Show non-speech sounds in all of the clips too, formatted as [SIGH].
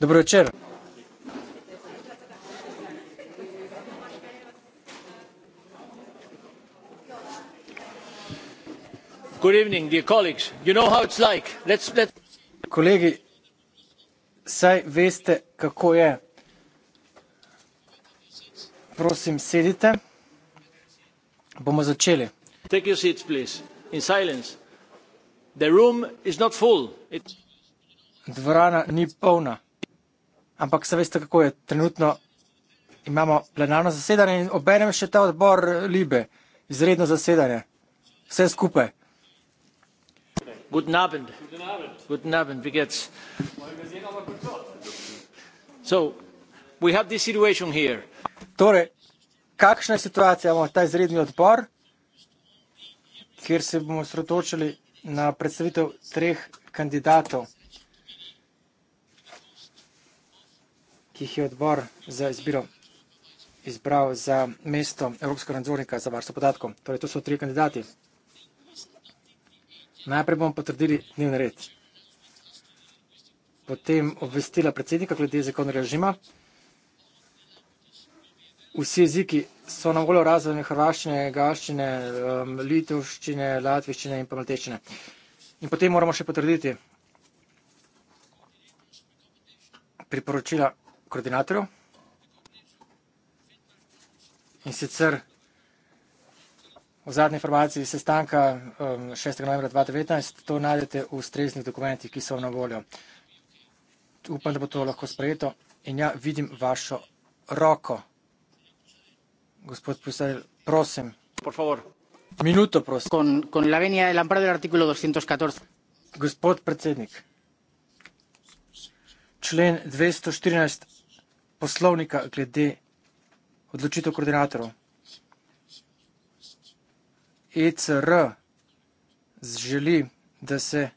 Dobro večer. Good evening, dear colleagues. You know how it's like. Let's, let's... Kolegi, saj veste, kako je. Prosim, sedite. Bomo začeli. Take your seats, please, in silence. The room is not full. It... Dvorana ni polna ampak se veste, kako je trenutno. Imamo plenarno zasedanje in obenem še ta odbor Libe, izredno zasedanje. Vse skupaj. Torej, kakšna je situacija? Imamo ta izredni odbor, kjer se bomo sredotočili na predstavitev treh kandidatov. ki jih je odbor za izbiro izbral za mesto Evropskega nadzornika za varstvo podatkov. Torej, to so tri kandidati. Najprej bomo potrdili dnevni red. Potem obvestila predsednika glede zakonnega režima. Vsi jeziki so na voljo razvojne hrvaščine, gaščine, um, litovščine, latviščine in pa maltečine. In potem moramo še potrditi priporočila koordinatorjev. In sicer v zadnji informaciji sestanka 6. Um, novembra 2019 to najdete v ustreznih dokumentih, ki so na voljo. Upam, da bo to lahko sprejeto. In ja, vidim vašo roko. Gospod Pusel, prosim. Por favor. Minuto, prosim. Con, con la venia del amparo del artículo 214. Gospod predsednik. Člen 214 poslovnika glede odločitev koordinatorov. ECR želi, da se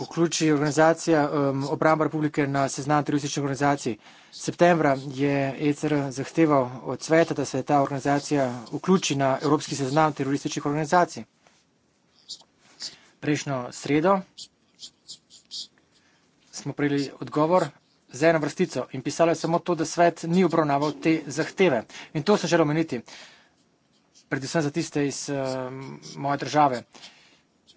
vključi organizacija um, obramba republike na seznam terorističnih organizacij. Septembra je ECR zahteval od sveta, da se ta organizacija vključi na evropski seznam terorističnih organizacij. Prejšnjo sredo smo prejeli odgovor za eno vrstico in pisalo je samo to, da svet ni obravnaval te zahteve. In to sem želel omeniti, predvsem za tiste iz uh, moje države.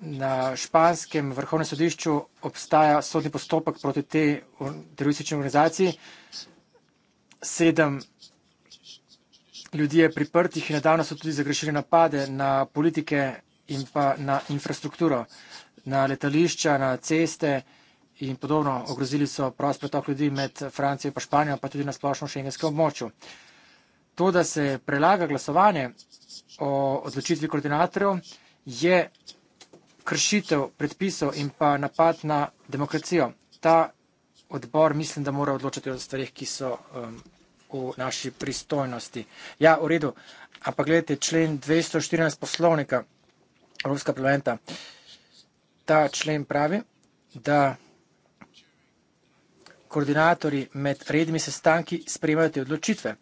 Na španskem vrhovnem sodišču obstaja sodni postopek proti te teroristični organizaciji. Sedem ljudi je priprtih in nedavno so tudi zagrešili napade na politike in pa na infrastrukturo, na letališča, na ceste in podobno. Ogrozili so prost pretok ljudi med Francijo in Španijo, pa tudi na splošno šengenskem območju. To, da se prelaga glasovanje o odločitvi koordinatorjev, je kršitev predpisov in pa napad na demokracijo. Ta odbor mislim, da mora odločati o stvarih, ki so um, v naši pristojnosti. Ja, v redu. Ampak gledajte, člen 214 poslovnika Evropska parlamenta, ta člen pravi, da koordinatorji med rednimi sestanki spremljajo te odločitve.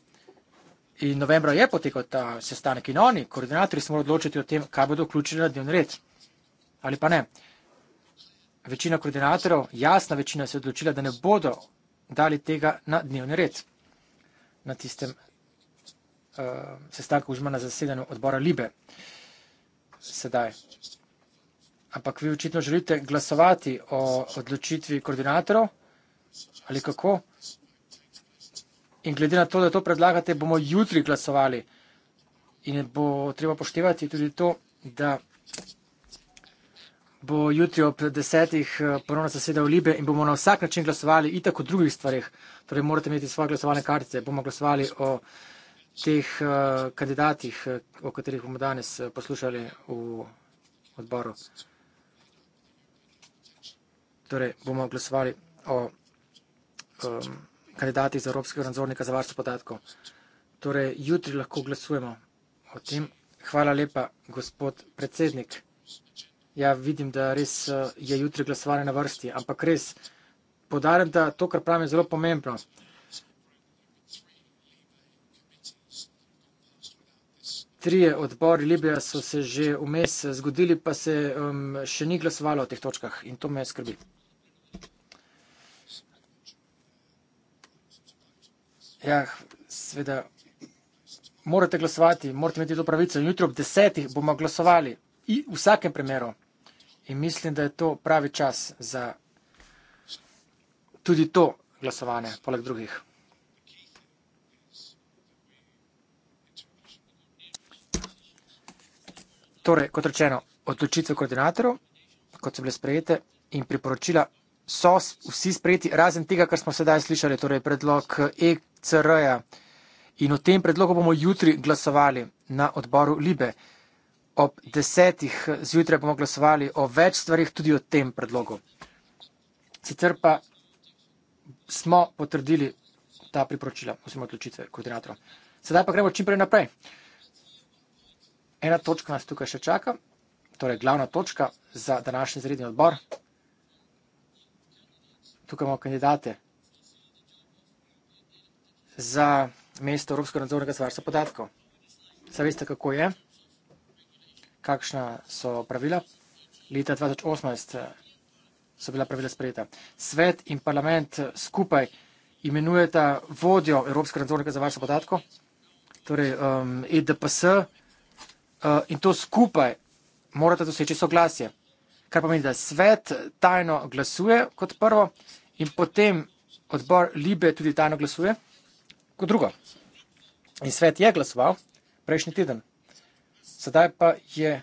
In novembra je potekal ta sestanek in oni, koordinatorji, se morajo odločiti o tem, kaj bodo vključili na dnevni red. Ali pa ne. Večina koordinatorjev, jasna večina, se je odločila, da ne bodo dali tega na dnevni red na tistem uh, sestanku, užma na zasedanju odbora Libe. Sedaj. Ampak vi očitno želite glasovati o odločitvi koordinatorjev. Ali kako? In glede na to, da to predlagate, bomo jutri glasovali. In bo treba poštevati tudi to, da bo jutri ob desetih eh, ponovno zasedal Libe in bomo na vsak način glasovali in tako v drugih stvarih. Torej morate imeti svoje glasovalne kartice. Bomo glasovali o teh eh, kandidatih, eh, o katerih bomo danes poslušali v odboru. Torej bomo glasovali o Um, kandidati za evropskega nadzornika za varstvo podatkov. Torej, jutri lahko glasujemo o tem. Hvala lepa, gospod predsednik. Ja, vidim, da res uh, je jutri glasovanje na vrsti, ampak res podarjam, da to, kar pravim, je zelo pomembno. Trije odbori Libija so se že vmes zgodili, pa se um, še ni glasovalo o teh točkah in to me skrbi. Ja, seveda, morate glasovati, morate imeti to pravico. Jutro ob desetih bomo glasovali in v vsakem primeru. In mislim, da je to pravi čas za tudi to glasovanje, poleg drugih. Torej, kot rečeno, odločitve koordinatorov, kot so bile sprejete, in priporočila so vsi sprejeti, razen tega, kar smo sedaj slišali, torej predlog ECR-ja. Eh, e In o tem predlogu bomo jutri glasovali na odboru Libe. Ob desetih eh, zjutraj bomo glasovali o več stvarih, tudi o tem predlogu. Sicer pa smo potrdili ta priporočila, oziroma odločitve koordinatorja. Sedaj pa gremo čimprej naprej. Ena točka nas tukaj še čaka, torej glavna točka za današnji zredni odbor tukaj imamo kandidate za mesto Evropskega nadzornega zvarstva podatkov. Saj veste, kako je, kakšna so pravila. Leta 2018 eh, so bila pravila sprejeta. Svet in parlament eh, skupaj imenujeta vodjo Evropskega nadzornega zvarstva podatkov, torej um, EDPS, uh, eh, in to skupaj morate doseči soglasje. Kar pomeni, da svet tajno glasuje kot prvo in potem odbor Libe tudi tajno glasuje, kot drugo. In svet je glasoval prejšnji teden. Sedaj pa je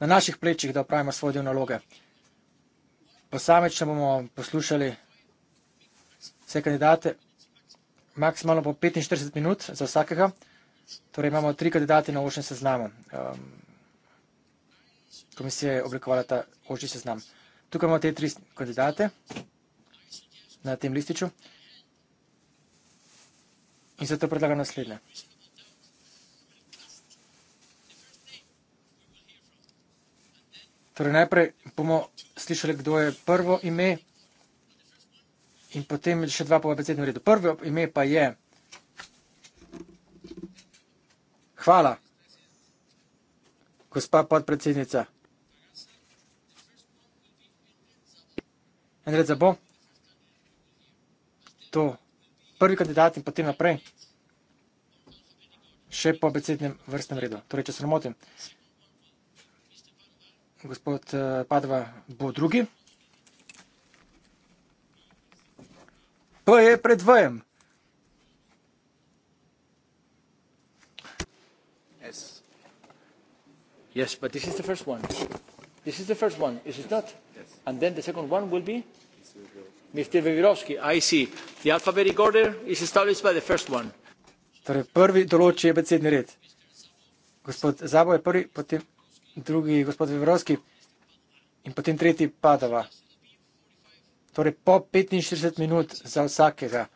na naših plečih, da opravimo svoje del naloge. Posamečno bomo poslušali vse kandidate, maksimalno po 45 minut za vsakega. Torej imamo tri kandidate na ošnjem seznamu. Um, komisija je oblikovala ta ošnji seznam. Tukaj imamo te tri kandidate na tem lističu. In zato predlagam naslednje. Torej najprej bomo slišali, kdo je prvo ime in potem še dva po abecednem redu. Prvo ime pa je Hvala, gospa podpredsednica. En red za bo to prvi kandidat in potem naprej še po abecednem vrstnem redu. Torej, če se namotim, gospod eh, Padova bo drugi. P je pred Vjem. Yes. Yes, but this is the first one. This is the first one, is it not? Yes. And then the second one will be? This will go torej prvi določi abecedni red. Gospod Zabo je prvi, potem drugi gospod Vevrovski in potem tretji Padova. Torej po 45 minut za vsakega.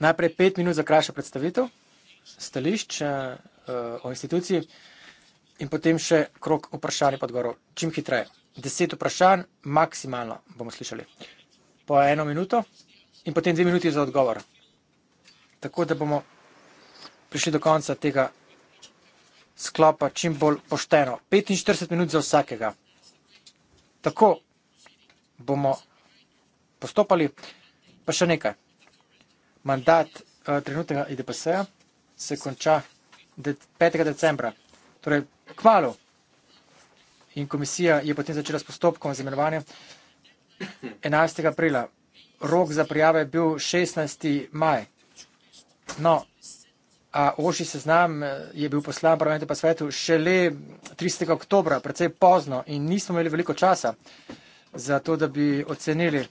Najprej pet minut za krajšo predstavitev stališč uh, o instituciji in potem še krok vprašanj podgorov. Čim hitreje deset vprašanj, maksimalno bomo slišali. Po eno minuto in potem dve minuti za odgovor. Tako da bomo prišli do konca tega sklopa čim bolj pošteno. 45 minut za vsakega. Tako bomo postopali. Pa še nekaj. Mandat uh, trenutnega IDPS-a se konča 5. decembra. Torej, kvalo. In komisija je potem začela s postopkom za imenovanje 11. aprila. Rok za prijave je bil 16. maj. No, a oši seznam eh, je bil poslan parlamentu pa svetu šele 30. oktobra, precej pozno in nismo imeli veliko časa za to, da bi ocenili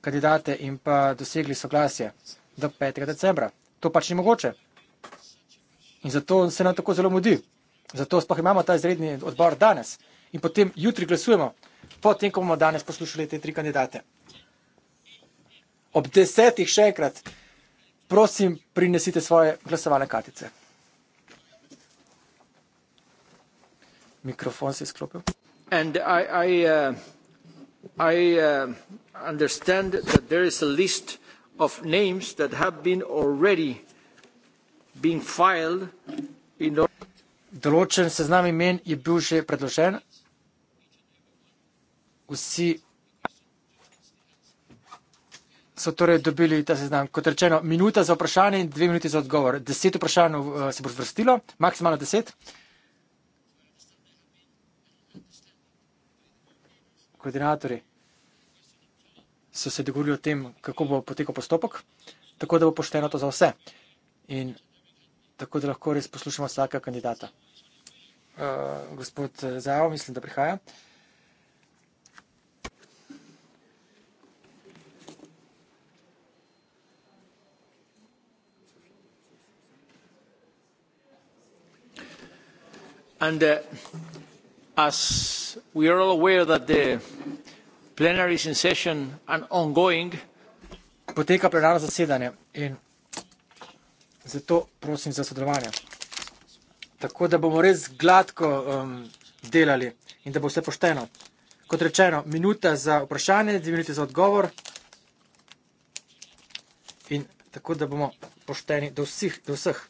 kandidate in pa dosegli soglasje do 5. decembra. To pač ni mogoče. In zato se nam tako zelo mudi. Zato spoh imamo ta izredni odbor danes in potem jutri glasujemo, potem, ko bomo danes poslušali te tri kandidate. Ob desetih še enkrat, prosim, prinesite svoje glasovalne kartice. Mikrofon se je sklopil. And I, I, uh... I uh, understand that there is a list of names that have been already being filed in Določen seznam imen je bil že predložen vsi so torej dobili ta seznam. Kot rečeno, minuta za vprašanje in dve minuti za odgovor. Deset vprašanj uh, se bo zvrstilo, maksimalno deset. Koordinatori so se dogovorili o tem, kako bo potekal postopek, tako da bo pošteno to za vse in tako da lahko res poslušamo vsakega kandidata. Uh, gospod Zajo, mislim, da prihaja. Uh, Uh, as we are all aware that the plenary session is ongoing poteka plenarno zasedanje in zato prosim za sodelovanje tako da bomo res gladko um, delali in da bo vse pošteno kot rečeno minuta za vprašanje dve minute za odgovor in tako da bomo pošteni do vseh do vseh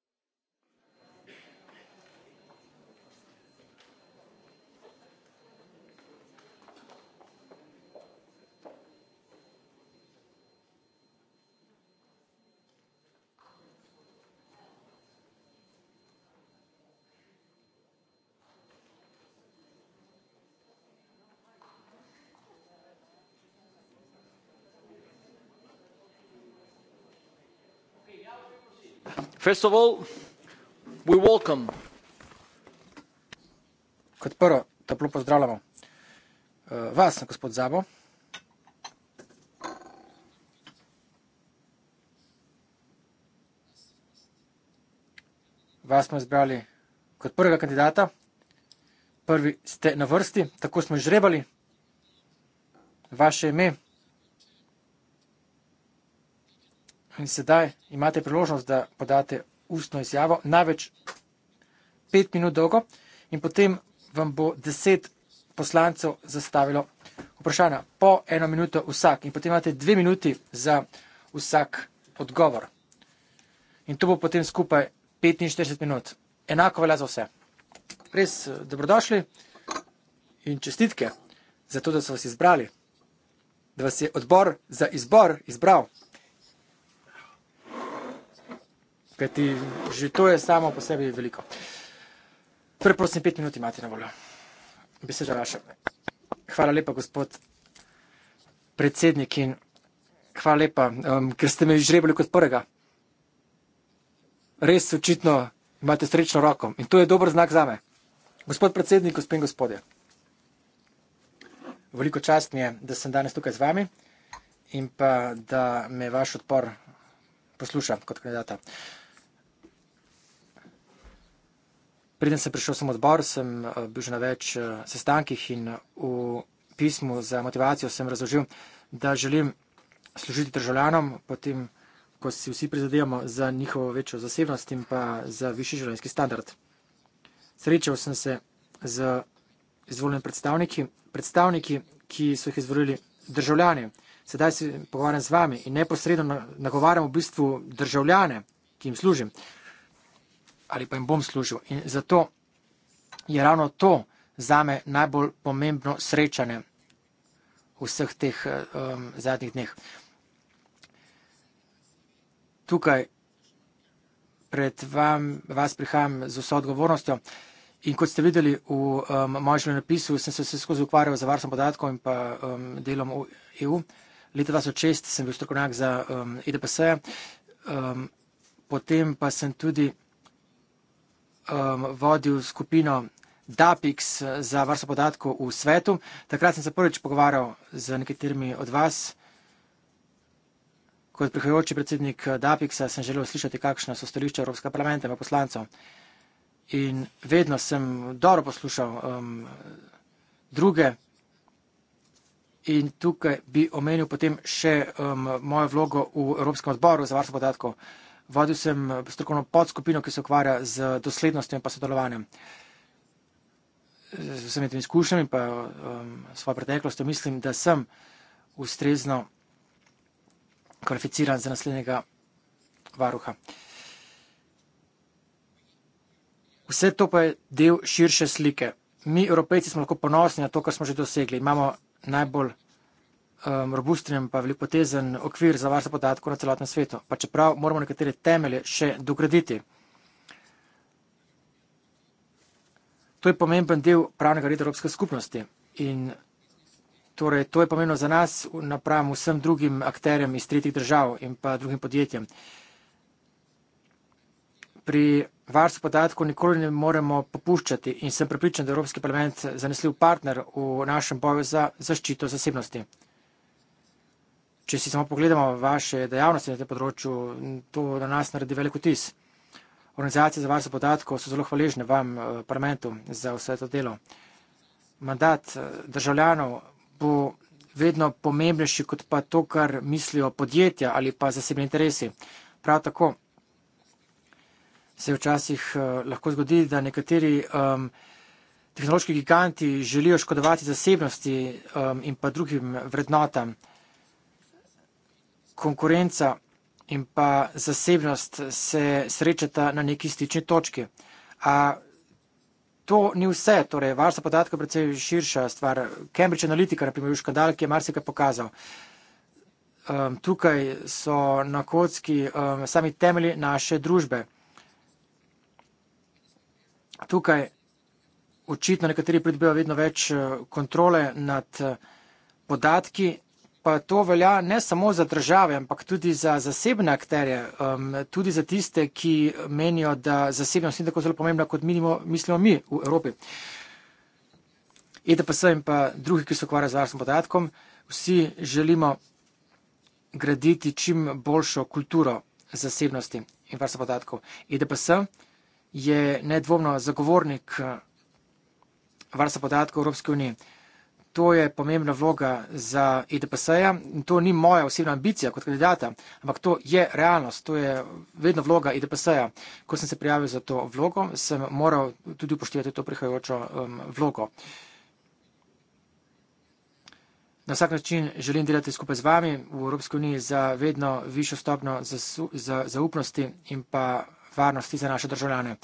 first of all we welcome kot prvo toplo pozdravljamo eh, vas gospod Zabo vas smo izbrali kot prvega kandidata prvi ste na vrsti tako smo izžrebali vaše ime In sedaj imate priložnost, da podate ustno izjavo, največ pet minut dolgo, in potem vam bo deset poslancev zastavilo vprašanja. Po eno minuto vsak in potem imate dve minuti za vsak odgovor. In to bo potem skupaj 45 minut. Enako velja za vse. Res eh, dobrodošli in čestitke za to, da so vas izbrali, da vas je odbor za izbor izbral. kajti že to je samo po sebi veliko. Preprosim, torej, pet minut imate na voljo. Beseda vaša. Hvala lepa, gospod predsednik in hvala lepa, um, ker ste me žrebali kot prvega. Res očitno imate srečno roko in to je dober znak za me. Gospod predsednik, gospod in gospodje, veliko čast mi je, da sem danes tukaj z vami in pa da me vaš odpor posluša kot kandidata. Uh, Preden sem prišel sem odbor, sem eh, bil že na več eh, sestankih in eh, v pismu za motivacijo sem razložil, da želim služiti državljanom, potem ko si vsi prizadevamo za njihovo večjo zasebnost in pa za višji življenjski standard. Srečal sem se z izvoljenimi predstavniki, predstavniki, ki so jih izvolili državljani. Sedaj se pogovarjam z vami in neposredno nagovarjam v bistvu državljane, ki jim služim ali pa jim bom služil. In zato je ravno to zame najbolj pomembno srečanje vseh teh um, zadnjih dneh. Tukaj pred vam, vas prihajam z vso odgovornostjo. In kot ste videli v um, mojem življenjopisu, sem se vse skozi ukvarjal z varstvom podatkov in pa um, delom v EU. Leta 2006 sem bil strokovnjak za um, EDPS, um, potem pa sem tudi um, vodil skupino DAPIX eh, za varstvo podatkov v svetu. Takrat sem se prvič pogovarjal z nekaterimi od vas. Kot prihajajoči predsednik eh, DAPIX-a sem želel slišati, kakšna so stališča Evropskega parlamenta in poslancev. In vedno sem dobro poslušal um, druge. In tukaj bi omenil potem še um, mojo vlogo v Evropskem odboru za varstvo podatkov vodil sem eh, strokovno podskupino, ki se ukvarja z doslednostjo in pa sodelovanjem. Z vsemi temi izkušnjami in um, svojo preteklostjo mislim, da sem ustrezno kvalificiran za naslednjega varuha. Vse to pa je del širše slike. Mi, evropejci, smo lahko ponosni na to, kar smo že dosegli. Imamo najbolj um, robusten in pa velikopotezen okvir za varstvo podatkov na celotnem svetu, pa čeprav moramo nekatere temelje še dograditi. To je pomemben del pravnega reda Evropske skupnosti in torej, to je pomembno za nas napram vsem drugim akterjem iz tretjih držav in pa drugim podjetjem. Pri varstvu podatkov nikoli ne moremo popuščati in sem prepričan, da je Evropski parlament zanesljiv partner v našem boju za zaščito zasebnosti če si samo pogledamo vaše dejavnosti na tem področju, to na nas naredi veliko tis. Organizacije za varstvo podatkov so zelo hvaležne vam, eh, parlamentu, za vse to delo. Mandat eh, državljanov bo vedno pomembnejši kot pa to, kar mislijo podjetja ali pa zasebni interesi. Prav tako se včasih eh, lahko zgodi, da nekateri um, tehnološki giganti želijo škodovati zasebnosti um, in pa drugim vrednotam konkurenca in pa zasebnost se srečata na neki stični točki. A to ni vse, torej varstvo podatkov je precej širša stvar. Cambridge Analytica, na primer, škandal, ki je marsikaj pokazal. Um, tukaj so na kocki um, sami temelji naše družbe. Tukaj očitno nekateri pridobivajo vedno več eh, kontrole nad eh, podatki pa to velja ne samo za države, ampak tudi za zasebne akterje, um, tudi za tiste, ki menijo, da zasebnost ni tako zelo pomembna, kot minimo, mislimo mi v Evropi. EDPS in pa drugi, ki se ukvarjajo z varstvom podatkom, vsi želimo graditi čim boljšo kulturo zasebnosti in varstva podatkov. EDPS je nedvomno zagovornik varstva podatkov Evropske unije. To je pomembna vloga za EDPS-ja in to ni moja osebna ambicija kot kandidata, ampak to je realnost, to je vedno vloga EDPS-ja. Ko sem se prijavil za to vlogo, sem moral tudi upoštevati to prihajajočo um, vlogo. Na vsak način želim delati skupaj z vami v Evropski uniji za vedno višjo stopno zaupnosti za, za in pa varnosti za naše državljane.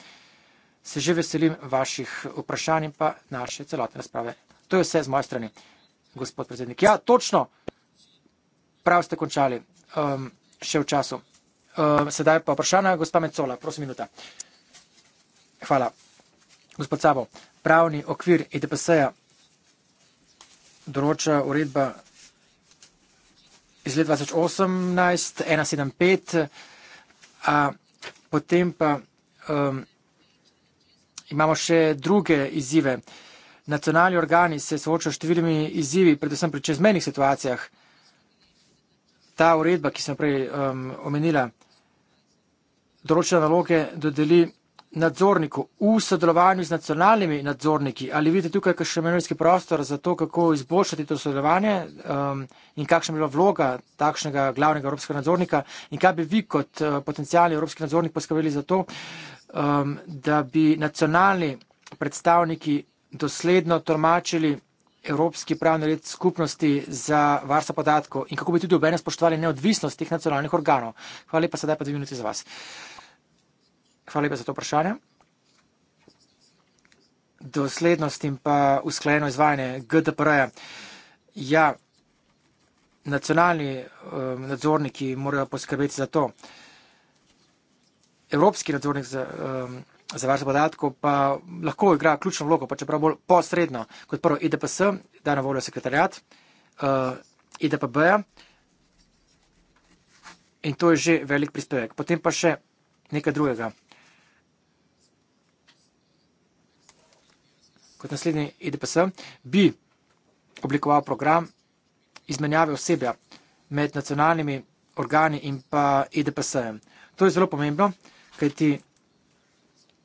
Se že veselim vaših vprašanj in pa naše celotne razprave. To je vse z moje strani, gospod predsednik. Ja, točno, prav ste končali, um, še v času. Um, sedaj pa vprašanje, gospa Mecola, prosim, minuta. Hvala. Gospod Sabo, pravni okvir IDPS-ja določa uredba iz leta 2018-175, a potem pa um, imamo še druge izzive. Uh, nacionalni organi se soočajo številnimi izzivi, predvsem pri čezmenih situacijah. Ta uredba, ki sem prej um, omenila, določene naloge dodeli nadzorniku v sodelovanju z nacionalnimi nadzorniki. Ali vidite tukaj še menovski prostor za to, kako izboljšati to sodelovanje um, in kakšna bi bila vloga takšnega glavnega evropskega nadzornika in kaj bi vi kot uh, potencijalni evropski nadzornik poskrbeli za to, um, da bi nacionalni predstavniki dosledno tolmačili evropski pravni red skupnosti za varstvo podatkov in kako bi tudi obene spoštovali neodvisnost teh nacionalnih organov. Hvala lepa, sedaj pa dve minuti za vas. Hvala lepa za to vprašanje. Doslednost in pa usklajeno izvajanje GDPR-ja. Ja, nacionalni um, nadzorniki morajo poskrbeti za to. Evropski nadzornik za um, za varstvo podatkov pa lahko igra ključno vlogo, pa čeprav bolj posredno kot prvo IDPS, da na voljo sekretarjat uh, eh, IDPB-ja. In to je že velik prispevek. Potem pa še nekaj drugega. Kot naslednji IDPS bi oblikoval program izmenjave osebja med nacionalnimi organi in pa IDPS-jem. To je zelo pomembno, kajti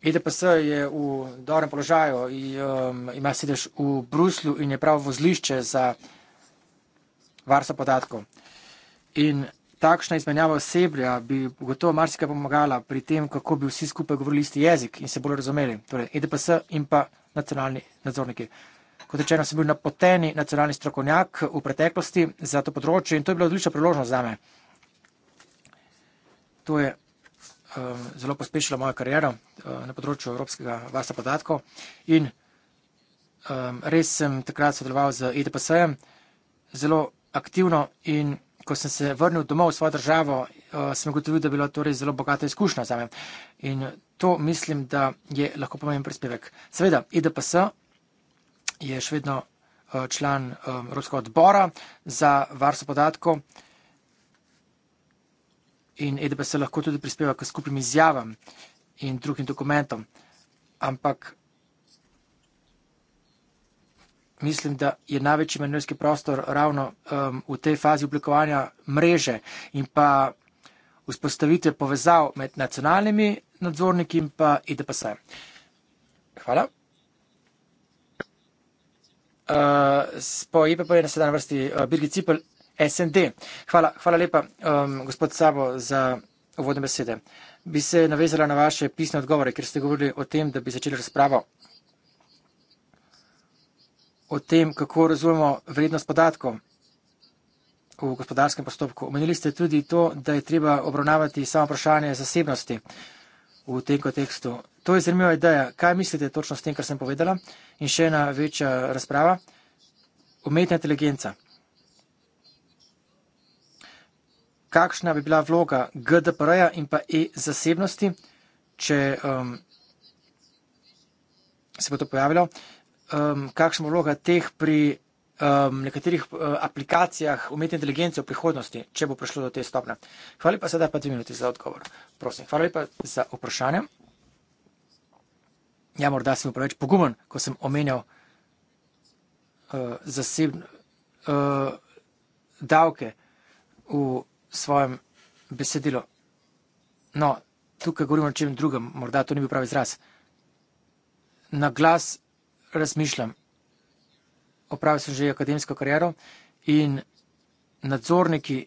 EDPS je v dobrem položaju, um, ima sedež v Bruslju in je pravo vozlišče za varstvo podatkov. In takšna izmenjava osebja bi gotovo marsikaj pomagala pri tem, kako bi vsi skupaj govorili isti jezik in se bolj razumeli. Torej, EDPS in pa nacionalni nadzorniki. Kot rečeno, sem bil napoteni nacionalni strokovnjak v preteklosti za to področje in to je bila odlična priložnost za me. To je Um, zelo pospešila mojo kariero uh, na področju evropskega varstva podatkov in um, res sem takrat sodeloval z EDPS-jem zelo aktivno in ko sem se vrnil domov v svojo državo, uh, sem ugotovil, da je bila to res zelo bogata izkušnja zame in to mislim, da je lahko pomemben prispevek. Seveda, EDPS je še vedno uh, član um, Evropskega odbora za varstvo podatkov in EDPS lahko tudi prispeva k skupnim izjavam in drugim dokumentom. Ampak mislim, da je največji manjerski prostor ravno um, v tej fazi oblikovanja mreže in pa vzpostavitve povezav med nacionalnimi nadzorniki in pa EDPS. Hvala. Uh, po IPP e je na sedanji vrsti uh, Birgit Cipel, SND. Hvala, hvala lepa, um, gospod Sabo, za uvodne besede. Bi se navezala na vaše pisne odgovore, ker ste govorili o tem, da bi začeli razpravo o tem, kako razumemo vrednost podatkov v gospodarskem postopku. Omenili ste tudi to, da je treba obravnavati samo vprašanje zasebnosti v tem kontekstu. To je zanimiva ideja. Kaj mislite točno s tem, kar sem povedala? In še ena večja razprava. Umetna inteligenca. kakšna bi bila vloga GDPR-ja in pa e-zasebnosti, če um, se bo to pojavilo, um, kakšna bo vloga teh pri um, nekaterih uh, aplikacijah umetne inteligence v prihodnosti, če bo prišlo do te stopne. Hvala lepa, sedaj pa dve minuti za odgovor. Prosim, hvala lepa za vprašanje. Ja, morda sem preveč pogumen, ko sem omenjal uh, zasebne uh, davke v svojem besedilu. No, tukaj govorim o čem drugem, morda to ni bil pravi izraz. Na glas razmišljam. Opravil sem že akademsko kariero in nadzorniki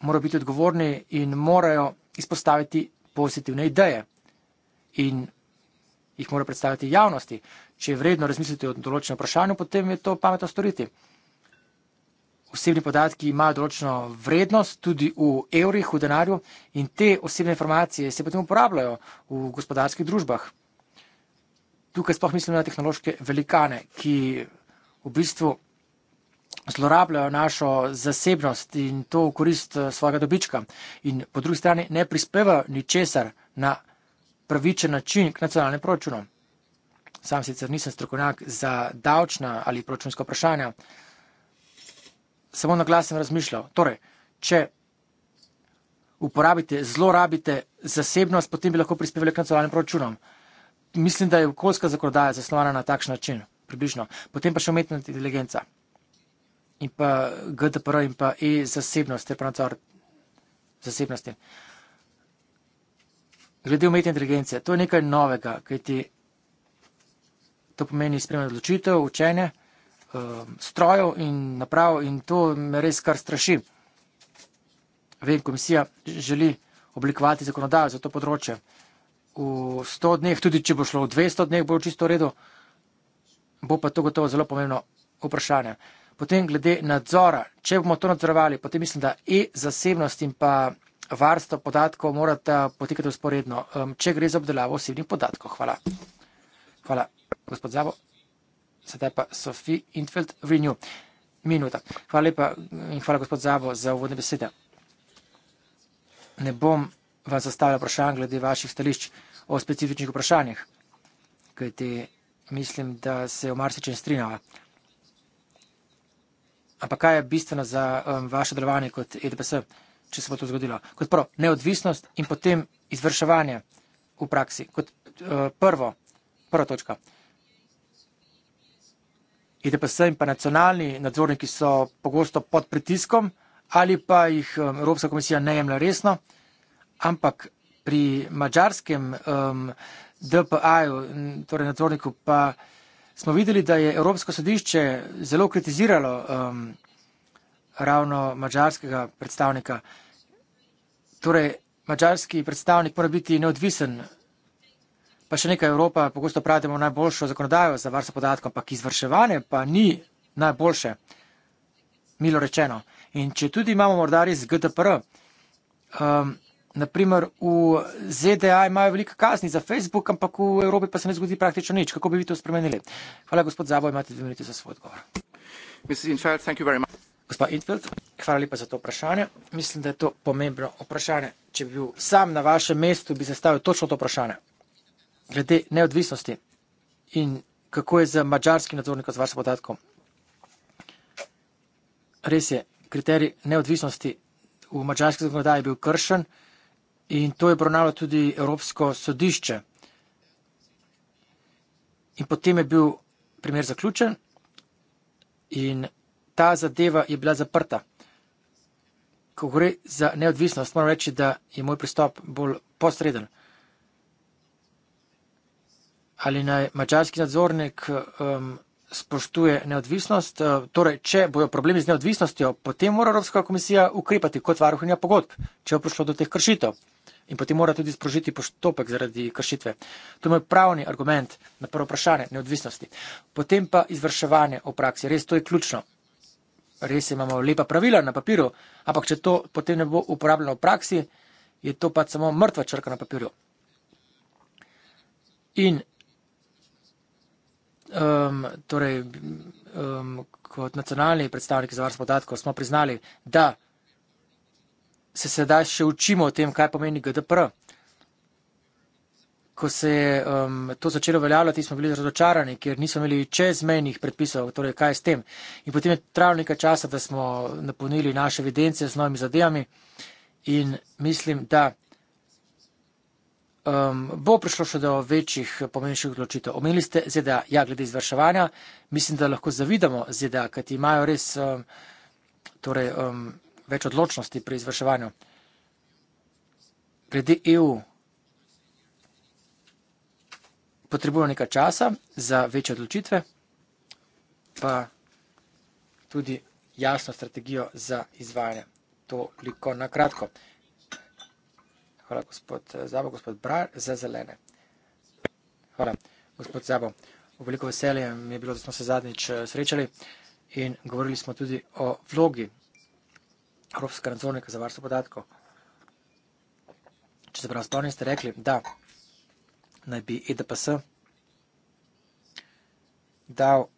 morajo biti odgovorni in morajo izpostaviti pozitivne ideje in jih morajo predstaviti javnosti. Če je vredno razmisliti o določenem vprašanju, potem je to pametno storiti osebni podatki imajo določeno vrednost tudi v evrih, v denarju in te osebne informacije se potem uporabljajo v gospodarskih družbah. Tukaj sploh mislim na tehnološke velikane, ki v bistvu zlorabljajo našo zasebnost in to v korist eh, svojega dobička in po drugi strani ne prispevajo ničesar na pravičen način k nacionalnemu proračunu. Sam sicer nisem strokovnjak za davčna ali proračunska vprašanja samo na glas sem razmišljal. Torej, če uporabite, zlorabite zasebnost, potem bi lahko prispevali k nacionalnim proračunom. Mislim, da je okoljska zakonodaja zasnovana na takšen način, približno. Potem pa še umetna inteligenca in pa GDPR in pa e-zasebnost ter pa nadzor zasebnosti. Glede umetne inteligence, to je nekaj novega, kajti to pomeni spremljanje odločitev, učenje. Um, strojev in naprav in to me res kar straši. Vem, komisija želi oblikovati zakonodajo za to področje. V 100 dneh, tudi če bo šlo v 200 dneh, bo čisto v redu, bo pa to gotovo zelo pomembno vprašanje. Potem glede nadzora, če bomo to nadzorovali, potem mislim, da e zasebnost in pa varstvo podatkov morata potekati usporedno, um, če gre za obdelavo osebnih podatkov. Hvala. Hvala, gospod Zavo. Sedaj pa Sofi Intfeld Renew. Minuta. Hvala lepa in hvala gospod Zabo za uvodne besede. Ne bom vam zastavila vprašanj glede vaših stališč o specifičnih vprašanjih, kajti mislim, da se o marsičem strinjava. Ampak kaj je bistveno za um, vaše delovanje kot EDPS, če se bo to zgodilo? Kot prvo, neodvisnost in potem izvrševanje v praksi. Kot uh, prvo, prva točka. Uh, ITPS in pa nacionalni nadzorniki so pogosto pod pritiskom ali pa jih um, Evropska komisija ne jemlja resno, ampak pri mačarskem um, DPA-ju, torej nadzorniku, pa smo videli, da je Evropsko sodišče zelo kritiziralo um, ravno mačarskega predstavnika. Torej, mačarski predstavnik mora biti neodvisen Pa še nekaj, Evropa pogosto pravi, da ima najboljšo zakonodajo za varstvo podatkov, ampak izvrševanje pa ni najboljše, milo rečeno. In če tudi imamo morda res GDPR, um, naprimer v ZDA imajo veliko kazni za Facebook, ampak v Evropi pa se ne zgodi praktično nič. Kako bi vi to spremenili? Hvala, gospod Zabo, imate dve minuti za svoj odgovor. Gospa Intfeld, hvala lepa za to vprašanje. Mislim, da je to pomembno vprašanje. Če bi bil sam na vašem mestu, bi zastavil točno to vprašanje glede neodvisnosti in kako je z mačarskim nadzornikom za varstvo podatkov. Res je, kriterij neodvisnosti v mačarski zakonodaji je bil kršen in to je obravnalo tudi Evropsko sodišče. In potem je bil primer zaključen in ta zadeva je bila zaprta. Ko gre za neodvisnost, moram reči, da je moj pristop bolj posreden ali naj mačarski nadzornik um, spoštuje neodvisnost. Uh, torej, če bojo problemi z neodvisnostjo, potem mora Evropska komisija ukrepati kot varuhinja pogodb, če bo prišlo do teh kršitev. In potem mora tudi sprožiti postopek zaradi kršitve. To je moj pravni argument na prvo vprašanje neodvisnosti. Potem pa izvrševanje v praksi. Res to je ključno. Res imamo lepa pravila na papiru, ampak če to potem ne bo uporabljeno v praksi, je to pa samo mrtva črka na papiru. In um, torej, um, kot nacionalni predstavniki za varstvo podatkov smo priznali, da se sedaj še učimo o tem, kaj pomeni GDPR. Ko se je um, to začelo veljavljati, smo bili razočarani, ker nismo imeli čezmejnih predpisov, torej kaj s tem. In potem je trajalo nekaj časa, da smo napolnili naše evidence z novimi zadevami. In mislim, da um, bo prišlo še do večjih pomenjših odločitev. Omenili ste ZDA, ja, glede izvrševanja, mislim, da lahko zavidamo ZDA, ker ti imajo res um, torej, um, več odločnosti pri izvrševanju. Glede EU potrebujo nekaj časa za večje odločitve, pa tudi jasno strategijo za izvajanje. To liko na kratko. Hvala, gospod eh, Zabo. Gospod Brar za zelene. Hvala, gospod Zabo. V veliko veselje mi je bilo, da smo se zadnjič eh, srečali in govorili smo tudi o vlogi Evropske nadzornike za varstvo podatkov. Če se prav spomnim, ste rekli, da naj bi EDPS dal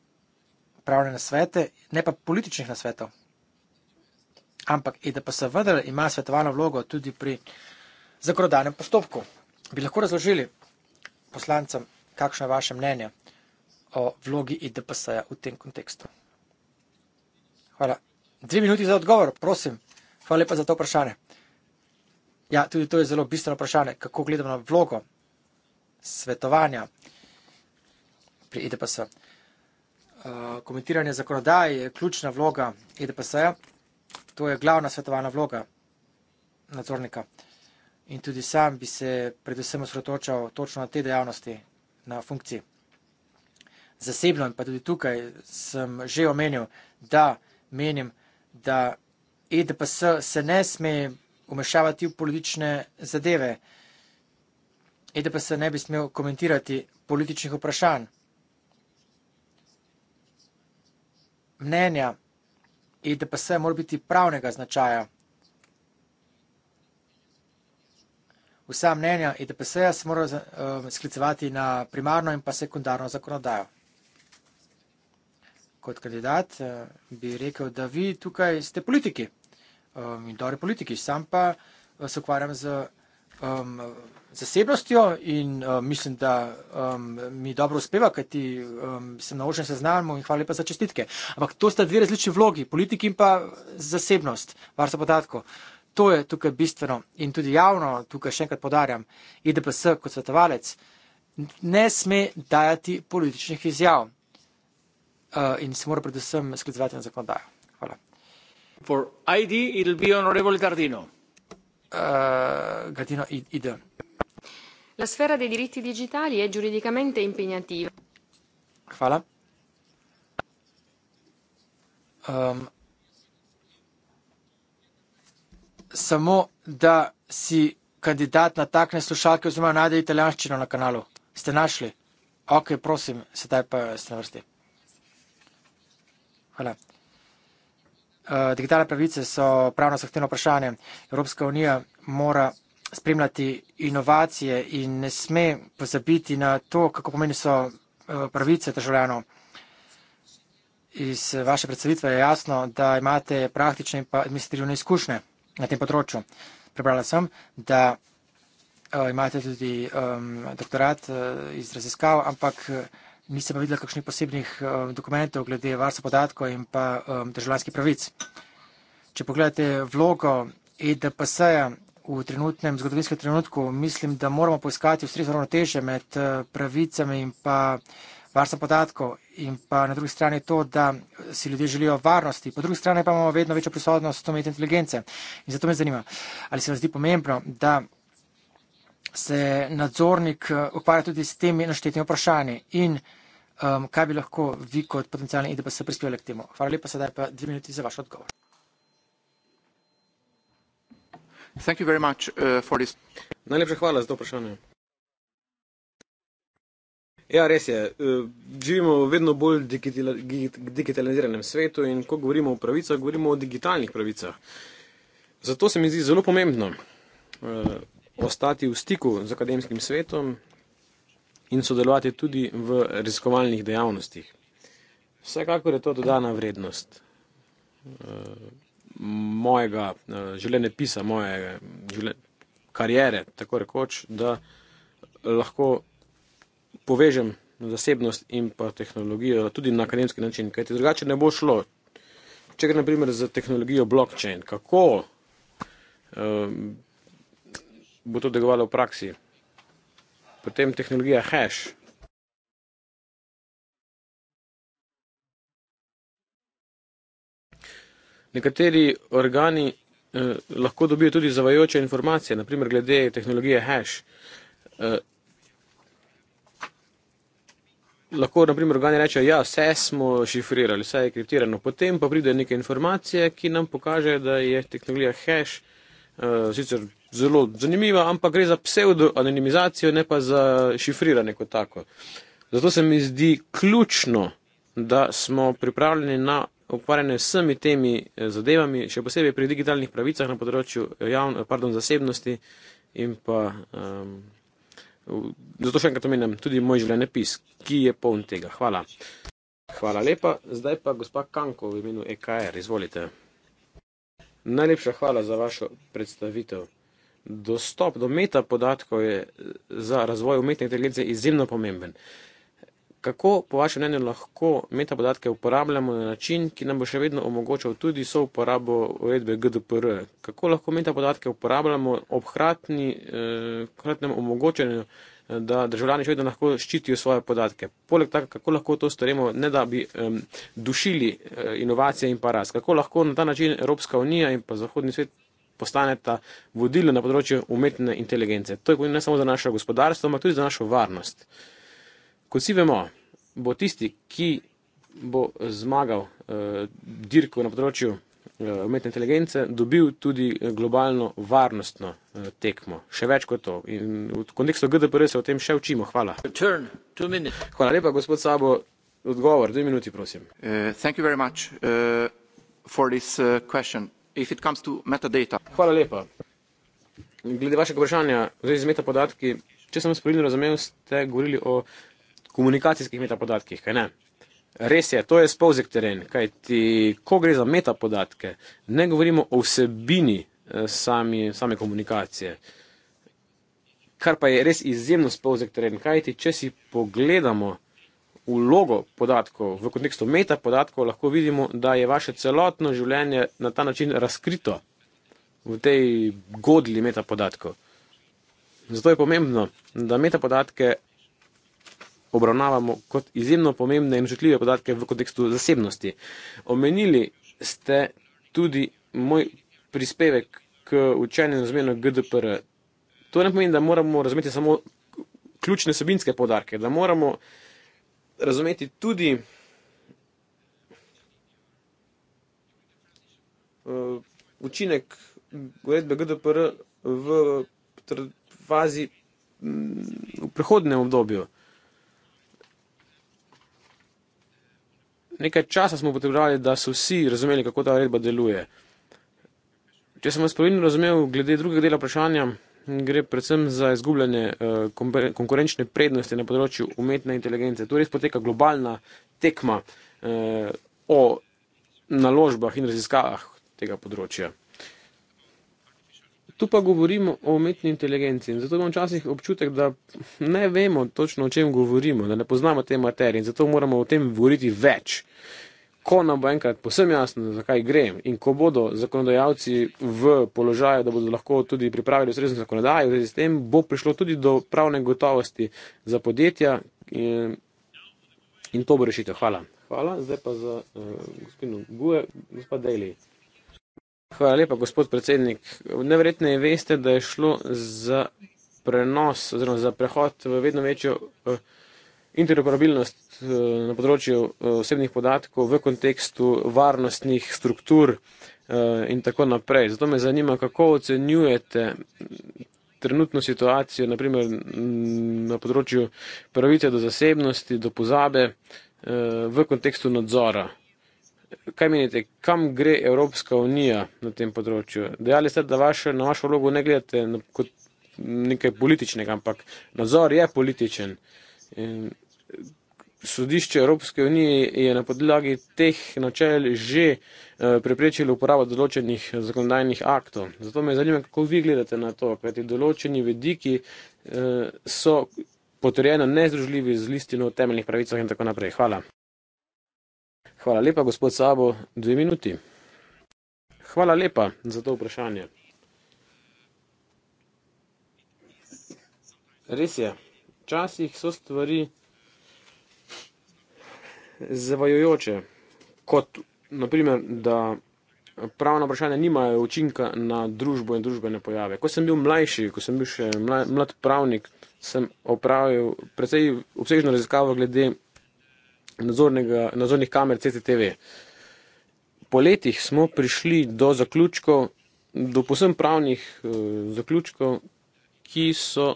pravne nasvete, ne pa političnih nasvetov. Ampak EDPS vendar ima svetovalno vlogo tudi pri uh, zakonodajnem postopku. Bi lahko razložili poslancem, kakšno je vaše mnenje o vlogi IDPS-a v tem kontekstu? Hvala. Dve minuti za odgovor, prosim. Hvala lepa za to vprašanje. Ja, tudi to je zelo bistveno vprašanje, kako gledamo na vlogo svetovanja pri IDPS. Uh, eh, komentiranje zakonodaje je ključna vloga IDPS-a. To je glavna svetovalna vloga nadzornika. Uh, in tudi sam bi se predvsem osredotočal točno na te dejavnosti, na funkciji. Zasebno in pa tudi tukaj sem že omenil, da menim, da EDPS se ne sme umešavati v politične zadeve. EDPS ne bi smel komentirati političnih vprašanj. Mnenja EDPS mora biti pravnega značaja Vsa mnenja EDPS-ja se morajo um, sklicevati na primarno in pa sekundarno zakonodajo. Kot kandidat uh, bi rekel, da vi tukaj ste politiki um, in dobri politiki, sam pa uh, se ukvarjam z um, zasebnostjo in uh, mislim, da mi dobro uspeva, kaj ti sem na ožen seznamu in hvala lepa za čestitke. Ampak to sta dve različni vlogi, politiki in pa zasebnost, varstvo podatkov. To je tukaj bistveno in tudi javno, tukaj še enkrat podarjam, IDPS kot svetovalec ne sme dajati političnih izjav uh, in se mora predvsem sklicevati na zakonodajo. Hvala. ID, uh, Gardino, eh, ID. La sfera dei diritti digitali è giuridicamente impegnativa. Hvala. Um, samo, da si kandidat na takne slušalke, oziroma najde italijanščino na kanalu. Ste našli? Ok, prosim, sedaj pa ste na vrsti. Hvala. Uh, digitalne pravice so pravno zahtevno vprašanje. Evropska unija mora spremljati inovacije in ne sme pozabiti na to, kako pomeni so eh, pravice državljanov. Iz eh, vaše predstavitve je jasno, da imate praktične in pa administrativne izkušnje na tem področju. Prebrala sem, da eh, imate tudi um, doktorat uh, iz raziskav, ampak eh, nisem pa videla kakšnih posebnih um, dokumentov glede varstva podatkov in pa um, državljanskih pravic. Če pogledate vlogo EDPS-ja v trenutnem zgodovinskem trenutku, mislim, da moramo poiskati ustrezno ravnoteže med uh, pravicami in pa uh, varstvo podatkov in pa na drugi strani to, da si ljudje želijo varnosti, po drugi strani pa imamo vedno večjo prisotnost umetne inteligence. In zato me zanima, ali se vam zdi pomembno, da se nadzornik eh, ukvarja tudi s temi naštetimi vprašanji in um, kaj bi lahko vi kot potencijalni IDBS prispevali k temu. Hvala lepa, sedaj pa dve minuti za vaš odgovor. Eh, Najlepša hvala za to vprašanje. Ja, res je. E, živimo v vedno bolj digitaliziranem svetu in ko govorimo o pravicah, govorimo o digitalnih pravicah. Zato se mi zdi zelo pomembno e, ostati v stiku z akademskim svetom in sodelovati tudi v raziskovalnih dejavnostih. Vsekakor je to dodana vrednost e, mojega življenja pisa, moje življene, karijere, tako rekoč, da lahko povežem zasebnost in pa tehnologijo tudi na akademski način, kajti drugače ne bo šlo. Če gre naprimer za tehnologijo blockchain, kako um, bo to delovalo v praksi? Potem tehnologija hash. Nekateri organi eh, lahko dobijo tudi zavajoče informacije, naprimer glede tehnologije hash. Eh, lahko naprimer organi rečejo, da ja, vse smo šifrirali, vse je kriptirano. Potem pa pride neke informacije, ki nam pokaže, da je tehnologija hash uh, sicer zelo zanimiva, ampak gre za pseudo-anonimizacijo, ne pa za šifriranje kot tako. Zato se mi zdi ključno, da smo pripravljeni na ukvarjanje s vsemi temi eh, zadevami, še posebej pri digitalnih pravicah na področju eh, javno, pardon, zasebnosti in pa. Um, Zato še enkrat omenjam tudi moj življenjepis, ki je poln tega. Hvala. Hvala lepa. Zdaj pa gospa Kanko v imenu EKR, izvolite. Najlepša hvala za vašo predstavitev. Dostop do meta podatkov je za razvoj umetne inteligence izjemno pomemben. Uh, Kako, po vašem mnenju, lahko metapodatke uporabljamo na način, ki nam bo še vedno omogočal tudi so uporabo uredbe GDPR? Kako lahko metapodatke uporabljamo ob hratni, eh, hratnem omogočanju, eh, da državljani še vedno lahko ščitijo svoje podatke? Poleg tega, kako lahko to storimo, ne da bi eh, dušili eh, inovacije in pa rast? Kako lahko na ta način Evropska unija in pa Zahodni svet postaneta vodilni na področju umetne inteligence? To je pomembno ne samo za naše gospodarstvo, ampak tudi za našo varnost. Ko vsi vemo, bo tisti, ki bo zmagal uh, dirko na področju uh, umetne inteligence, dobil tudi eh, globalno varnostno uh, tekmo. Še več kot to. In v kontekstu GDPR se o tem še učimo. Hvala. Hvala lepa, gospod Sabo. Odgovor, dve minuti, prosim. Uh, This, uh, Hvala lepa. Glede vašega vprašanja v zvezi z metapodatki, če sem vas pravilno razumel, ste govorili o komunikacijskih metapodatkih, kaj ne? Res je, to je spolzek teren, kaj ti, ko gre za metapodatke, ne govorimo o vsebini eh, sami, same komunikacije, kar pa je res izjemno spolzek teren, kaj ti, če si pogledamo vlogo podatkov v kontekstu metapodatkov, lahko vidimo, da je vaše celotno življenje na ta način razkrito v tej godli metapodatkov. Zato je pomembno, da metapodatke obravnavamo kot izjemno pomembne in očetljive podatke v kontekstu zasebnosti. Omenili ste tudi moj prispevek k učenju in razumenju GDPR. To ne pomeni, da moramo razumeti samo ključne sabinske podarke, da moramo razumeti tudi uh, učinek uredbe GDPR v fazi mm, v prihodnem obdobju. nekaj časa smo potrebovali, da so vsi razumeli, kako ta redba deluje. Če sem vas pravilno razumel, glede drugega dela vprašanja, gre predvsem za izgubljanje eh, konkurenčne prednosti na področju umetne inteligence. Tu res poteka globalna tekma eh, o naložbah in raziskavah tega področja. Tu pa govorimo o umetni inteligenci in zato imamo včasih občutek, da ne vemo točno, o čem govorimo, da ne poznamo te materije in zato moramo o tem govoriti več. Ko nam bo enkrat posem jasno, zakaj gre in ko bodo zakonodajalci v položaju, da bodo lahko tudi pripravili ustrezno zakonodajo, z tem bo prišlo tudi do pravne gotovosti za podjetja in, in to bo rešitev. Hvala. Hvala, zdaj pa za uh, eh, gospodino Gue, gospod Dejli. Hvala lepa, gospod predsednik. Neverjetno je veste, da je šlo za prenos oziroma za prehod v vedno večjo eh, interoperabilnost eh, na področju eh, osebnih podatkov v kontekstu varnostnih struktur in tako naprej. Zato me zanima, kako ocenjujete trenutno situacijo, naprimer mm, na področju pravice do zasebnosti, do pozabe v kontekstu nadzora kaj menite, kam gre Evropska unija na tem področju? Dejali ste, da vaš, na vašo vlogo ne gledate na, kot nekaj političnega, ampak nadzor je političen. In sodišče Evropske unije je na podlagi teh načel že eh, preprečilo uporabo določenih zakonodajnih aktov. Zato me zanima, kako vi gledate na to, kaj ti določeni vediki eh, so potrjeno nezdružljivi z listino o temeljnih pravicah in tako naprej. Hvala. Hvala lepa, gospod Sabo, dve minuti. Hvala lepa za to vprašanje. Res je, včasih so stvari zavajojoče, kot naprimer, da pravna vprašanja nimajo učinka na družbo in družbene pojave. Ko sem bil mlajši, ko sem bil še mlad pravnik, sem opravil precej obsežno raziskavo glede nadzornih kamer CCTV. Po letih smo prišli do zaključkov, do posebno pravnih e, zaključkov, ki so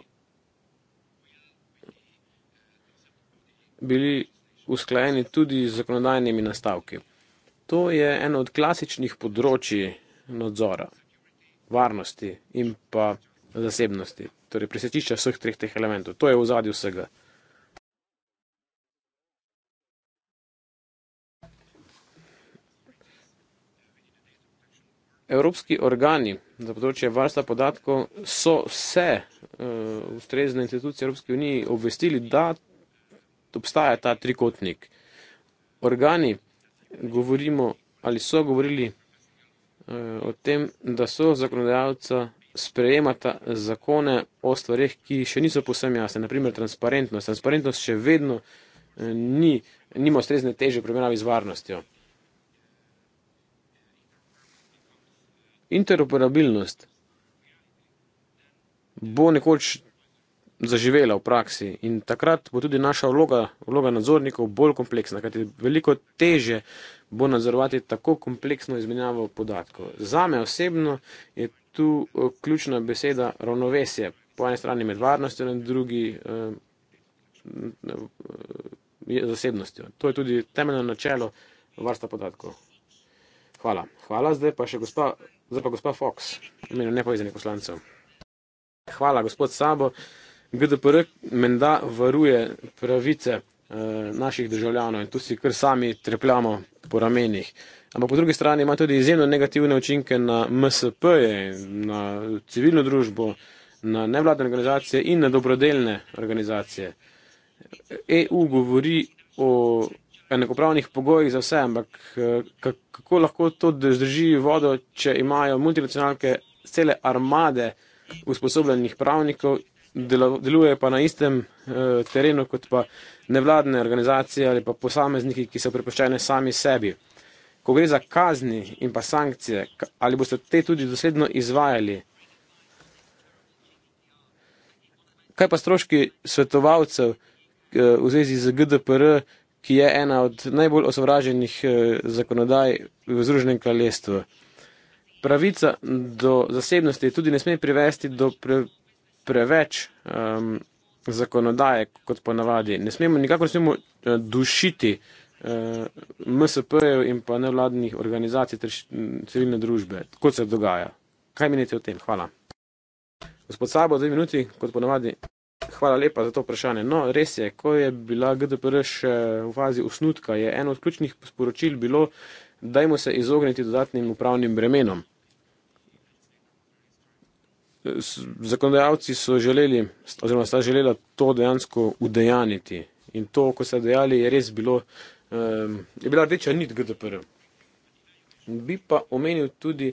bili usklajeni tudi z zakonodajnimi nastavki. To je eno od klasičnih področji nadzora, varnosti in pa zasebnosti, torej presečišča vseh treh teh elementov. To je v zadju vsega. Evropski organi za področje varstva podatkov so vse uh, ustrezne institucije Evropske unije obvestili, da obstaja ta trikotnik. Organi govorimo ali so govorili uh, o tem, da so zakonodajalca sprejemata zakone o stvarih, ki še niso posem jasne, naprimer transparentnost. Transparentnost še vedno uh, ni, nima ustrezne teže v primerjavi z varnostjo. interoperabilnost bo nekoč zaživela v praksi in takrat bo tudi naša vloga, vloga nadzornikov bolj kompleksna, kajti veliko teže bo nadzorovati tako kompleksno izmenjavo podatkov. Zame osebno je tu eh, ključna beseda ravnovesje, po eni strani med varnostjo in drugi eh, zasebnostjo. To je tudi temeljno načelo varstva podatkov. Hvala. Hvala, zdaj pa še gospa. Zdaj pa gospa Fox, imenu nepovezanih poslancev. Hvala, gospod Sabo. GDPR menda varuje pravice eh, naših državljanov in tu si kar sami trepljamo po ramenih. Ampak po drugi strani ima tudi izjemno negativne učinke na MSP, na civilno družbo, na nevladne organizacije in na dobrodelne organizacije. EU e govori o enakopravnih pogojih za vse, ampak eh, kako lahko to drži vodo, če imajo multinacionalke cele armade usposobljenih pravnikov, deluje pa na istem eh, terenu kot pa nevladne organizacije ali pa posamezniki, ki so prepoščene sami sebi. Ko gre za kazni in pa sankcije, ali boste te tudi dosledno izvajali? Kaj pa stroški svetovalcev eh, v zvezi z GDPR, ki je ena od najbolj osovraženih eh, zakonodaj v Združenem kraljestvu. Pravica do zasebnosti tudi ne sme privesti do pre, preveč um, zakonodaje, kot ponavadi. Ne smemo nikakor smemo eh, dušiti uh, eh, MSP-jev in pa nevladnih organizacij ter civilne družbe, kot se dogaja. Kaj menite o tem? Hvala. Gospod Sabo, dve minuti, kot ponavadi. Hvala lepa za to vprašanje. No, res je, ko je bila GDPR še v fazi osnutka, je eno od ključnih sporočil bilo, dajmo se izogniti dodatnim upravnim bremenom. Zakonodajalci so želeli, oziroma sta želela to dejansko udejaniti. In to, ko ste dejali, je res bilo, ehm, je bila rdeča nit GDPR. Bi pa omenil tudi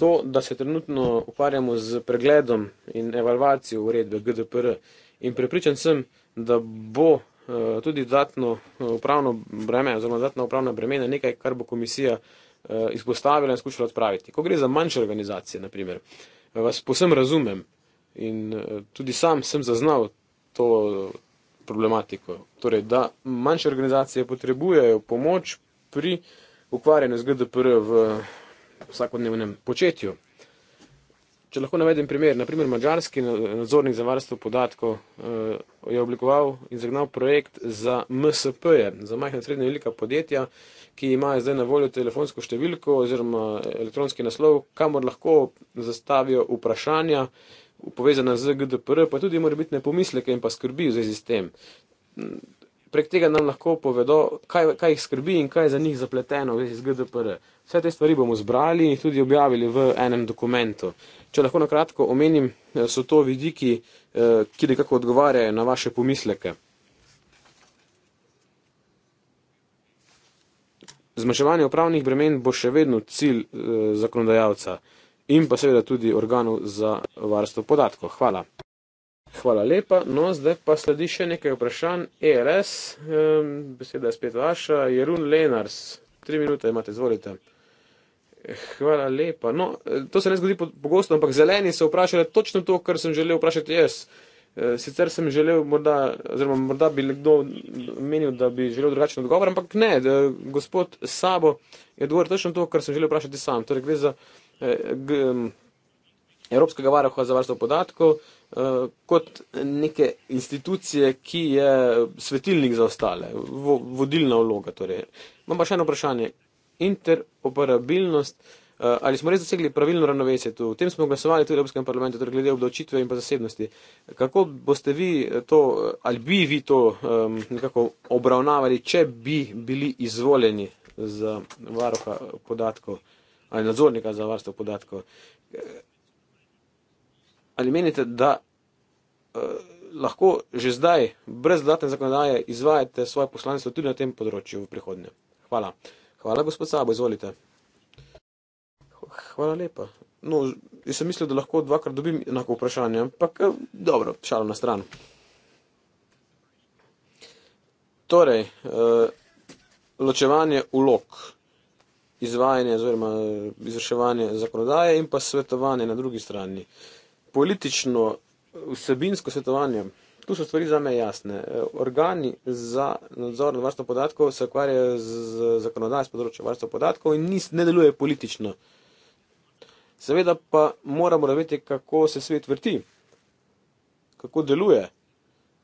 to, da se trenutno ukvarjamo z pregledom in evalvacijo uredbe GDPR in prepričan sem, da bo eh, tudi dodatno eh, upravno breme oziroma dodatna upravna bremena nekaj, kar bo komisija eh, izpostavila in skušala odpraviti. Ko gre za manjše organizacije, naprimer, vas posem razumem in tudi sam sem zaznal to problematiko. Torej, da manjše organizacije potrebujejo pomoč pri ukvarjanju z GDPR v vsakodnevnem početju. Če lahko navedem primer, naprimer mađarski nadzornik za varstvo podatkov eh, je oblikoval in zagnal projekt za MSP-je, za majhna srednja velika podjetja, ki imajo zdaj na voljo telefonsko številko oziroma elektronski naslov, kamor lahko zastavijo vprašanja povezana z GDPR, pa tudi morebitne pomisleke in pa skrbi v zvezi s tem prek tega nam lahko povedo, kaj, kaj jih skrbi in kaj je za njih zapleteno iz GDPR. Vse te stvari bomo zbrali in tudi objavili v enem dokumentu. Če lahko na kratko omenim, eh, so to vidiki, eh, ki nekako odgovarjajo na vaše pomisleke. Zmanjševanje upravnih bremen bo še vedno cilj eh, zakonodajalca in pa seveda tudi organov za varstvo podatkov. Hvala. Hvala lepa. No, zdaj pa sledi še nekaj vprašanj. ERS, um, beseda je spet vaša. Jerun Lenars, tri minute imate, izvolite. Eh, hvala lepa. No, eh, to se ne zgodi pogosto, ampak zeleni so vprašali točno to, kar sem želel vprašati jaz. Eh, sicer sem želel, morda, oziroma morda bi nekdo menil, da bi želel drugačen odgovor, ampak ne, gospod Sabo je odgovoril točno to, kar sem želel vprašati sam. Torej, gre za eh, g, Evropskega varuha za varstvo podatkov, Eh, kot neke institucije, ki je svetilnik za ostale, vo, vodilna vloga. Torej. Imam pa še eno vprašanje. Interoperabilnost. Eh, ali smo res dosegli pravilno ravnovesje? O tem smo glasovali tudi v Evropskem parlamentu, torej glede obdavčitve in pa zasebnosti. Kako boste vi eh, to, ali bi vi to um, nekako obravnavali, če bi bili izvoljeni za varoha podatkov ali nadzornika za varstvo podatkov? ali menite, da eh, lahko že zdaj, brez dodatne zakonodaje, izvajate svoje poslanstvo tudi na tem področju v prihodnje? Hvala. Hvala, gospod Sabo, izvolite. Hvala lepa. No, jaz sem mislil, da lahko dvakrat dobim enako vprašanje, ampak eh, dobro, šalo na stran. Torej, eh, ločevanje ulog, izvajanje oziroma eh, izvrševanje zakonodaje in pa svetovanje na drugi strani. Eh, politično vsebinsko svetovanje. Tu so stvari za me jasne. E, organi za nadzor nad varstvo podatkov se ukvarjajo z zakonodajem z področja varstva podatkov in nis, ne deluje politično. Seveda pa moramo razumeti, kako se svet vrti, kako deluje.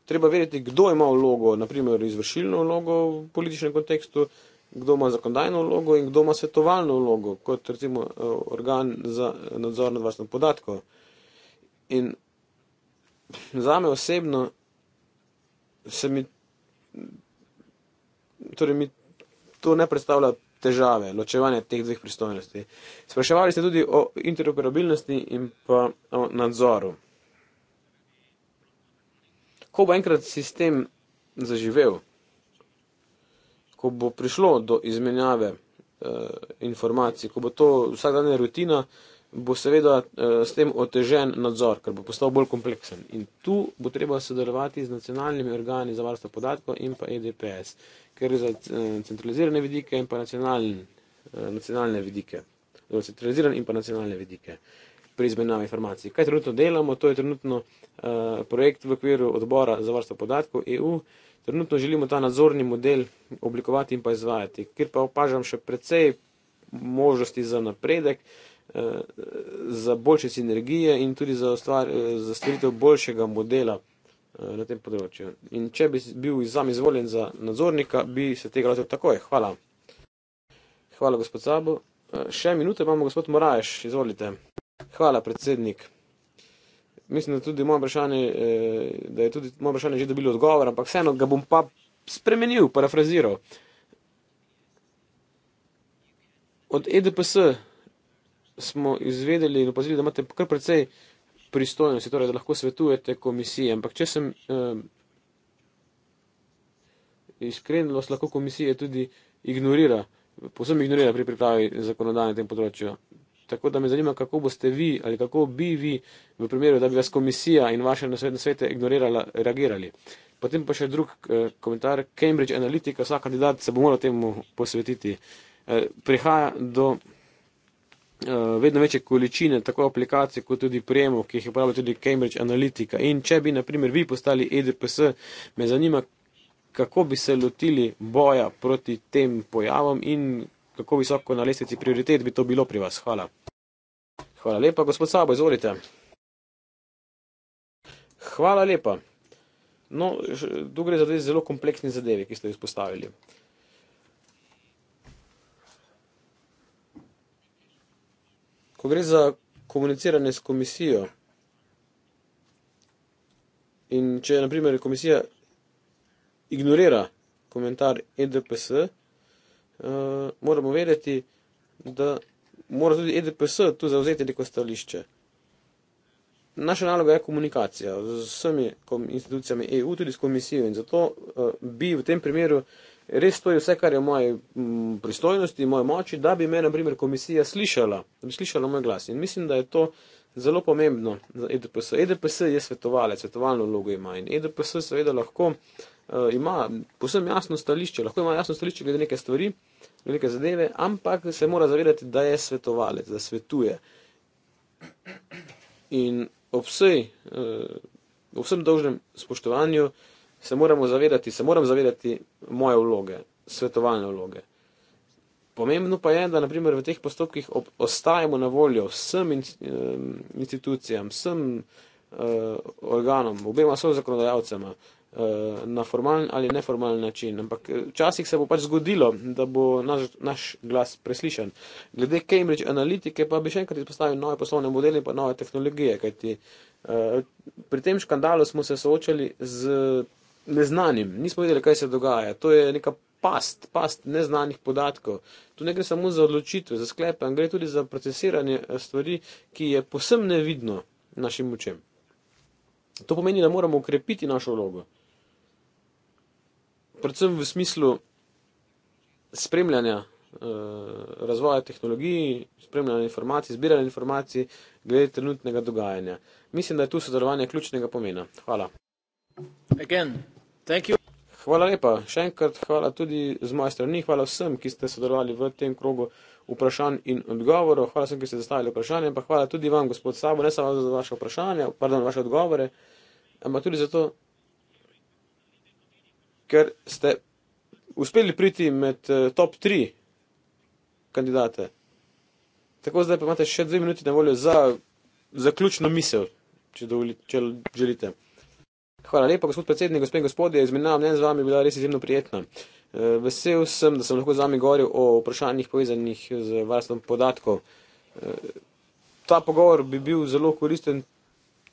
Treba vedeti, kdo ima vlogo, naprimer izvršilno vlogo v političnem kontekstu, kdo ima zakonodajno vlogo in kdo ima svetovalno vlogo, kot recimo e, organ za nadzor nad varstvom podatkov. In za me osebno se mi, torej mi to ne predstavlja težave, ločevanje teh dveh pristojnosti. Spraševali ste tudi o interoperabilnosti in pa o nadzoru. Ko bo enkrat sistem zaživel, ko bo prišlo do izmenjave eh, informacij, ko bo to vsakdanja rutina, eh, bo seveda eh, s tem otežen nadzor, ker bo postal bolj kompleksen. In tu bo treba sodelovati z nacionalnimi organi za varstvo podatkov in pa EDPS, ker je za eh, centralizirane vidike in pa eh, nacionalne vidike. Zelo torej, centraliziran in pa nacionalne vidike pri izmenjavi informacij. Kaj trenutno delamo? To je trenutno uh, projekt v okviru odbora za varstvo podatkov EU. Trenutno želimo ta nadzorni model oblikovati in pa izvajati, kjer pa opažam še precej možnosti za napredek. Uh, za boljše sinergije in tudi za, ustvar, za stvaritev boljšega modela eh, na tem področju. In če bi bil izam izvoljen za nadzornika, bi se tega lotil takoj. Hvala. Hvala, gospod Sabo. Eh, še minuto imamo, gospod Moraješ, izvolite. Hvala, predsednik. Mislim, da, tudi moje vprašanje, eh, da je tudi moje vprašanje že dobilo odgovor, ampak vseeno ga bom pa spremenil, parafraziral. Od EDPS smo izvedeli in opazili, da imate kar precej pristojnosti, torej da lahko svetujete komisiji. Ampak če sem eh, iskrenost, lahko komisije tudi ignorira, posebno ignorira pri pripravi zakonodaje na tem področju. Tako da me zanima, kako boste vi ali kako bi vi v primeru, da bi vas komisija in vaše nasvetne svete ignorirala, reagirali. Potem pa še drug eh, komentar. Cambridge Analytica, vsak kandidat se bo moral temu posvetiti. Eh, prihaja do. Eh, vedno večje količine tako aplikacij kot tudi prijemov, ki jih uporablja tudi Cambridge Analytica. In če bi, naprimer, vi postali EDPS, me zanima, kako bi se lotili boja proti tem pojavom in kako visoko na lestvici prioritet bi to bilo pri vas. Hvala. Hvala lepa, gospod Sabo, izvolite. Hvala lepa. No, tu gre za dve zelo kompleksni zadevi, ki ste jih izpostavili. ko gre za komuniciranje s komisijo in če je, na primer, komisija ignorira komentar EDPS, uh, eh, moramo vedeti, da mora tudi EDPS tu zauzeti neko stališče. Naša naloga je komunikacija z vsemi institucijami EU, tudi s komisijo in zato uh, bi v tem primeru uh, Res to je vse, kar je v moji m, mm, pristojnosti, v moji moči, da bi me, na primer, komisija slišala, da bi slišala moj glas. In mislim, da je to zelo pomembno za EDPS. EDPS je svetovalec, svetovalno vlogo ima in EDPS seveda lahko uh, ima posem jasno stališče, lahko ima jasno stališče glede neke stvari, glede neke zadeve, ampak se mora zavedati, da je svetovalec, da svetuje. In ob vsej, uh, ob vsem dolžnem spoštovanju se moramo zavedati, se moram zavedati moje vloge, svetovalne vloge. Pomembno pa je, da naprimer v teh postopkih ob, ostajamo na voljo vsem in, institucijam, vsem uh, organom, obema so zakonodajalcema, uh, eh, na formalni ali neformalni način. Ampak eh, včasih se bo pač zgodilo, da bo naš, naš glas preslišan. Glede Cambridge analitike pa bi še enkrat izpostavil nove poslovne modele in nove tehnologije, kajti uh, pri tem škandalu smo se soočali z neznanim, nismo vedeli, kaj se dogaja. To je neka past, past neznanih podatkov. Tu ne gre samo za odločitve, za sklepe, ampak gre tudi za procesiranje eh, stvari, ki je posem nevidno našim močem. To pomeni, da moramo ukrepiti našo vlogo. Predvsem v smislu spremljanja eh, razvoja tehnologij, spremljanja informacij, zbiranja informacij glede trenutnega dogajanja. Mislim, da je tu sodelovanje ključnega pomena. Hvala. Again. Hvala lepa. Še enkrat hvala tudi z moje strani. Hvala vsem, ki ste sodelovali v tem krogu vprašanj in odgovorov. Hvala vsem, ki ste zastavili vprašanje. Pa hvala tudi vam, gospod Sabo, ne samo za vaše vprašanje, pardon, vaše odgovore, ampak tudi zato, ker ste uspeli priti med eh, top 3 kandidate. Tako zdaj pa imate še dve minuti na voljo za zaključno misel, če, dovolj, če želite. Hvala lepa, gospod predsednik, gospod in gospodje, izmenjava mnen z vami bila res izjemno prijetna. Eh, vesel sem, da sem lahko z vami govoril o vprašanjih povezanih z varstvom podatkov. Eh, ta pogovor bi bil zelo koristen,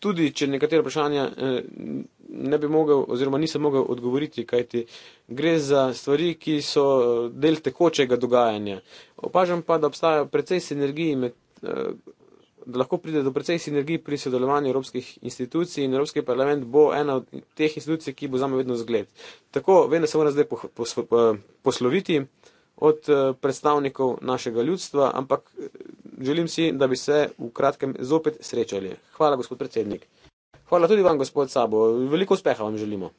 tudi če nekatera vprašanja eh, ne bi mogel oziroma nisem mogel odgovoriti, kajti gre za stvari, ki so del tekočega dogajanja. Opažam pa, da obstaja precej sinergiji med da lahko pride do precej sinergij pri sodelovanju evropskih institucij in Evropski parlament bo ena od teh institucij, ki bo zame vedno zgled. Tako vedno se mora zdaj po, po, po, posloviti od eh, predstavnikov našega ljudstva, ampak eh, želim si, da bi se v kratkem zopet srečali. Hvala, gospod predsednik. Hvala tudi vam, gospod Sabo. Veliko uspeha vam želimo.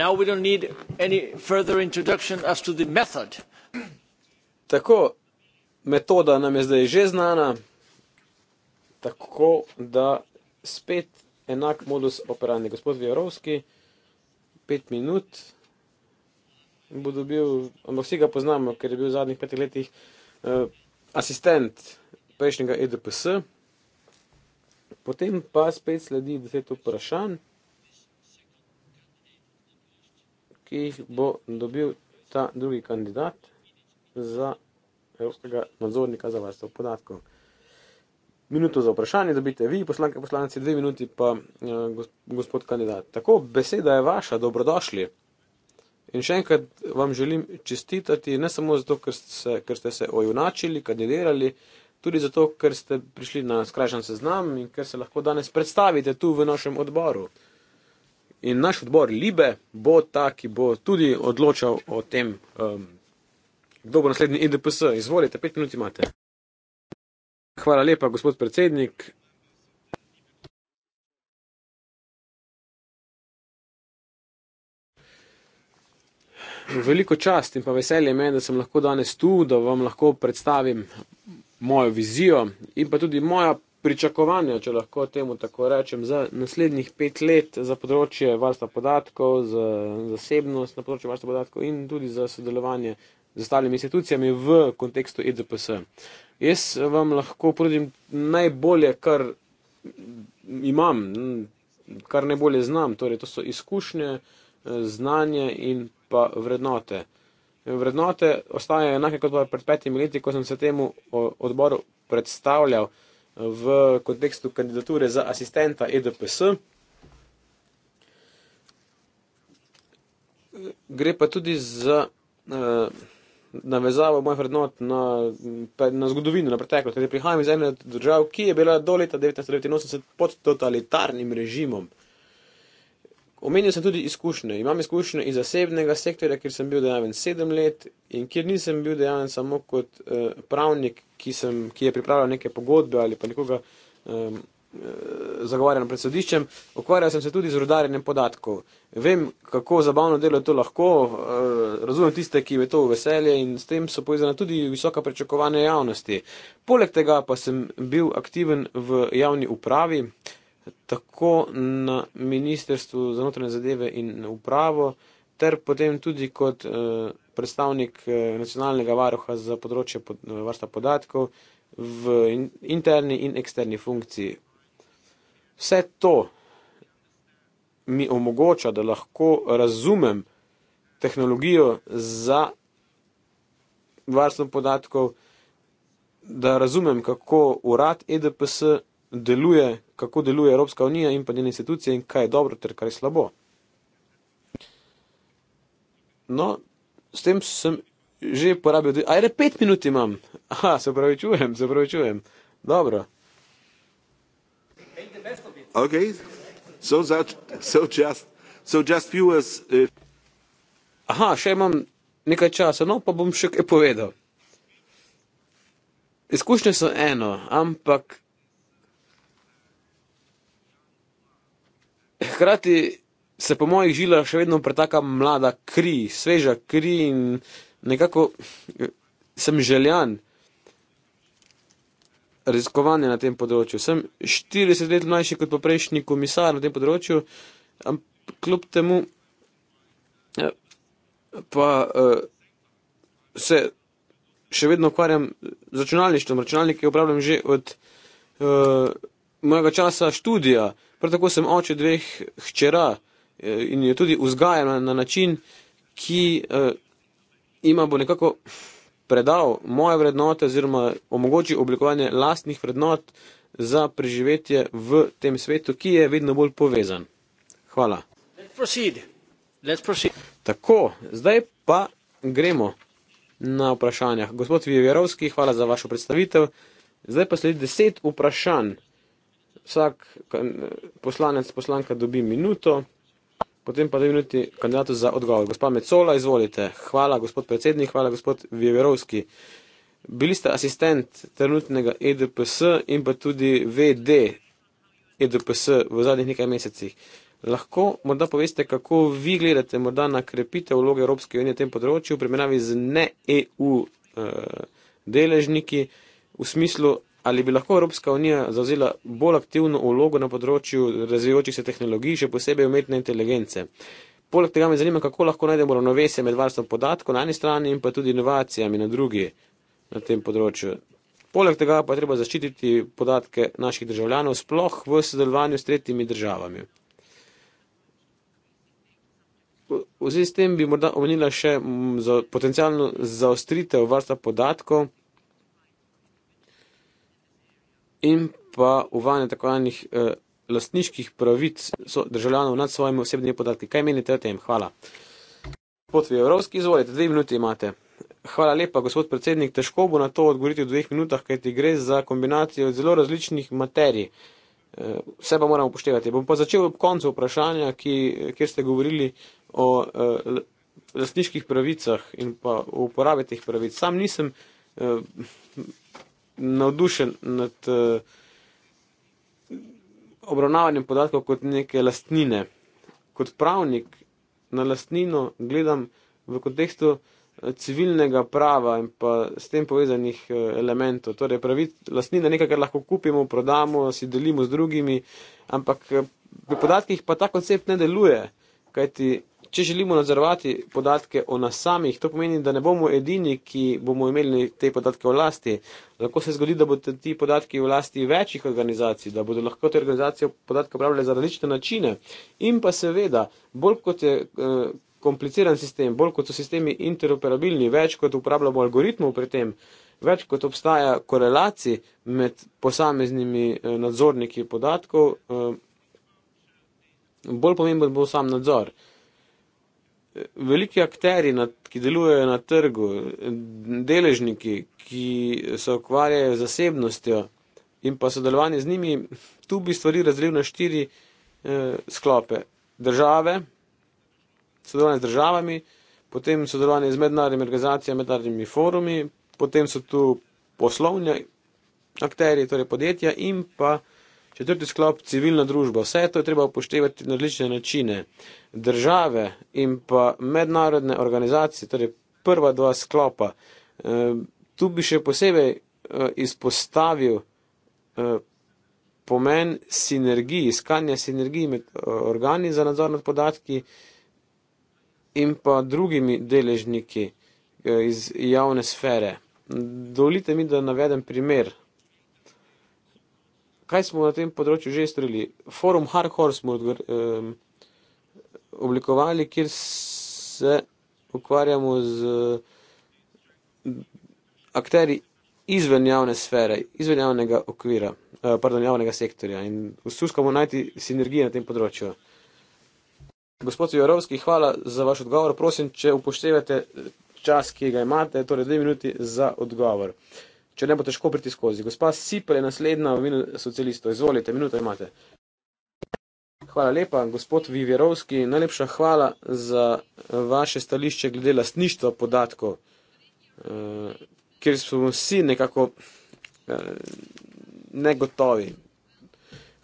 Now we don't need any further introduction as to the method. Tako, metoda nam je zdaj že znana, tako da spet enak modus operandi. Gospod Vjerovski, pet minut bo dobil, ampak vsi ga poznamo, ker je bil v zadnjih petih letih uh, asistent prejšnjega EDPS. Potem pa spet sledi deset vprašanj. ki jih bo dobil ta drugi kandidat za evropskega nadzornika za varstvo podatkov. Minuto za vprašanje dobite vi, poslanke, poslanci, dve minuti pa eh, gospod kandidat. Tako, beseda je vaša, dobrodošli. In še enkrat vam želim čestitati, ne samo zato, ker, se, ker ste se ojunačili, kandidirali, tudi zato, ker ste prišli na skrajšan seznam in ker se lahko danes predstavite tu v našem odboru. In naš odbor Libe bo ta, ki bo tudi odločal o tem, um, kdo bo naslednji IDPS. E Izvolite, pet minut imate. Hvala lepa, gospod predsednik. Veliko čast in pa veselje me je, da sem lahko danes tu, da vam lahko predstavim mojo vizijo in pa tudi moja pričakovanja, če lahko temu tako rečem, za naslednjih pet let za področje varstva podatkov, za zasebnost na področju varstva podatkov in tudi za sodelovanje z ostalimi institucijami v kontekstu EDPS. Jaz vam lahko ponudim najbolje, kar imam, kar najbolje znam, torej to so izkušnje, znanje in pa vrednote. Vrednote ostajajo enake kot pa pred petimi leti, ko sem se temu odboru predstavljal v kontekstu kandidature za asistenta EDPS. Gre pa tudi za eh, navezavo mojih vrednot na, na zgodovino, na preteklost. Torej, prihajam iz ene države, ki je bila do leta 1989 pod totalitarnim režimom. Omenil sem tudi izkušnje. Imam izkušnje iz zasebnega sektorja, kjer sem bil dejaven sedem let in kjer nisem bil dejaven samo kot eh, pravnik, ki, sem, ki je pripravljal neke pogodbe ali pa nekoga eh, zagovarjal pred sodiščem. Okvarjal sem se tudi z rudarjenjem podatkov. Vem, kako zabavno delo je to lahko, eh, razumem tiste, ki me to veselje in s tem so povezane tudi visoka pričakovanja javnosti. Poleg tega pa sem bil aktiven v javni upravi tako na ministrstvu za notranje zadeve in upravo, ter potem tudi kot eh, predstavnik eh, nacionalnega varuha za področje varstva podatkov v interni in eksterni funkciji. Vse to mi omogoča, da lahko razumem tehnologijo za varstvo podatkov, da razumem, kako urad EDPS deluje, kako deluje Evropska unija in pa njene institucije in kaj je dobro ter kaj je slabo. No, s tem sem že porabil, aj re pet minut imam. Aha, se pravi čujem, se pravi čujem. Dobro. Ok, so, that, so just, so just few words. If... Aha, še imam nekaj časa, no pa bom še kaj povedal. Izkušnje so eno, ampak Hkrati se po mojih žilah še vedno pretaka mlada kri, sveža kri in nekako eh, sem željan raziskovanja na tem področju. Sem 40 let mlajši kot poprejšnji komisar na tem področju, ampak kljub temu eh, pa uh, se še vedno ukvarjam z računalništvom. Računalnike upravljam že od uh, mojega časa študija. Prav tako sem oče dveh hčera eh, in je tudi vzgajana na način, ki eh, ima bo nekako predal moje vrednote oziroma omogoči oblikovanje lastnih vrednot za preživetje v tem svetu, ki je vedno bolj povezan. Hvala. Let's proceed. Let's proceed. Tako, zdaj pa gremo na vprašanja. Gospod Vijevjerovski, hvala za vašo predstavitev. Zdaj pa sledi deset vprašanj vsak poslanec, poslanka dobi minuto, potem pa dve minuti kandidatu za odgovor. Gospa Mecola, izvolite. Hvala, gospod predsednik, hvala, gospod Vjeverovski. Bili ste asistent trenutnega EDPS in pa tudi VD EDPS v zadnjih nekaj mesecih. Lahko morda poveste, kako vi gledate morda na krepitev vloge Evropske unije v tem področju v primerjavi z ne-EU uh, eh, deležniki v smislu Ali bi lahko Evropska unija zauzela bolj aktivno vlogo na področju razvijajočih se tehnologij, še posebej umetne inteligence? Poleg tega me zanima, kako lahko najdemo ravnovesje med varstvom podatkov na eni strani in pa tudi inovacijami na drugi na tem področju. Poleg tega pa je treba zaščititi podatke naših državljanov, sploh v sodelovanju s tretjimi državami. V zvezi s tem bi morda omenila še za potencijalno zaostritev varstva podatkov in pa uvajanje tako enih eh, lastniških pravic državljanov nad svojimi osebnimi podatki. Kaj menite o tem? Hvala. Gospod Vjevrovski, izvolite, dve minuti imate. Hvala lepa, gospod predsednik. Težko bo na to odgovoriti v dveh minutah, ker ti gre za kombinacijo zelo različnih materij. Eh, vse pa moramo upoštevati. Bom pa začel ob koncu vprašanja, ki, kjer ste govorili o eh, lastniških pravicah in pa o uporabi teh pravic. Sam nisem eh, navdušen nad eh, obravnavanjem podatkov kot neke lastnine. Kot pravnik na lastnino gledam v kontekstu eh, civilnega prava in pa s tem povezanih eh, elementov. Torej, pravit, lastnina je nekaj, kar lahko kupimo, prodamo, si delimo z drugimi, ampak v podatkih pa ta koncept ne deluje, kajti Če želimo nadzorovati podatke o nas samih, to pomeni, da ne bomo edini, ki bomo imeli te podatke v lasti. Lahko se zgodi, da bodo ti podatki v lasti večjih organizacij, da bodo lahko te organizacije podatke upravljale za različne načine. In pa seveda, bolj kot je eh, kompliciran sistem, bolj kot so sistemi interoperabilni, več kot uporabljamo algoritmov pri tem, več kot obstaja korelacij med posameznimi eh, nadzorniki podatkov, eh, bolj pomemben bo sam nadzor veliki akteri, na, ki delujejo na trgu, deležniki, ki se okvarjajo z zasebnostjo in pa sodelovanje z njimi, tu bi stvari razdelil na štiri eh, sklope. Države, sodelovanje z državami, potem sodelovanje z mednarodnimi organizacijami, mednarodnimi forumi, potem so tu poslovni akteri, torej podjetja in pa. Četrti sklop, civilna družba. Vse to je treba upoštevati na različne načine. Države in pa mednarodne organizacije, torej prva dva sklopa. Eh, tu bi še posebej eh, izpostavil eh, pomen sinergij, iskanja sinergij med organi za nadzor nad podatki in pa drugimi deležniki iz javne sfere. Dovolite mi, da navedem primer kaj smo na tem področju že storili? Forum Hardcore smo odgor, um, oblikovali, kjer se ukvarjamo z akteri izven javne sfere, izven javnega okvira, uh, pardon, javnega sektorja in uskuskamo najti sinergije na tem področju. Gospod Jorovski, hvala za vaš odgovor. Prosim, če upoštevate čas, ki ga imate, torej dve minuti za odgovor. Uh, če ne bo težko priti skozi. Gospa Sipel je naslednja v imenu socialistov. Izvolite, minuto imate. Hvala lepa, gospod Vivirovski. Najlepša hvala za vaše stališče glede lastništva podatkov, eh, kjer smo vsi nekako eh, negotovi.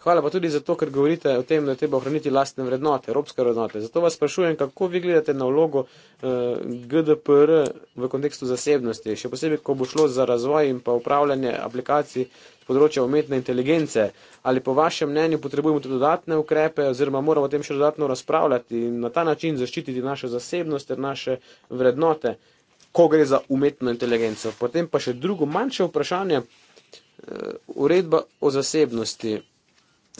Hvala pa tudi za to, ker govorite o tem, da je treba ohraniti lastne vrednote, evropske vrednote. Zato vas sprašujem, kako vi gledate na vlogo uh, eh, GDPR v kontekstu zasebnosti, še posebej, ko bo šlo za razvoj in pa upravljanje aplikacij z področja umetne inteligence. Ali po vašem mnenju potrebujemo tudi dodatne ukrepe oziroma moramo o tem še dodatno razpravljati in na ta način zaščititi našo zasebnost ter naše vrednote, ko gre za umetno inteligenco. Potem pa še drugo manjše vprašanje. Eh, uredba o zasebnosti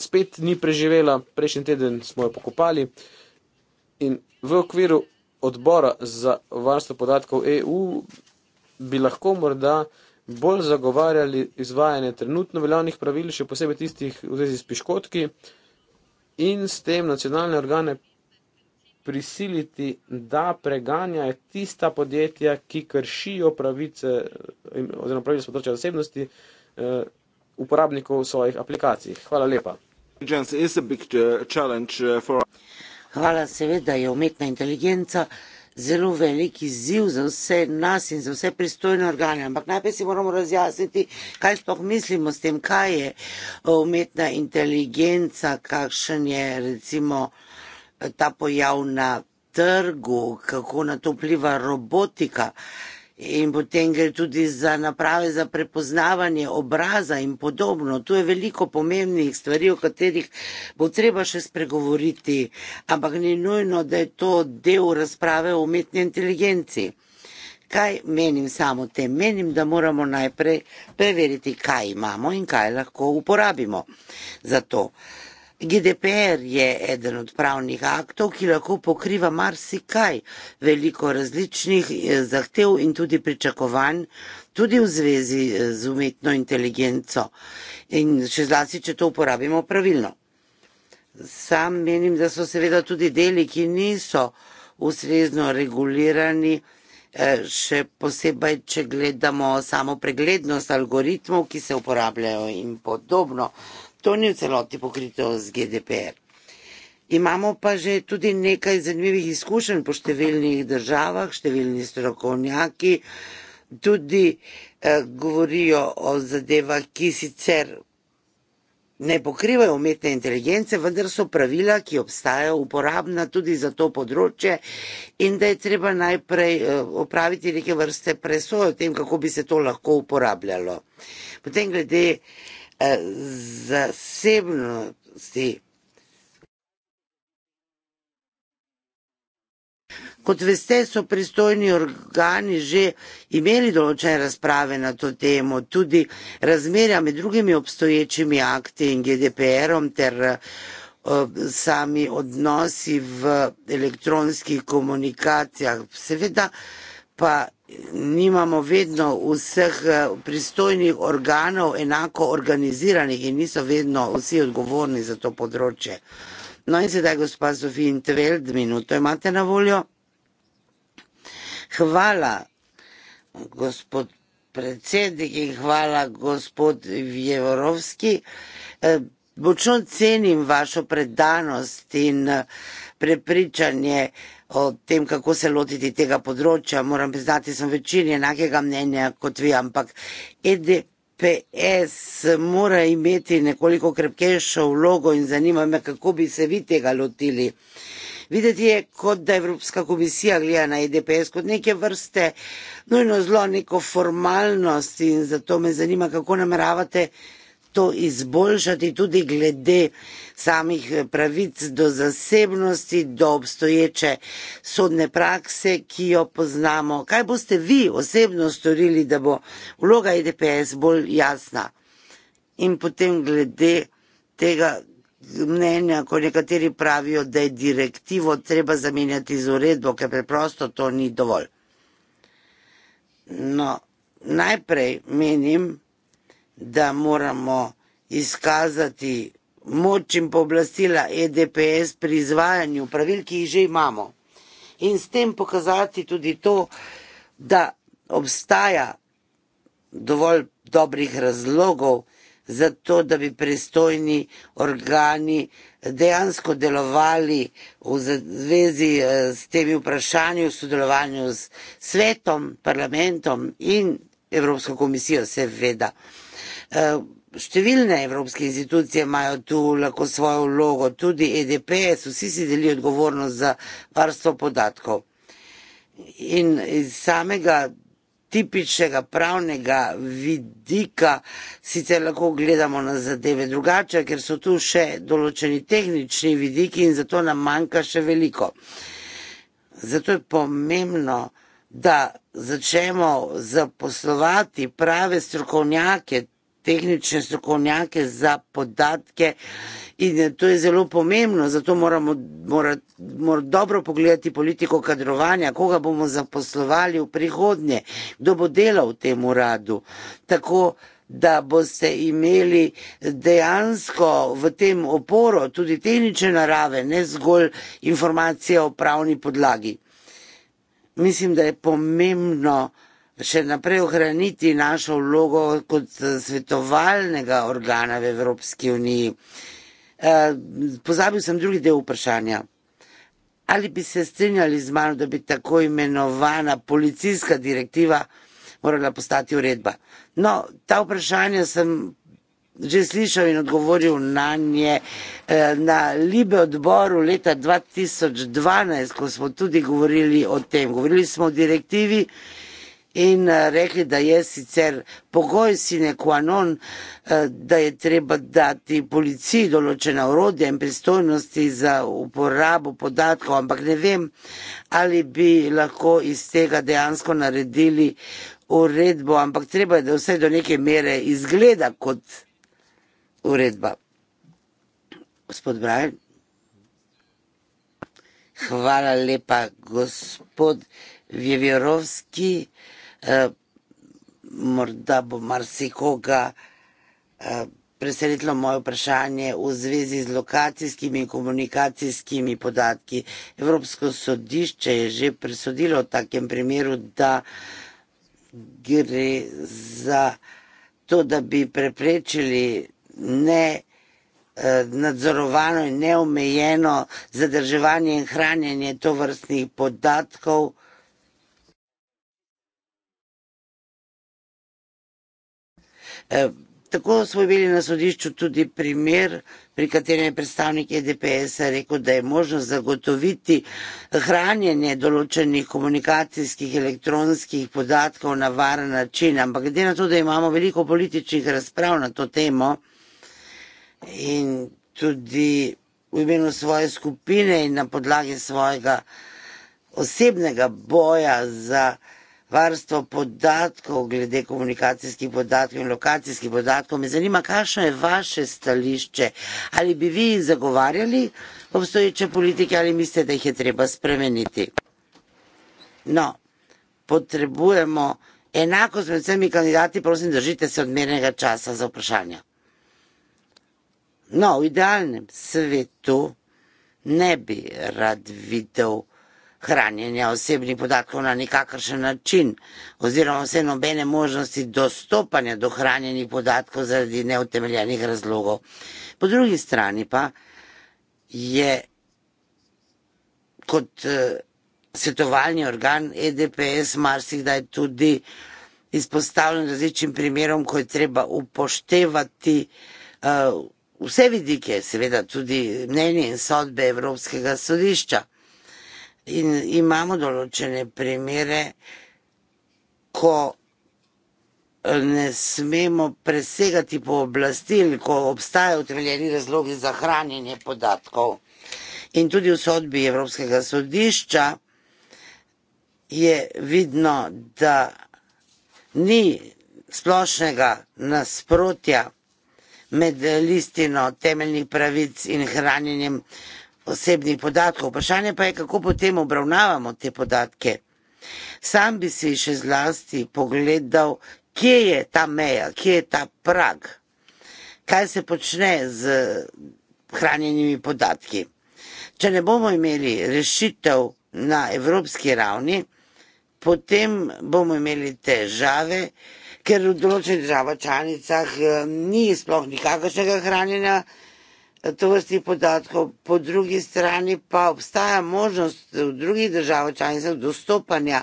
spet ni preživela, prejšnji teden smo jo pokopali in v okviru odbora za varstvo podatkov EU bi lahko morda bolj zagovarjali izvajanje trenutno veljavnih pravil, še posebej tistih v zvezi s piškotki in s tem nacionalne organe prisiliti, da preganjajo tista podjetja, ki kršijo pravice eh, oziroma pravice s področja zasebnosti eh, uporabnikov svojih aplikacij. Hvala lepa. Uh, uh, Hvala, seveda je umetna inteligenca zelo velik izziv za vse nas in za vse pristojne organe, ampak najprej si moramo razjasniti, kaj sploh mislimo s tem, kaj je umetna inteligenca, kakšen je recimo ta pojav na trgu, kako na to pliva robotika in potem gre tudi za naprave za prepoznavanje obraza in podobno. Tu je veliko pomembnih stvari, o katerih bo treba še spregovoriti, ampak ni nujno, da je to del razprave o umetni inteligenci. Kaj menim samo te? Menim, da moramo najprej preveriti, kaj imamo in kaj lahko uporabimo za to. GDPR je eden od pravnih aktov, ki lahko pokriva marsikaj, veliko različnih eh, zahtev in tudi pričakovanj, tudi v zvezi eh, z umetno inteligenco in še zlasti, če to uporabimo pravilno. Sam menim, da so seveda tudi deli, ki niso ustrezno regulirani, eh, še posebej, če gledamo samo preglednost algoritmov, ki se uporabljajo in podobno. To ni v celoti pokrito z GDPR. Imamo pa že tudi nekaj zanimivih izkušenj po številnih državah, številni strokovnjaki tudi eh, govorijo o zadevah, ki sicer ne pokrivajo umetne inteligence, vendar so pravila, ki obstajajo, uporabna tudi za to področje in da je treba najprej eh, opraviti neke vrste presoje o tem, kako bi se to lahko uporabljalo. Potem glede. Eh, zasebnosti. Kot veste, so pristojni organi že imeli določene razprave na to temo, tudi razmerja med drugimi obstoječimi akti in GDPR-om ter eh, sami odnosi v elektronskih komunikacijah. Seveda pa nimamo vedno vseh eh, pristojnih organov enako organiziranih in niso vedno vsi odgovorni za to področje. No in sedaj, gospa Sofijn Tveld, minuto imate na voljo. Hvala, gospod predsednik in hvala, gospod Vjevorovski. Eh, močno cenim vašo predanost in eh, prepričanje, o tem, kako se lotiti tega področja. Moram priznati, sem večini enakega mnenja kot vi, ampak EDPS mora imeti nekoliko krepkejšo vlogo in zanima me, kako bi se vi tega lotili. Videti je, kot da Evropska komisija gleda na EDPS kot neke vrste nujno zlo, neko formalnost in zato me zanima, kako nameravate to izboljšati tudi glede samih pravic do zasebnosti, do obstoječe sodne prakse, ki jo poznamo. Kaj boste vi osebno storili, da bo vloga IDPS e bolj jasna? In potem glede tega mnenja, ko nekateri pravijo, da je direktivo treba zamenjati z uredbo, ker preprosto to ni dovolj. No, najprej menim, da moramo izkazati moč in pooblastila EDPS pri izvajanju pravil, ki jih že imamo. In s tem pokazati tudi to, da obstaja dovolj dobrih razlogov za to, da bi prestojni organi dejansko delovali v zvezi eh, s temi vprašanji v sodelovanju s svetom, parlamentom in Evropsko komisijo, seveda. Eh, številne evropske institucije imajo tu lahko svojo vlogo, tudi EDPS, vsi si delijo odgovornost za varstvo podatkov. In iz samega tipičnega pravnega vidika sicer lahko gledamo na zadeve drugače, ker so tu še določeni tehnični vidiki in zato nam manjka še veliko. Zato je pomembno, da začnemo zaposlovati prave strokovnjake, tehnične strokovnjake za podatke in to je zelo pomembno, zato moramo mora, mora dobro pogledati politiko kadrovanja, koga bomo zaposlovali v prihodnje, kdo bo delal v tem uradu. Tako da boste imeli dejansko v tem oporo tudi tehnične narave, ne zgolj informacije o pravni podlagi. Mislim, da je pomembno, še naprej ohraniti našo vlogo kot eh, svetovalnega organa v Evropski uniji. Eh, pozabil sem drugi del vprašanja. Ali bi se strinjali z mano, da bi tako imenovana policijska direktiva morala postati uredba? No, ta vprašanja sem že slišal in odgovoril na nje eh, na Libe odboru leta 2012, ko smo tudi govorili o tem. Govorili smo o direktivi in eh, rekli, da je sicer pogoj sine qua non, eh, da je treba dati policiji določena urodja in pristojnosti za uporabo podatkov, ampak ne vem, ali bi lahko iz tega dejansko naredili uredbo, ampak treba je, da vse do neke mere izgleda kot uredba. Gospod Brajan. Hvala lepa, gospod Vjevjerovski. Eh, morda bo marsikoga eh, presenetilo moje vprašanje v zvezi z lokacijskimi in komunikacijskimi podatki. Evropsko sodišče je že presodilo v takem primeru, da gre za to, da bi preprečili ne eh, nadzorovano in neomejeno zadrževanje in hranjenje tovrstnih podatkov. Eh, tako smo imeli na sodišču tudi primer, pri katerem je predstavnik EDPS-a rekel, da je možno zagotoviti hranjenje določenih komunikacijskih elektronskih podatkov na varen način, ampak glede na to, da imamo veliko političnih razprav na to temo in tudi v imenu svoje skupine in na podlagi svojega osebnega boja za varstvo podatkov, glede komunikacijskih podatkov in lokacijskih podatkov. Me zanima, kakšno je vaše stališče? Ali bi vi zagovarjali obstoječe politike ali mislite, da jih je treba spremeniti? No, potrebujemo enako z vsemi kandidati, prosim, držite se odmernega časa za vprašanja. No, v idealnem svetu ne bi rad videl, hranjenja osebnih podatkov na nikakršen način oziroma vse nobene možnosti dostopanja do hranjenih podatkov zaradi neutemeljenih razlogov. Po drugi strani pa je kot eh, svetovalni organ EDPS marsikdaj tudi izpostavljen različnim primerom, ko je treba upoštevati uh, vse vidike, seveda tudi mnenje in sodbe Evropskega sodišča. In imamo določene primere, ko eh, ne smemo presegati pooblastil, ko obstajajo utrjeni razlogi za hranjenje podatkov. In tudi v sodbi Evropskega sodišča je vidno, da ni splošnega nasprotja med listino temeljnih pravic in hranjenjem osebnih podatkov. Vprašanje pa je, kako potem obravnavamo te podatke. Sam bi si še zlasti pogledal, kje je ta meja, kje je ta prag, kaj se počne z hranjenimi podatki. Če ne bomo imeli rešitev na evropski ravni, potem bomo imeli težave, ker v določenih državah članicah eh, ni sploh nikakršnega hranjenja to vrsti podatkov, po drugi strani pa obstaja možnost v drugih državah članicah dostopanja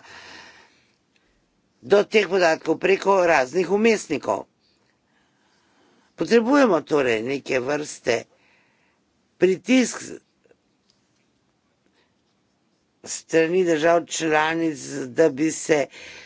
do teh podatkov preko raznih umestnikov. Potrebujemo torej neke vrste pritisk strani držav članic, da bi se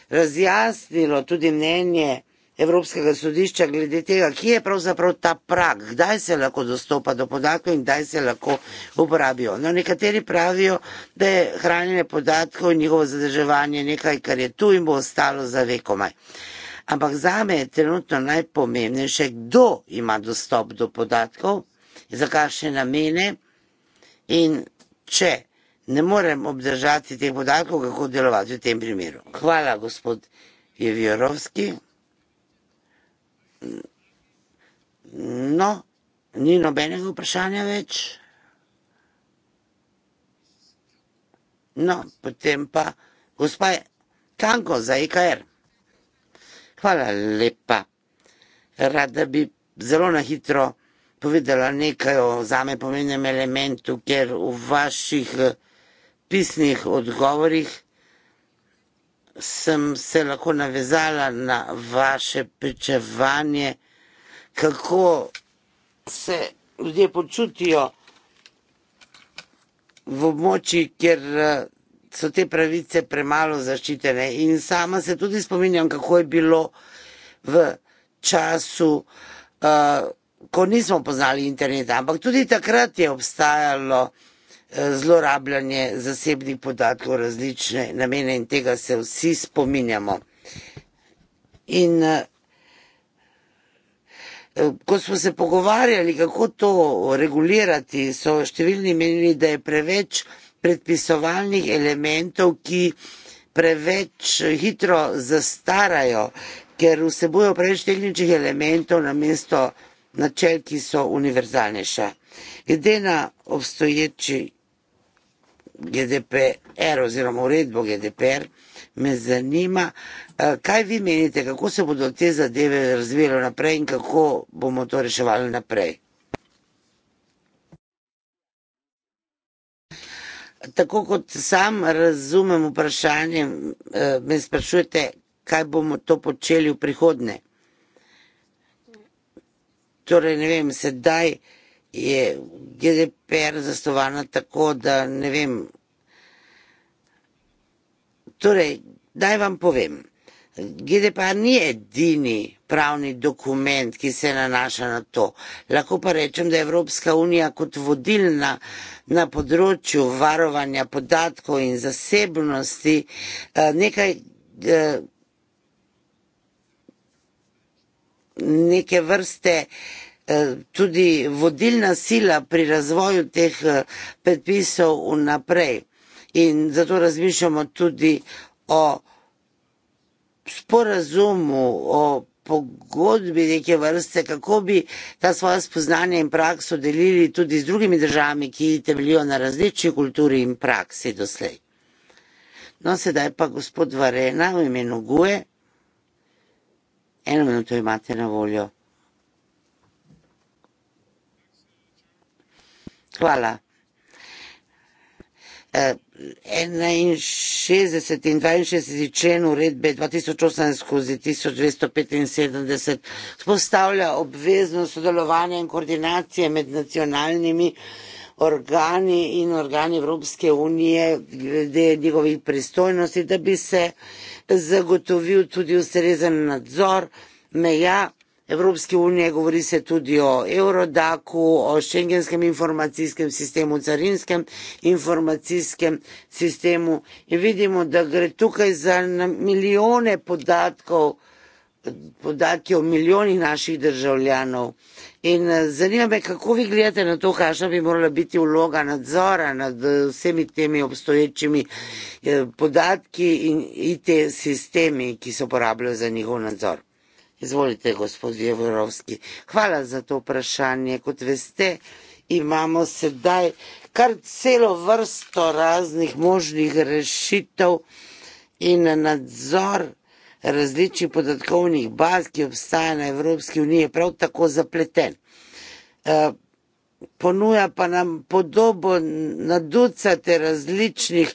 razjasnilo tudi mnenje Evropskega sodišča glede tega, kje je pravzaprav ta prag, kdaj se lahko dostopa do podatkov in kdaj se lahko uporabijo. No, nekateri pravijo, da je hranjenje podatkov in njihovo zadrževanje nekaj, kar je tu in bo ostalo za vekomaj. Ampak zame je trenutno najpomembnejše, kdo ima dostop do podatkov, za kakšne namene in če ne morem obdržati teh podatkov, kako delovati v tem primeru. Hvala, gospod Jevjerovski. No, ni nobenega vprašanja več. No, potem pa, gospa Tanko za IKR. E Hvala lepa. Rada bi zelo na hitro povedala nekaj o zame pomenem elementu, ker v vaših eh, pisnih odgovorih sem se lahko navezala na vaše pričevanje, kako se ljudje počutijo v območji, kjer eh, so te pravice premalo zaščitene. In sama se tudi spominjam, kako je bilo v času, uh, ko nismo poznali interneta, ampak tudi takrat je obstajalo. Eh, zlorabljanje zasebnih podatkov različne namene in tega se vsi spominjamo. In eh, eh, ko smo se pogovarjali, kako to regulirati, so številni menili, da je preveč predpisovalnih elementov, ki preveč hitro zastarajo, ker vsebujo preveč tehničnih elementov na mesto načel, ki so univerzalnejša. Glede na obstoječi GDPR oziroma uredbo GDPR, me zanima, eh, kaj vi menite, kako se bodo te zadeve razvijale naprej in kako bomo to reševali naprej. Tako kot sam razumem vprašanje, eh, me sprašujete, kaj bomo to počeli v prihodne. Torej, ne vem, sedaj je GDPR zasnovana tako, da ne vem. Torej, naj vam povem. GDPR ni edini pravni dokument, ki se nanaša na to. Lahko pa rečem, da je Evropska unija kot vodilna na področju varovanja podatkov in zasebnosti eh, nekaj, eh, neke vrste tudi vodilna sila pri razvoju teh eh, predpisov vnaprej. In zato razmišljamo tudi o sporazumu, o pogodbi neke vrste, kako bi ta svoja spoznanja in prakso delili tudi z drugimi državami, ki temeljijo na različni kulturi in praksi doslej. No, sedaj pa gospod Varena v imenu Guje. Eno minuto imate na voljo. Hvala. E, enainšestdeset in dvainšestdeset člen uredbe 2008 skozi 1275 spostavlja obvezno sodelovanje in koordinacije med nacionalnimi organi in organi Evropske unije glede njihovih pristojnosti, da bi se zagotovil tudi ustrezen nadzor meja Evropske unije, govori se tudi o Eurodaku, o šengenskem informacijskem sistemu, carinskem informacijskem sistemu in vidimo, da gre tukaj za milijone podatkov, podatke o milijonih naših državljanov. In eh, zanima me, kako vi gledate na to, kakšna bi morala biti vloga nadzora nad eh, vsemi temi obstoječimi eh, podatki in IT sistemi, ki se uporabljajo za njihov nadzor. Izvolite, gospod Jevorovski. Hvala za to vprašanje. Kot veste, imamo sedaj kar celo vrsto raznih možnih rešitev in nadzor različnih podatkovnih baz, ki obstaja na Evropski uniji, je prav tako zapleten. Eh, ponuja pa nam podobo na ducate različnih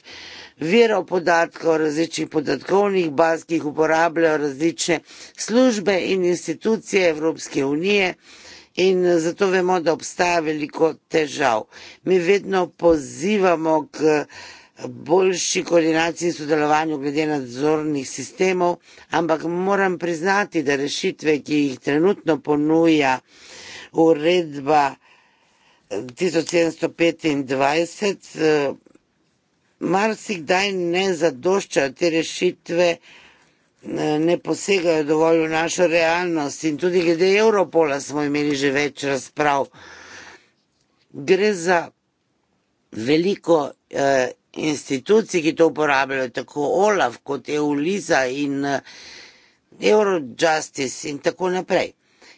virov podatkov, različnih podatkovnih baz, ki jih uporabljajo različne službe in institucije Evropske unije. In zato vemo, da obstaja veliko težav. Mi vedno pozivamo k boljši koordinaciji in sodelovanju glede nadzornih sistemov, ampak moram priznati, da rešitve, ki jih trenutno ponuja uredba 1725, eh, marsikdaj ne zadoščajo te rešitve, eh, ne posegajo dovolj v našo realnost in tudi glede Evropola smo imeli že več razprav. Gre za veliko eh, institucij, ki to uporabljajo, tako OLAF kot EULIZA in Eurojustice in tako naprej.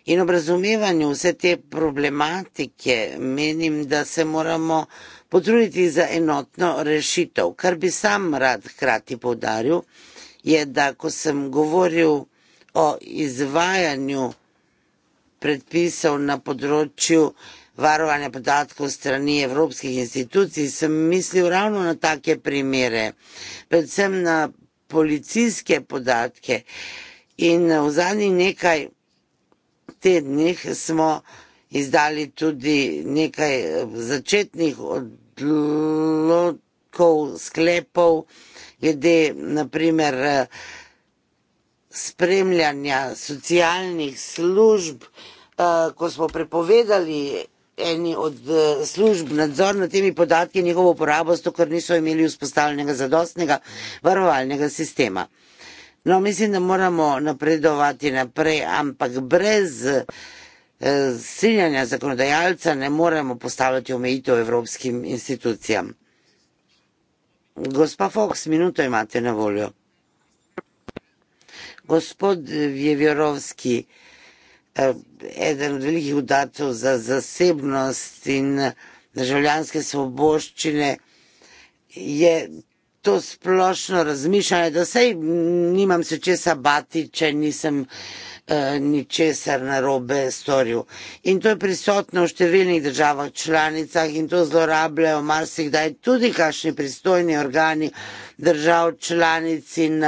In ob razumevanju vse te problematike menim, da se moramo potruditi za enotno rešitev. Kar bi sam rad hkrati povdaril, je, da ko sem govoril o izvajanju predpisov na področju varovanja podatkov strani evropskih institucij, sem mislil ravno na take primere, predvsem na policijske podatke. In v zadnjih nekaj tednih smo izdali tudi nekaj eh, začetnih odločkov, sklepov, glede naprimer eh, spremljanja socialnih služb, eh, ko smo prepovedali eni od služb nadzor nad temi podatki in njihovo uporabo, zato ker niso imeli vzpostavljenega zadostnega varovalnega sistema. No, mislim, da moramo napredovati naprej, ampak brez eh, strinjanja zakonodajalca ne moremo postavljati omejitev evropskim institucijam. Gospa Fox, minuto imate na voljo. Gospod Vjevjerovski, eh, eden od velikih udatov za zasebnost in eh, državljanske svoboščine, je to splošno razmišljanje, da sej nimam se česa bati, če nisem eh, ničesar narobe storil. In to je prisotno v številnih državah članicah in to zlorabljajo marsikdaj tudi kakšni pristojni organi držav članic in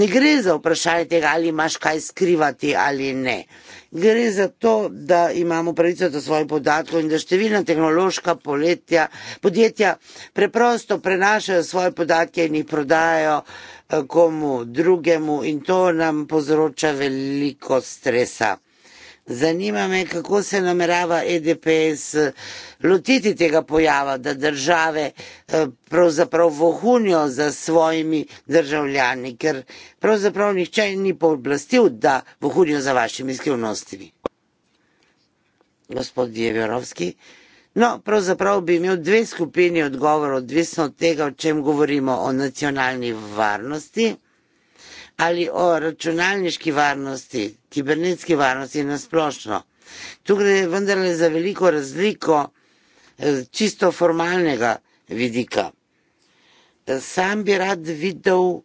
ne gre za vprašanje tega, ali imaš kaj skrivati ali ne gre za to, da imamo pravico do svojih podatkov in da številna tehnološka poletja, podjetja preprosto prenašajo svoje podatke in jih prodajajo eh, komu drugemu in to nam povzroča veliko stresa. Zanima me, kako se namerava EDPS eh, lotiti tega pojava, da države eh, pravzaprav vohunijo za svojimi državljani, ker pravzaprav nihče ni pooblastil, da vohunijo za vašimi skrivnostmi. Gospod Djeverovski. No, pravzaprav bi imel dve skupini odgovorov, odvisno od tega, o čem govorimo, o nacionalni varnosti ali o računalniški varnosti, kibernetski varnosti nasplošno. Tu gre vendarle za veliko razliko eh, čisto formalnega vidika. Sam bi rad videl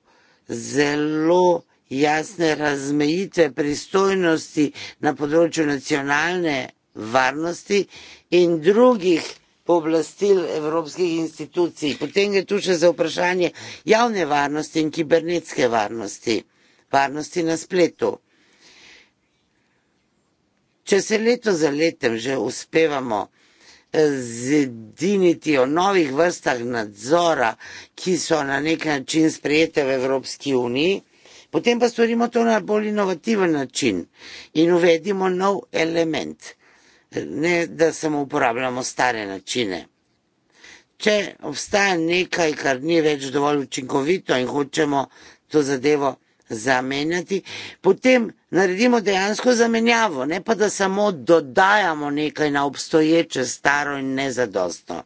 zelo jasne razmejitve pristojnosti na področju nacionalne varnosti in drugih pooblastil evropskih institucij. Potem je tu še za vprašanje javne varnosti in kibernetske varnosti, varnosti na spletu. Če se leto za letem že uspevamo eh, zediniti o novih vrstah nadzora, ki so na nek način sprejete v Evropski uniji, potem pa storimo to na bolj inovativen način in uvedimo nov element ne da samo uporabljamo stare načine. Če obstaja nekaj, kar ni več dovolj učinkovito in hočemo to zadevo zamenjati, potem naredimo dejansko zamenjavo, ne pa da samo dodajamo nekaj na obstoječe, staro in nezadostno.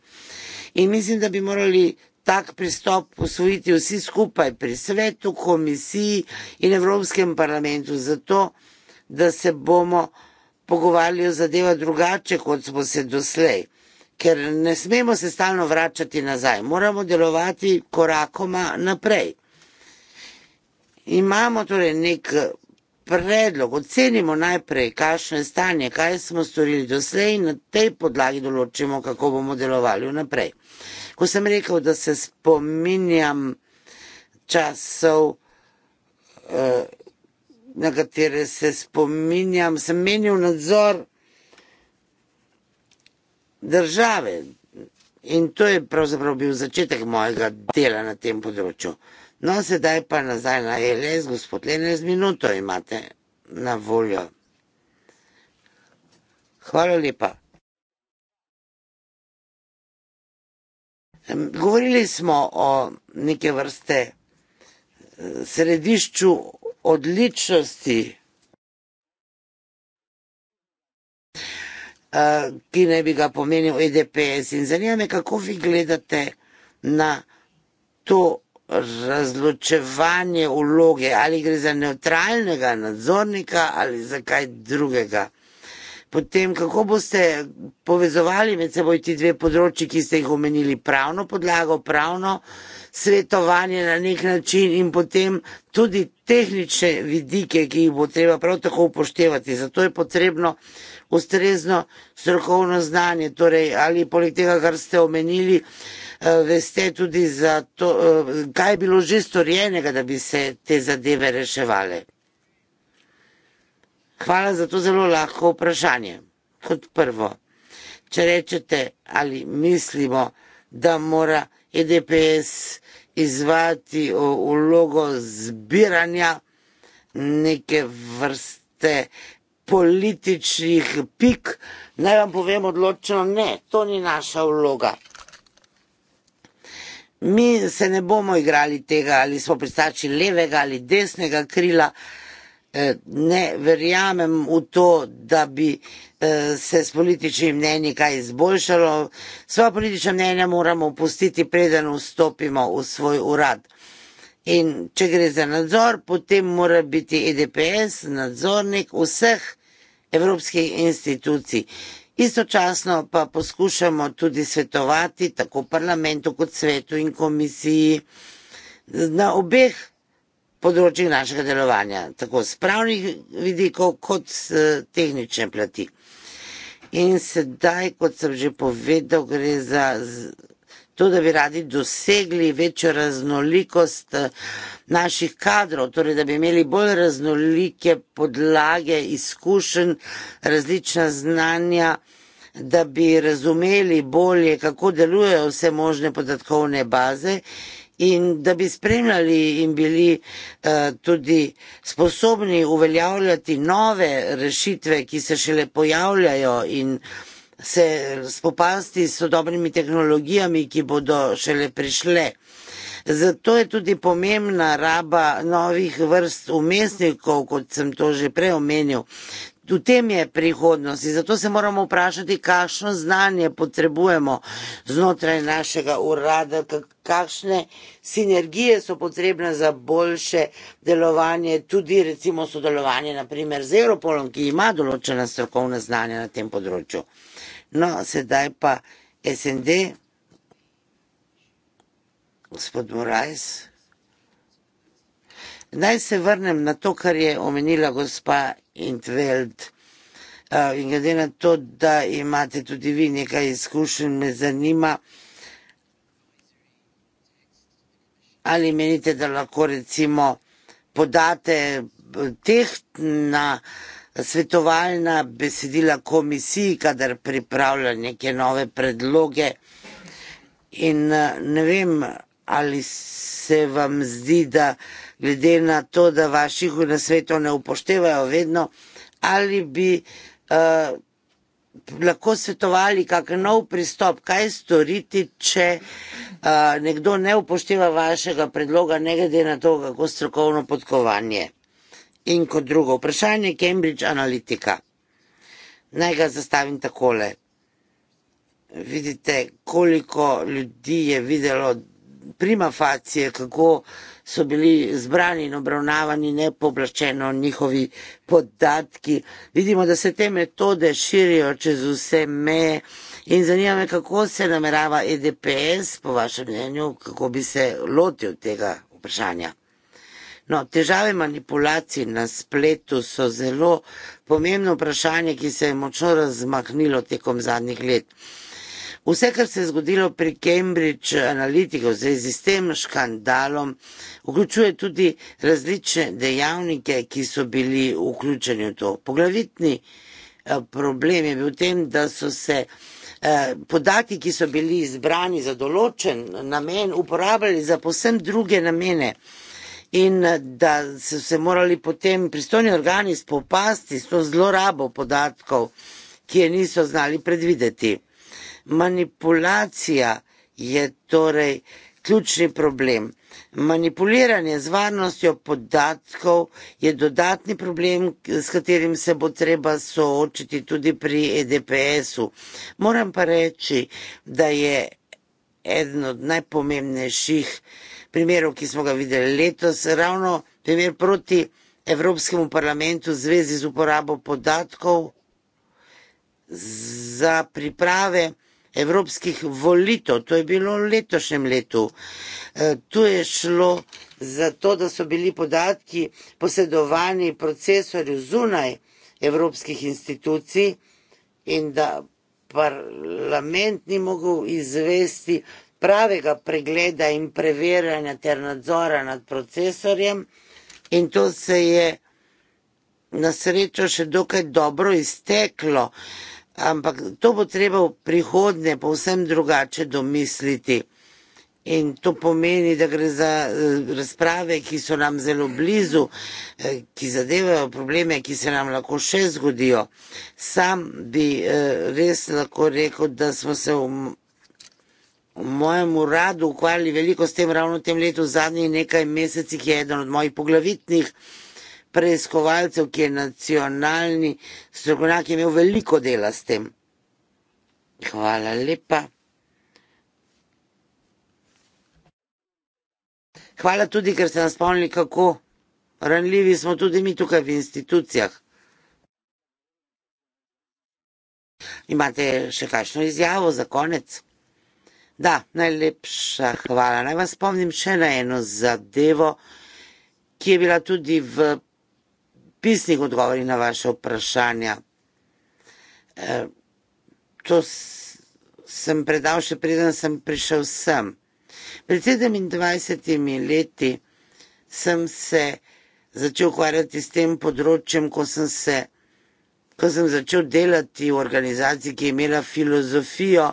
In mislim, da bi morali tak pristop posvojiti vsi skupaj pri svetu, komisiji in Evropskem parlamentu, zato da se bomo pogovarjali o zadevah drugače, kot smo se doslej. Ker ne smemo se stalno vračati nazaj, moramo delovati korakoma naprej. Imamo torej nek predlog, ocenimo najprej, kakšno je stanje, kaj smo storili doslej in na tej podlagi določimo, kako bomo delovali naprej. Ko sem rekel, da se spominjam časov, eh, na katere se spominjam, sem menil nadzor države. In to je pravzaprav bil začetek mojega dela na tem področju. No, sedaj pa nazaj na LS, gospod Lenes, minuto imate na voljo. Hvala lepa. Govorili smo o neke vrste eh, središču odličnosti, eh, ki naj bi ga pomenil EDPS. In zanima me, kako vi gledate na to razločevanje vloge, ali gre za neutralnega nadzornika ali za kaj drugega. Potem, kako boste povezovali med seboj ti dve področji, ki ste jih omenili, pravno podlago, pravno svetovanje na nek način in potem tudi tehnične vidike, ki jih bo treba prav tako upoštevati. Zato je potrebno ustrezno strokovno znanje, torej ali poleg tega, kar ste omenili, eh, veste tudi za to, eh, kaj je bilo že storjenega, da bi se te zadeve reševali. Hvala za to zelo lahko vprašanje. Kot prvo, če rečete ali mislimo, da mora EDPS izvati ulogo zbiranja neke vrste političnih pik, naj vam povem odločno ne, to ni naša vloga. Mi se ne bomo igrali tega, ali smo pristači levega ali desnega krila, Eh, ne verjamem v to, da bi eh, se s političnim mnenji kaj izboljšalo. Svoje politično mnenje moramo opustiti, preden vstopimo v svoj urad. In če gre za nadzor, potem mora biti EDPS nadzornik vseh evropskih institucij. Istočasno pa poskušamo tudi svetovati tako parlamentu kot svetu in komisiji. Na obeh področjih našega delovanja, tako z pravnih vidikov kot z eh, tehnične plati. In sedaj, kot sem že povedal, gre za to, da bi radi dosegli večjo raznolikost eh, naših kadrov, torej da bi imeli bolj raznolike podlage, izkušenj, različna znanja, da bi razumeli bolje, kako delujejo vse možne podatkovne baze in da bi spremljali in bili eh, tudi sposobni uveljavljati nove rešitve, ki se šele pojavljajo in se spopasti s sodobnimi tehnologijami, ki bodo šele prišle. Zato je tudi pomembna raba novih vrst umestnikov, kot sem to že preomenil. V tem je prihodnost in zato se moramo vprašati, kakšno znanje potrebujemo znotraj našega urada, kakšne sinergije so potrebne za boljše delovanje, tudi recimo sodelovanje naprimer z Europolom, ki ima določena strokovna znanja na tem področju. No, sedaj pa SND, gospod Morajs. Naj se vrnem na to, kar je omenila gospa Intveld. Uh, in glede na to, da imate tudi vi nekaj izkušenj, me zanima, ali menite, da lahko recimo podate tehtna svetovalna besedila komisiji, kadar pripravlja neke nove predloge. In uh, ne vem, ali se vam zdi, da glede na to, da vaših v nasvetu ne upoštevajo vedno, ali bi uh, lahko svetovali kakšen nov pristop, kaj storiti, če uh, nekdo ne upošteva vašega predloga, ne glede na to, kako strokovno podkovanje. In kot drugo vprašanje, Cambridge Analytica. Naj ga zastavim takole. Vidite, koliko ljudi je videlo prima facije, kako so bili zbrani in obravnavani nepoblaščeno njihovi podatki. Vidimo, da se te metode širijo čez vse meje in zanima me, kako se namerava EDPS, po vašem mnenju, kako bi se lotil tega vprašanja. No, težave manipulacij na spletu so zelo pomembno vprašanje, ki se je močno razmahnilo tekom zadnjih let. Vse, kar se je zgodilo pri Cambridge Analytica v zvezi s tem škandalom, vključuje tudi različne dejavnike, ki so bili vključeni v to. Poglavitni eh, problem je bil v tem, da so se eh, podatki, ki so bili izbrani za določen namen, uporabljali za posem druge namene in eh, da so se morali potem pristojni organi spopasti s to zlorabo podatkov, ki je niso znali predvideti manipulacija je torej ključni problem. Manipuliranje z varnostjo podatkov je dodatni problem, s katerim se bo treba soočiti tudi pri EDPS-u. Moram pa reči, da je eden od najpomembnejših primerov, ki smo ga videli letos, ravno primer proti Evropskemu parlamentu v zvezi z uporabo podatkov za priprave evropskih volitev, to je bilo v letošnjem letu. E, tu je šlo za to, da so bili podatki posedovani procesorju zunaj evropskih institucij in da parlament ni mogel izvesti pravega pregleda in preverjanja ter nadzora nad procesorjem in to se je na srečo še dokaj dobro izteklo ampak to bo treba v prihodnje povsem drugače domisliti. In to pomeni, da gre za eh, razprave, ki so nam zelo blizu, eh, ki zadevajo probleme, ki se nam lahko še zgodijo. Sam bi eh, res lahko rekel, da smo se v, v mojem uradu ukvarjali veliko s tem ravno v tem letu, v zadnjih nekaj mesecih je eden od mojih poglavitnih preiskovalcev, ki je nacionalni strokovnjak, imel veliko dela s tem. Hvala lepa. Hvala tudi, ker ste nas spomnili, kako ranljivi smo tudi mi tukaj v institucijah. Imate še kakšno izjavo za konec? Da, najlepša hvala. Naj vas spomnim še na eno zadevo, ki je bila tudi v pisnih odgovorih na vaše vprašanja. E, to sem predal še preden sem prišel sem. Pred 27 leti sem se začel ukvarjati s tem področjem, ko sem, se, ko sem začel delati v organizaciji, ki je imela filozofijo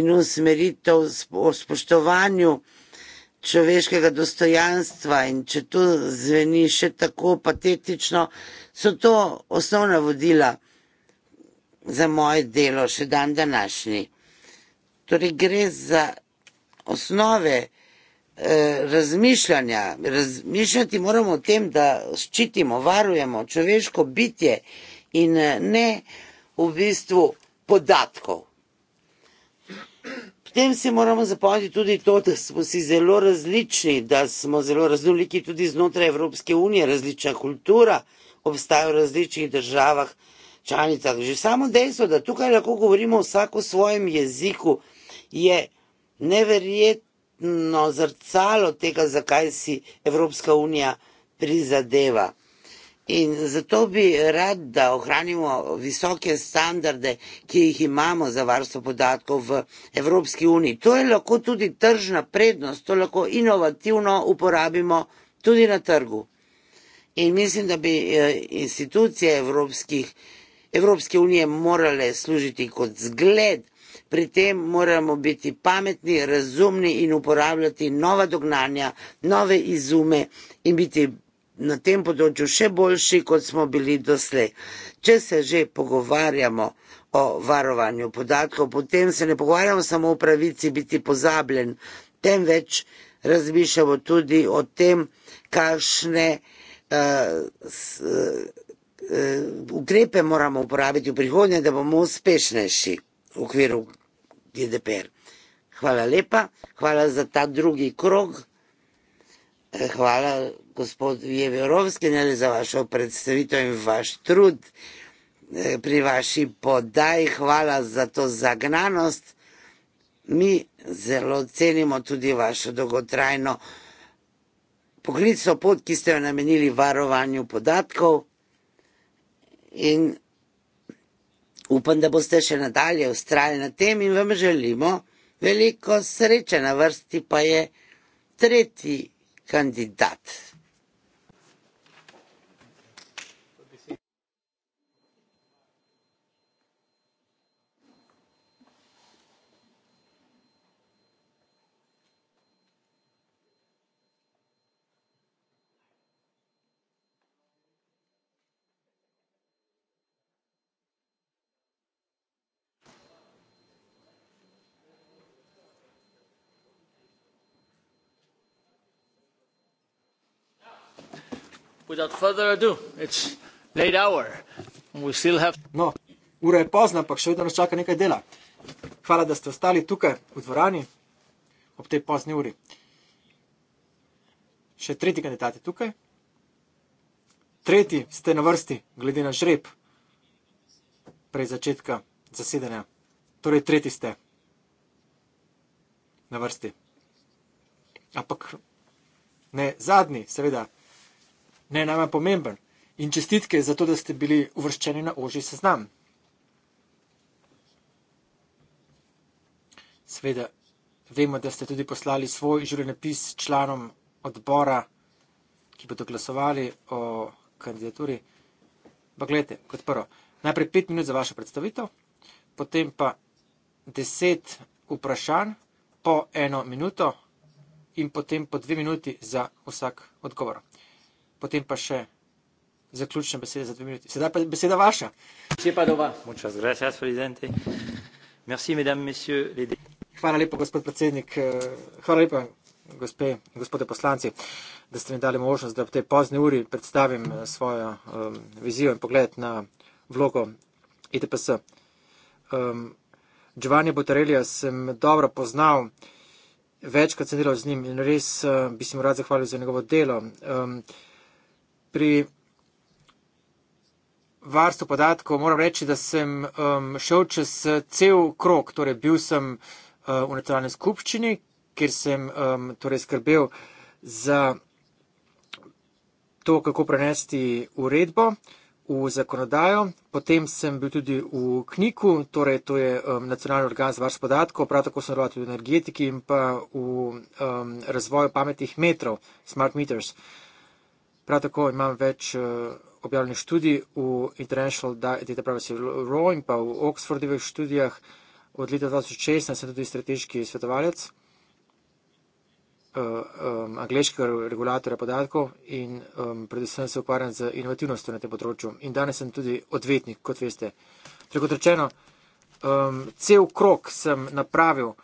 in usmeritev o spoštovanju človeškega dostojanstva in če to zveni še tako patetično, so to osnovna vodila za moje delo še dan današnji. Torej gre za osnove eh, razmišljanja. Razmišljati moramo o tem, da ščitimo, varujemo človeško bitje in eh, ne v bistvu podatkov tem si moramo zapomniti tudi to, da smo si zelo različni, da smo zelo raznoliki tudi znotraj Evropske unije, različna kultura obstaja v različnih državah, članicah. Že samo dejstvo, da tukaj lahko govorimo vsak o svojem jeziku, je neverjetno zrcalo tega, zakaj si Evropska unija prizadeva. In zato bi rad, da ohranimo visoke standarde, ki jih imamo za varstvo podatkov v Evropski uniji. To je lahko tudi tržna prednost, to lahko inovativno uporabimo tudi na trgu. In mislim, da bi eh, institucije Evropskih, Evropske unije morale služiti kot zgled, pri tem moramo biti pametni, razumni in uporabljati nova dognanja, nove izume in biti na tem področju še boljši, kot smo bili doslej. Če se že pogovarjamo o varovanju podatkov, potem se ne pogovarjamo samo o pravici biti pozabljen, temveč razmišljamo tudi o tem, kakšne uh, s, uh, ukrepe moramo uporabiti v prihodnje, da bomo uspešnejši v okviru GDPR. Hvala lepa, hvala za ta drugi krog. Eh, hvala gospod Jeverovski, ne le za vašo predstavitev in vaš trud eh, pri vaši podaji. Hvala za to zagnanost. Mi zelo cenimo tudi vašo dolgotrajno poklicno pot, ki ste jo namenili varovanju podatkov in upam, da boste še nadalje ustrajali na tem in vam želimo veliko sreče. Na vrsti pa je tretji kandidat. No, ura je pozna, ampak še vedno nas čaka nekaj dela. Hvala, da ste ostali tukaj v dvorani ob tej pozni uri. Še tretji kandidat je tukaj. Tretji ste na vrsti, glede na žreb, prej začetka zasedanja. Torej, tretji ste na vrsti. Ampak ne zadnji, seveda ne najmanj pomemben, in čestitke za to, da ste bili uvrščeni na ožji seznam. Sveda, vemo, da ste tudi poslali svoj življenjepis članom odbora, ki bodo glasovali o kandidaturi. Baglejte, kot prvo, najprej pet minut za vašo predstavitev, potem pa deset vprašanj po eno minuto in potem po dve minuti za vsak odgovor potem pa še zaključne besede za dve minuti. Sedaj pa beseda vaša. Hvala lepa, gospod predsednik. Eh, hvala lepa, gospe in gospode poslanci, da ste mi dali možnost, da v tej pozni uri predstavim eh, svojo um, vizijo in pogled na vlogo ITPS. Um, Giovanni Botarelija sem dobro poznal, večkrat sem delal z njim in res uh, bi se mu rad zahvalil za njegovo delo. Um, pri varstvu podatkov moram reči, da sem um, šel čez uh, cel krok. Torej, bil sem uh, v nacionalni skupščini, kjer sem um, torej skrbel za to, kako prenesti uredbo v zakonodajo. Potem sem bil tudi v kniku, torej to je um, nacionalni organ za varstvo podatkov, prav tako sem delal tudi v energetiki in pa v um, razvoju pametnih metrov, smart meters. Uh, Prav tako imam več uh, objavljenih študij v International Data Privacy Law in pa v Oxfordovih študijah. Od leta 2016 sem tudi strateški svetovalec uh, eh, um, angliškega regulatora podatkov in um, predvsem se ukvarjam z inovativnostjo na tem področju. In danes sem tudi odvetnik, kot veste. Tako torej, kot rečeno, um, cel krok sem napravil,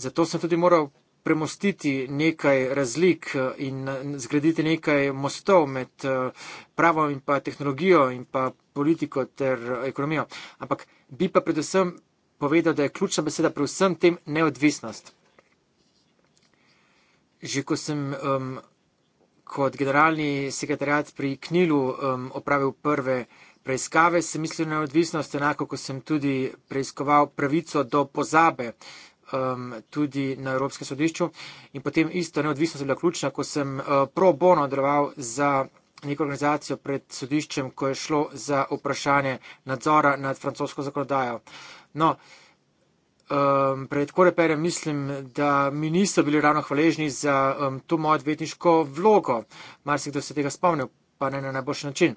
zato sem tudi moral premostiti nekaj razlik eh, in eh, zgraditi nekaj mostov med eh, pravom in pa tehnologijo in pa politiko ter ekonomijo. Ampak bi pa predvsem povedal, da je ključna beseda pri vsem tem neodvisnost. Že ko sem um, kot generalni sekretarjat pri Knilu um, opravil prve preiskave, sem mislil na neodvisnost, enako ko sem tudi preiskoval pravico do pozabe um, tudi na Evropskem sodišču. In potem isto neodvisnost je bila ključna, ko sem uh, pro bono odreval za neko organizacijo pred sodiščem, ko je šlo za vprašanje nadzora nad francosko zakonodajo. No, um, pred koreperjem mislim, da mi niso bili ravno hvaležni za um, to mojo odvetniško vlogo. Mar si kdo se tega spomnil, pa ne na najboljši način.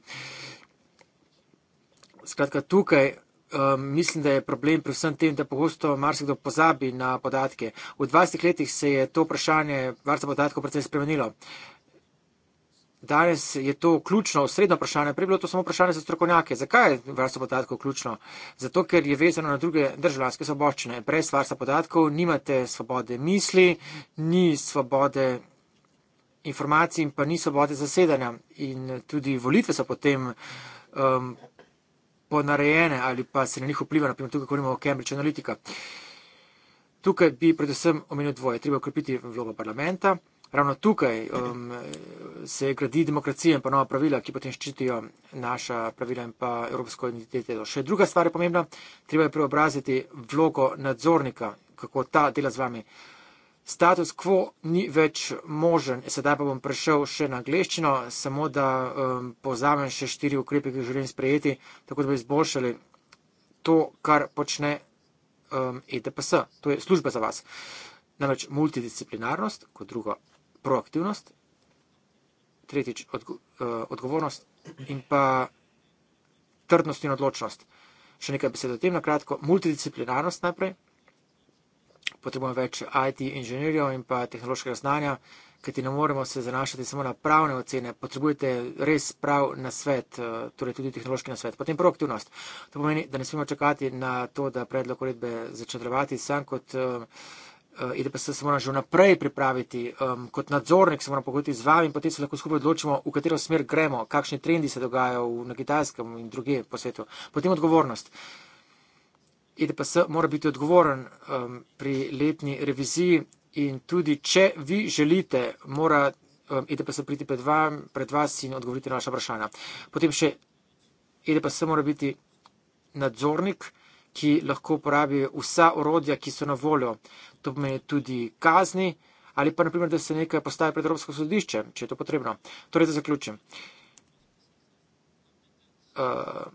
Skratka, tukaj um, mislim, da je problem pri vsem tem, da pogosto marsikdo pozabi na podatke. V 20 letih se je to vprašanje varstva podatkov predvsem spremenilo. Danes je to ključno, srednjo vprašanje, prej bilo to samo vprašanje za strokovnjake. Zakaj je varstvo podatkov ključno? Zato, ker je vezano na druge državljanske svoboščine. Brez varstva podatkov nimate svobode misli, ni svobode informacij in pa ni svobode zasedanja. In tudi volitve so potem um, ponarejene ali pa se na njih vpliva, naprimer tukaj govorimo o Cambridge Analytica. Tukaj bi predvsem omenil dvoje. Treba ukrepiti vlogo parlamenta. Ravno tukaj um, se gradi demokracija in pa nova pravila, ki potem ščitijo naša pravila in pa evropsko identiteto. Še druga stvar je pomembna, treba je preobraziti vlogo nadzornika, kako ta dela z vami. Status quo ni več možen. E, sedaj pa bom prešel še na angliščino, samo da um, povzamem še štiri ukrepe, ki jih želim sprejeti, tako da bi izboljšali to, kar počne um, ETPS. To je služba za vas. Namreč multidisciplinarnost, kot drugo proaktivnost, tretjič odgo uh, odgovornost in pa trdnost in odločnost. Še nekaj besed o tem na kratko. Multidisciplinarnost najprej potrebujemo več IT inženirjev in pa tehnološkega znanja, kajti ne moremo se zanašati samo na pravne ocene, potrebujete res prav na svet, eh, torej tudi tehnološki na svet. Potem proaktivnost. To pomeni, da ne smemo čakati na to, da predlog uredbe začne delovati sam kot in da pa se moramo že vnaprej pripraviti, um, kot nadzornik se moramo pogoditi z vami in potem se lahko skupaj odločimo, v katero smer gremo, kakšni trendi se dogajajo na kitajskem in druge po svetu. Potem odgovornost. Uh, EDPS mora biti odgovoren um, pri letni reviziji in tudi, če vi želite, mora um, EDPS priti pred, vam, pred vas in odgovoriti na vaše vprašanja. Potem še EDPS mora biti nadzornik, ki lahko uporabi vsa orodja, ki so na voljo. To pomeni tudi kazni ali pa, naprimer, da se nekaj postavi pred Evropsko sodišče, če je to potrebno. Torej, da zaključim. Uh,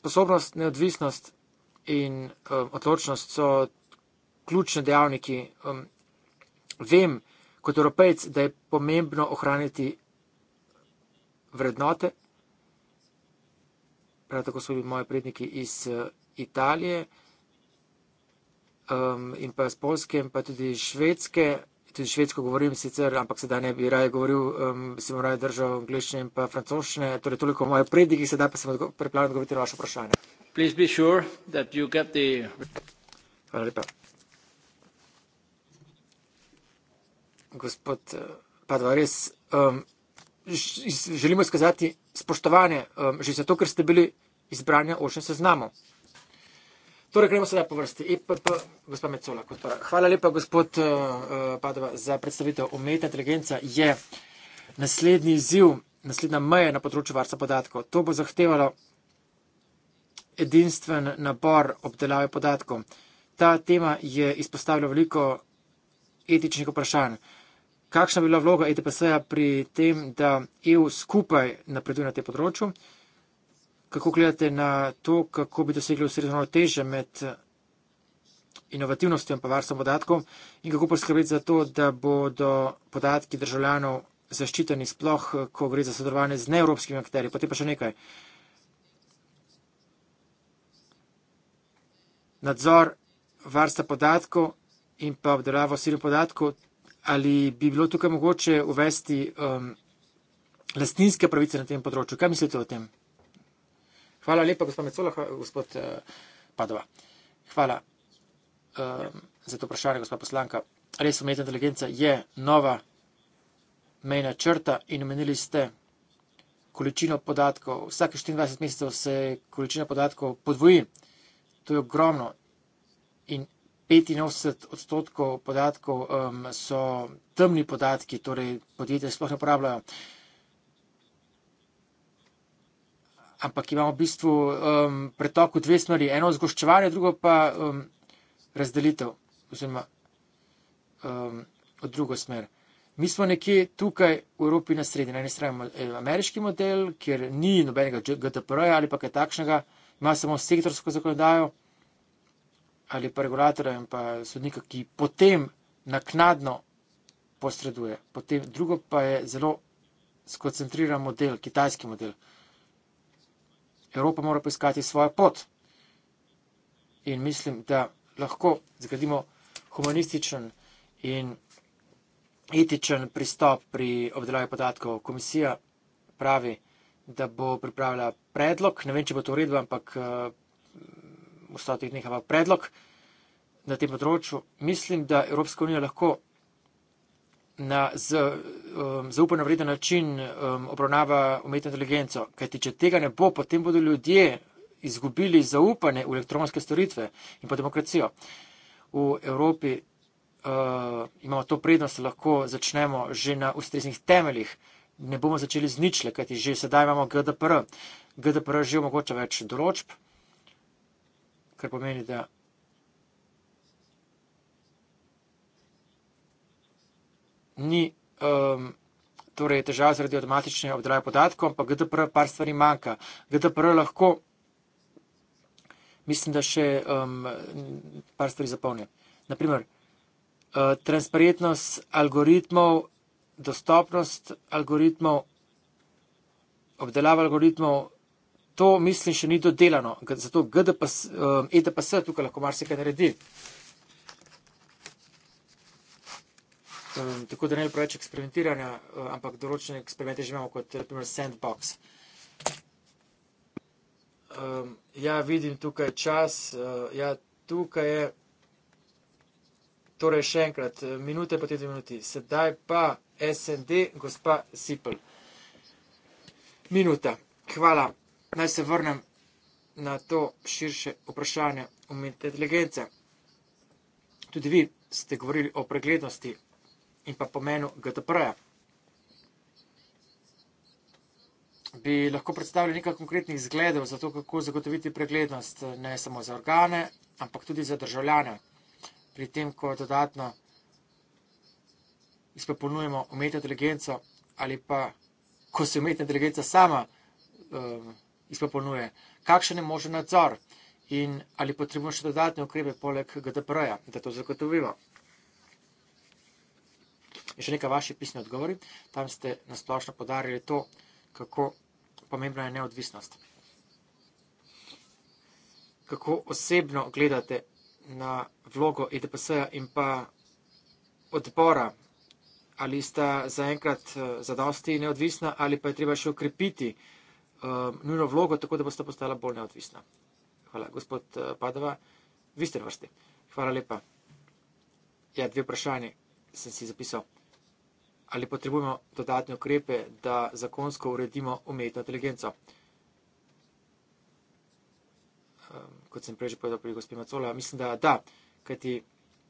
sposobnost, neodvisnost in um, odločnost so ključni dejavniki. Um, vem, kot evropejc, da je pomembno ohraniti vrednote, prav tako so bili moji predniki iz uh, Italije um, in pa iz Polske in pa tudi iz Švedske tudi švedsko govorim sicer, ampak sedaj ne bi raje govoril, um, bi se moral držati angliščine in pa francoščine. Torej, toliko moje prediki, sedaj pa sem pripravljen odgovoriti na vaše vprašanje. Sure the... Hvala lepa. Gospod eh, Padvares, um, želimo izkazati spoštovanje um, že zato, ker ste bili izbrani na ošem seznamu. Torej, gremo sedaj po vrsti. EPP, gospod Mecola, kot prva. Hvala lepa, gospod uh, Padova, za predstavitev. Umetna inteligenca je naslednji izziv, naslednja meja na področju varstva podatkov. To bo zahtevalo edinstven nabor obdelave podatkov. Ta tema je izpostavila veliko etičnih vprašanj. Kakšna je bila vloga ETPS-a pri tem, da EU skupaj napreduje na tem področju? Uh, kako gledate na to, kako bi dosegli ustrezno teže med eh, inovativnostjo in pa varstvom podatkov in kako poskrbeti za to, da bodo podatki državljanov zaščiteni sploh, eh, ko gre za sodelovanje z neevropskimi akterji. Potem pa še nekaj. Nadzor varstva podatkov in pa obdelavo osebnih podatkov, ali bi bilo tukaj mogoče uvesti um, lastninske pravice na tem področju? Kaj mislite o tem? Hvala lepa, gospod Mecola, gospod uh, Padova. Hvala uh, za to vprašanje, gospod poslanka. Res umetna inteligenca je nova mejna črta in omenili ste količino podatkov. Vsake 24 mesecev se količina podatkov podvoji. To je ogromno. In 85 odstotkov podatkov um, so temni podatki, torej podjetja sploh ne uporabljajo. Uh, ampak imamo v bistvu um, pretok v dve smeri. Eno je zgoščevanje, drugo pa um, razdelitev, oziroma um, od druge smer. Mi smo nekje tukaj v Evropi na sredini. Na eni strani je eh, ameriški model, kjer ni nobenega GDPR-ja ali pa kaj takšnega, ima samo sektorsko zakonodajo ali pa regulatorja in pa sodnika, ki potem naknadno posreduje. Potem drugo pa je zelo skoncentriran model, kitajski model. Evropa mora poiskati svojo pot. In mislim, da lahko zgradimo humanističen in etičen pristop pri obdelavi podatkov. Komisija pravi, da bo pripravila predlog, ne vem, če bo to uredba, ampak eh, v stotih dneh predlog na tem področju. Mislim, da Evropska unija lahko na z, um, zaupanje vreden način um, obravnava umetno inteligenco. Kajti, če tega ne bo, potem bodo ljudje izgubili zaupanje v elektronske storitve in pa demokracijo. V Evropi uh, imamo to prednost, da lahko začnemo že na ustreznih temeljih. Ne bomo začeli z ničle, kajti že sedaj imamo GDPR. GDPR že omogoča več določb, kar pomeni, da ni um, torej težav zaradi avtomatične obdelave podatkov, ampak GDPR par stvari manjka. GDPR lahko, mislim, da še um, par stvari zapolnijo. Naprimer, uh, transparentnost algoritmov, dostopnost algoritmov, obdelava algoritmov. To, mislim, še ni dodelano, zato GDPS, um, EDPS tukaj lahko marsikaj naredi. Um, tako da ne bi preveč eksperimentiranja, um, ampak določene eksperimente že imamo, kot eh, naprimer sandbox. Um, ja, vidim tukaj čas. Uh, ja, tukaj je. Torej, še enkrat, minute pa te dve minuti. Sedaj pa SND, gospa Sipel. Minuta. Hvala. Naj se vrnem na to širše vprašanje umetne inteligence. Tudi vi ste govorili o preglednosti in pa pomenu GDPR-ja. Bi lahko predstavili nekaj konkretnih zgledov za to, kako zagotoviti preglednost ne samo za organe, ampak tudi za državljane, pri tem, ko dodatno izpopolnujemo umetno inteligenco ali pa ko se umetna inteligenca sama um, izpopolnjuje, kakšen je možen nadzor in ali potrebujemo še dodatne ukrepe poleg GDPR-ja, da to zagotovimo je še nekaj vaših pisnih odgovori. Tam ste nasplošno podarili to, kako pomembna je neodvisnost. Kako osebno gledate na vlogo IDPS-ja e in pa odbora, ali sta zaenkrat eh, zadosti neodvisna ali pa je treba še ukrepiti eh, nujno vlogo, tako da boste postala bolj neodvisna. Hvala, gospod eh, Padova, vi ste na vrsti. Hvala lepa. Ja, dve vprašanje sem si zapisal ali potrebujemo dodatne ukrepe, da zakonsko uredimo umetno inteligenco. Ehm, kot sem prej že povedal pri gospe Macola, mislim, da da, kajti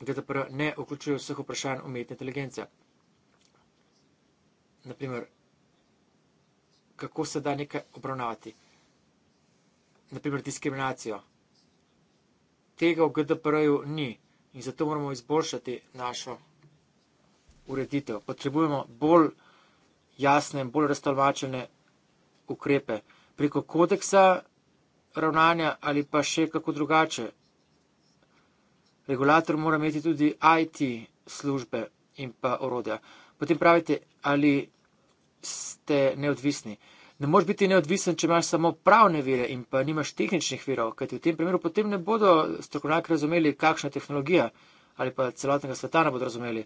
GDPR ne vključuje vseh vprašanj umetne inteligence. Naprimer, kako se da nekaj obravnavati. Naprimer, diskriminacijo. Tega v GDPR-ju ni in zato moramo izboljšati našo ureditev. Potrebujemo bolj jasne in bolj raztolmačene ukrepe preko kodeksa ravnanja ali pa še kako drugače. Regulator mora imeti tudi IT službe in pa orodja. Potem pravite, ali ste neodvisni. Ne moreš biti neodvisen, če imaš samo pravne vire in pa nimaš tehničnih virov, kajti v tem primeru potem ne bodo strokovnjaki razumeli, kakšna tehnologija ali pa celotnega sveta ne bodo razumeli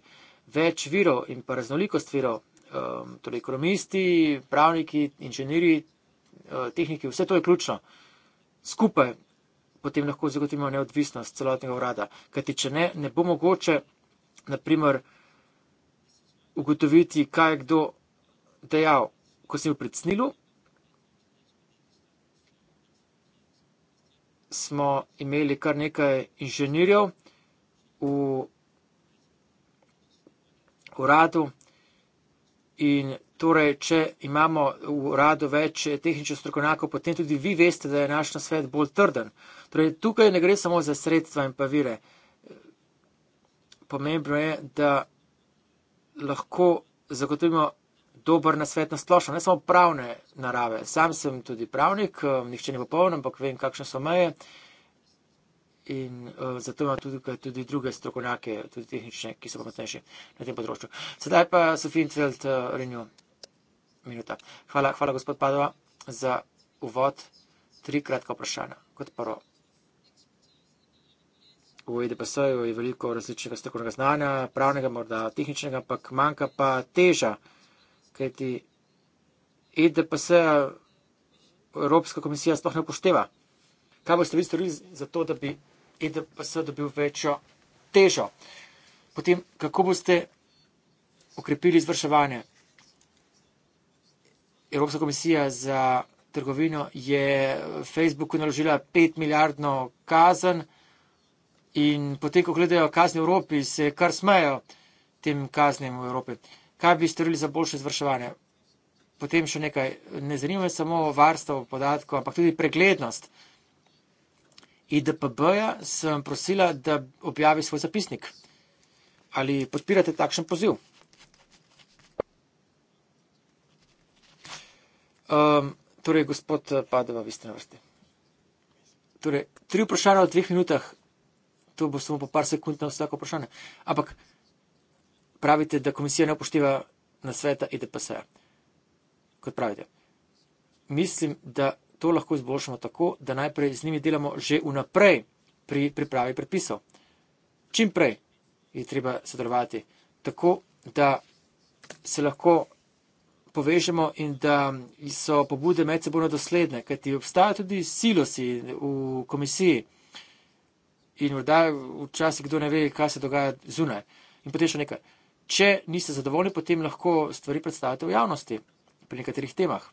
več virov in pa raznolikost virov, ehm, torej ekonomisti, pravniki, inženirji, eh, tehniki, vse to je ključno. Skupaj potem lahko zagotovimo neodvisnost celotnega urada, kajti če ne, ne bo mogoče, naprimer, ugotoviti, kaj je kdo dejal, ko sem jo predsnilu, smo imeli kar nekaj inženirjev v uradu. In torej, če imamo v uradu več tehničnih strokovnjakov, potem tudi vi veste, da je naš svet bolj trden. Torej, tukaj ne gre samo za sredstva in pa vire. Pomembno je, da lahko zagotovimo dober nasvet na splošno, ne samo pravne narave. Sam sem tudi pravnik, eh, nihče ni popoln, ampak vem, kakšne so meje in uh, zato imamo tudi, tudi druge strokovnjake, tudi tehnične, ki so pametnejši na tem področju. Sedaj pa Sofijn Feld, uh, eh, Renew, minuta. Hvala, hvala, gospod Padova, za uvod. Tri kratka vprašanja. Kot prvo, v EDPS-u je veliko različnega strokovnega znanja, pravnega, morda tehničnega, ampak manjka pa teža, kajti EDPS Evropska komisija sploh ne upošteva. Kaj boste vi storili za to, da bi in da pa se dobil večjo težo. Potem, kako boste ukrepili izvrševanje? Evropska komisija za trgovino je Facebooku naložila 5 milijardno kazen in potem, ko gledajo kazni v Evropi, se kar smejo tem kaznim v Evropi. Kaj bi storili za boljše izvrševanje? Potem še nekaj. Ne zanima me samo varstvo podatkov, ampak tudi preglednost. IDPB-ja sem prosila, da objavi svoj zapisnik. Ali podpirate takšen poziv? Um, torej, gospod eh, Padova, vi ste na vrsti. Torej, tri vprašanja v dveh minutah, to bo samo po par sekund na vsako vprašanje. Ampak pravite, da komisija ne upošteva na sveta IDPS-ja. Kot pravite. Mislim, da to lahko izboljšamo tako, da najprej z njimi delamo že vnaprej pri pripravi predpisov. Čim prej je treba sodelovati, tako da se lahko povežemo in da so pobude medsebojno dosledne, kajti obstaja tudi silosi v komisiji in morda včasih kdo ne ve, kaj se dogaja zunaj. In potem še nekaj. Če niste zadovoljni, potem lahko stvari predstavite v javnosti pri nekaterih temah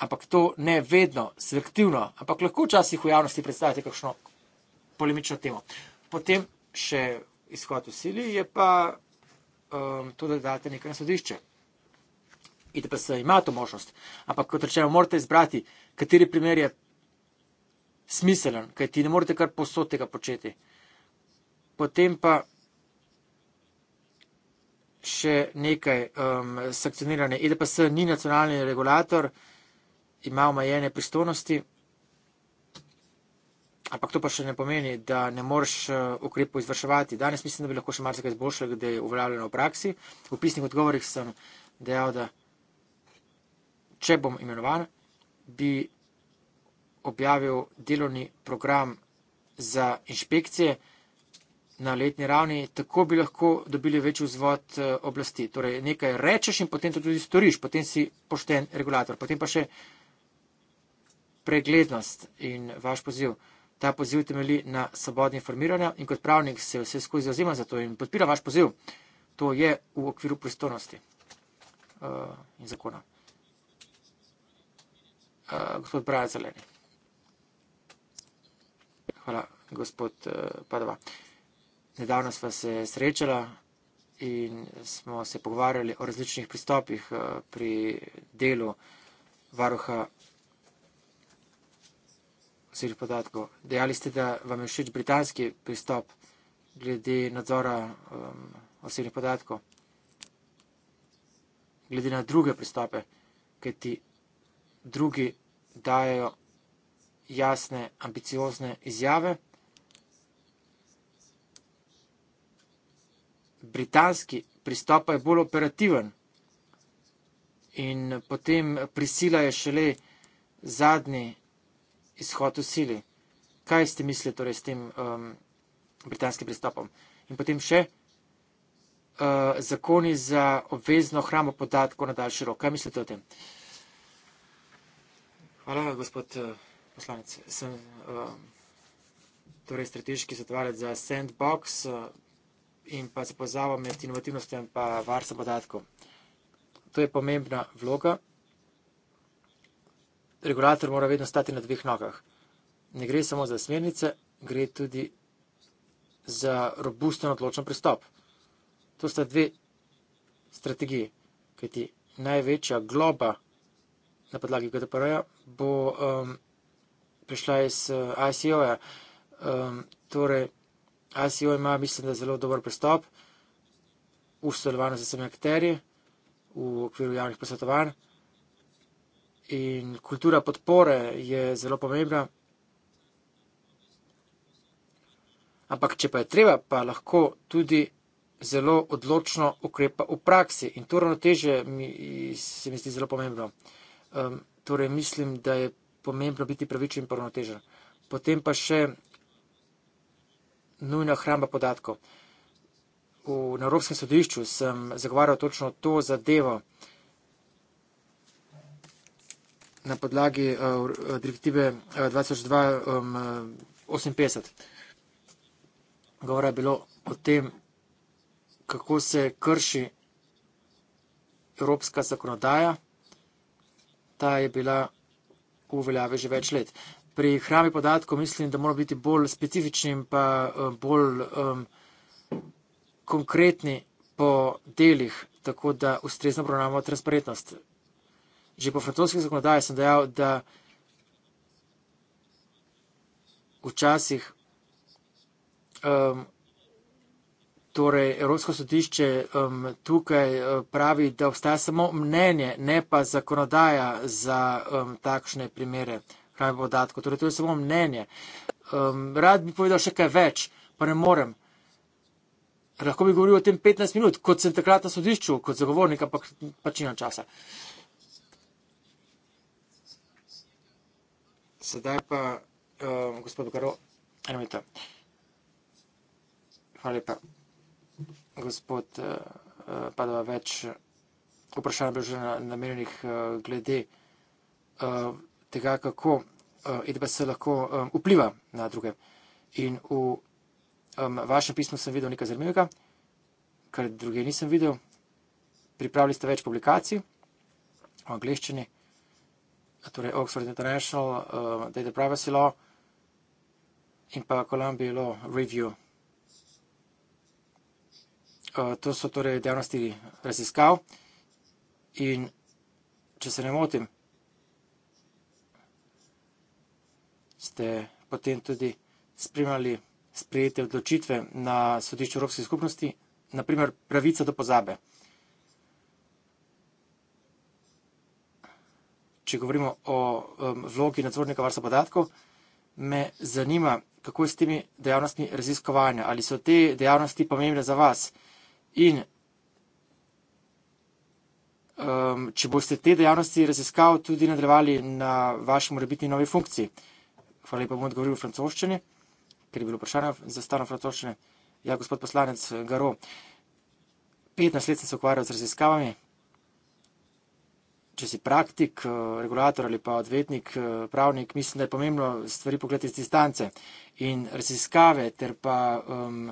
ampak to ne vedno, selektivno, ampak lahko včasih v javnosti predstavite kakšno polemično temo. Potem še izhod v sili je pa um, to, da date nekaj na sodišče. In da pa se ima to možnost. Ampak kot rečeno, morate izbrati, kateri primer je smiselen, kaj ti ne morete kar posod tega početi. Potem pa še nekaj um, sankcioniranje. EDPS ni nacionalni regulator, uh, ima omejene pristojnosti, ampak to pa še ne pomeni, da ne moreš eh, ukrepov izvrševati. Danes mislim, da bi lahko še marsikaj izboljšali, da je uveljavljeno v praksi. V pisnih odgovorih sem dejal, da če bom imenovan, bi objavil delovni program za inšpekcije na letni ravni, tako bi lahko dobili večji vzvod eh, oblasti. Torej, nekaj rečeš in potem to tudi storiš, potem si pošten regulator. Potem pa še preglednost in vaš poziv. Ta poziv temelji na svobodni informiranju in kot pravnik se vse skozi zazima za to in podpira vaš poziv. To je v okviru pristojnosti uh, in zakona. Uh, gospod Brajan Zeleni. Hvala, gospod uh, Padova. Nedavno sva se srečala in smo se pogovarjali o različnih pristopih uh, pri delu varuha vseh podatkov. Dejali ste, da vam je všeč britanski pristop glede nadzora um, osebnih podatkov, glede na druge pristope, ker ti drugi dajo jasne, ambiciozne izjave. Britanski pristop pa je bolj operativen in potem prisila je šele zadnji izhod v sili. Kaj ste mislili torej, s tem um, britanskim pristopom? In potem še uh, zakoni za obvezno hramo podatkov na daljši rok. Kaj mislite o tem? Hvala, gospod uh, poslanec. Sem uh, torej strateški svetovalec za sandbox uh, in pa se pozavam med inovativnostjo in pa varstvo podatkov. To je pomembna vloga regulator mora vedno stati na dveh nogah. Ne gre samo za smernice, gre tudi za robusten odločen pristop. To sta dve strategiji, kajti največja globa na podlagi GDPR-ja bo um, prišla iz uh, ICO-ja. Um, torej, ICO ima, mislim, da zelo dober pristop v sodelovanju z vsemi akterji, v okviru javnih posvetovanj in kultura podpore je zelo pomembna. Ampak, če pa je treba, pa lahko tudi zelo odločno ukrepa v praksi in to ravnoteže se mi zdi zelo pomembno. Um, torej, mislim, da je pomembno biti pravičen in ravnotežen. Potem pa še nujna hramba podatkov. V, na Evropskem sodišču sem zagovarjal točno to zadevo, uh, na podlagi eh, direktive 2002-58. Eh, um, eh, Govora je bilo o tem, kako se krši evropska zakonodaja. Ta je bila v veljavi že več let. Pri hrami podatkov mislim, da moramo biti bolj specifični in pa bolj um, konkretni po delih, tako da ustrezno obravnavamo transparentnost že po francoski zakonodaji sem dejal, da včasih um, torej Evropsko sodišče um, tukaj uh, pravi, da obstaja samo mnenje, ne pa zakonodaja za um, takšne primere hrane podatkov. Torej, to je samo mnenje. Um, rad bi povedal še kaj več, pa ne morem. Lahko bi govoril o tem 15 minut, kot sem takrat na sodišču, kot zagovornik, ampak pač nimam časa. Sedaj pa, eh, gospod Garo, eno minuto. Hvala lepa. Gospod, eh, pa da več vprašanj bi že namenjenih eh, glede tega, kako IDB e se lahko vpliva na druge. In v vašem pismu sem videl nekaj zanimivega, kar druge nisem videl. Pripravili ste več publikacij v angliščini, torej Oxford International, uh, Data Privacy Law in pa Columbia Law Review. Uh, to so torej dejavnosti raziskav in če se ne motim, ste potem tudi spremljali sprejete odločitve na sodišču Evropske skupnosti, naprimer pravica do pozabe. če govorimo o um, vlogi nadzornika varstva podatkov, me zanima, kako je s temi dejavnostmi raziskovanja. Ali so te dejavnosti pomembne za vas? In um, če boste te dejavnosti raziskal, tudi nadaljevali na vaši morebitni novi funkciji. Hvala lepa, bom odgovoril v francoščini, ker je bilo vprašanje za stano francoščine. Ja, gospod poslanec Garo, 15 let sem se ukvarjal z raziskavami, če si praktik, eh, regulator ali pa odvetnik, eh, pravnik, mislim, da je pomembno stvari pogledati iz distance. In raziskave ter pa um,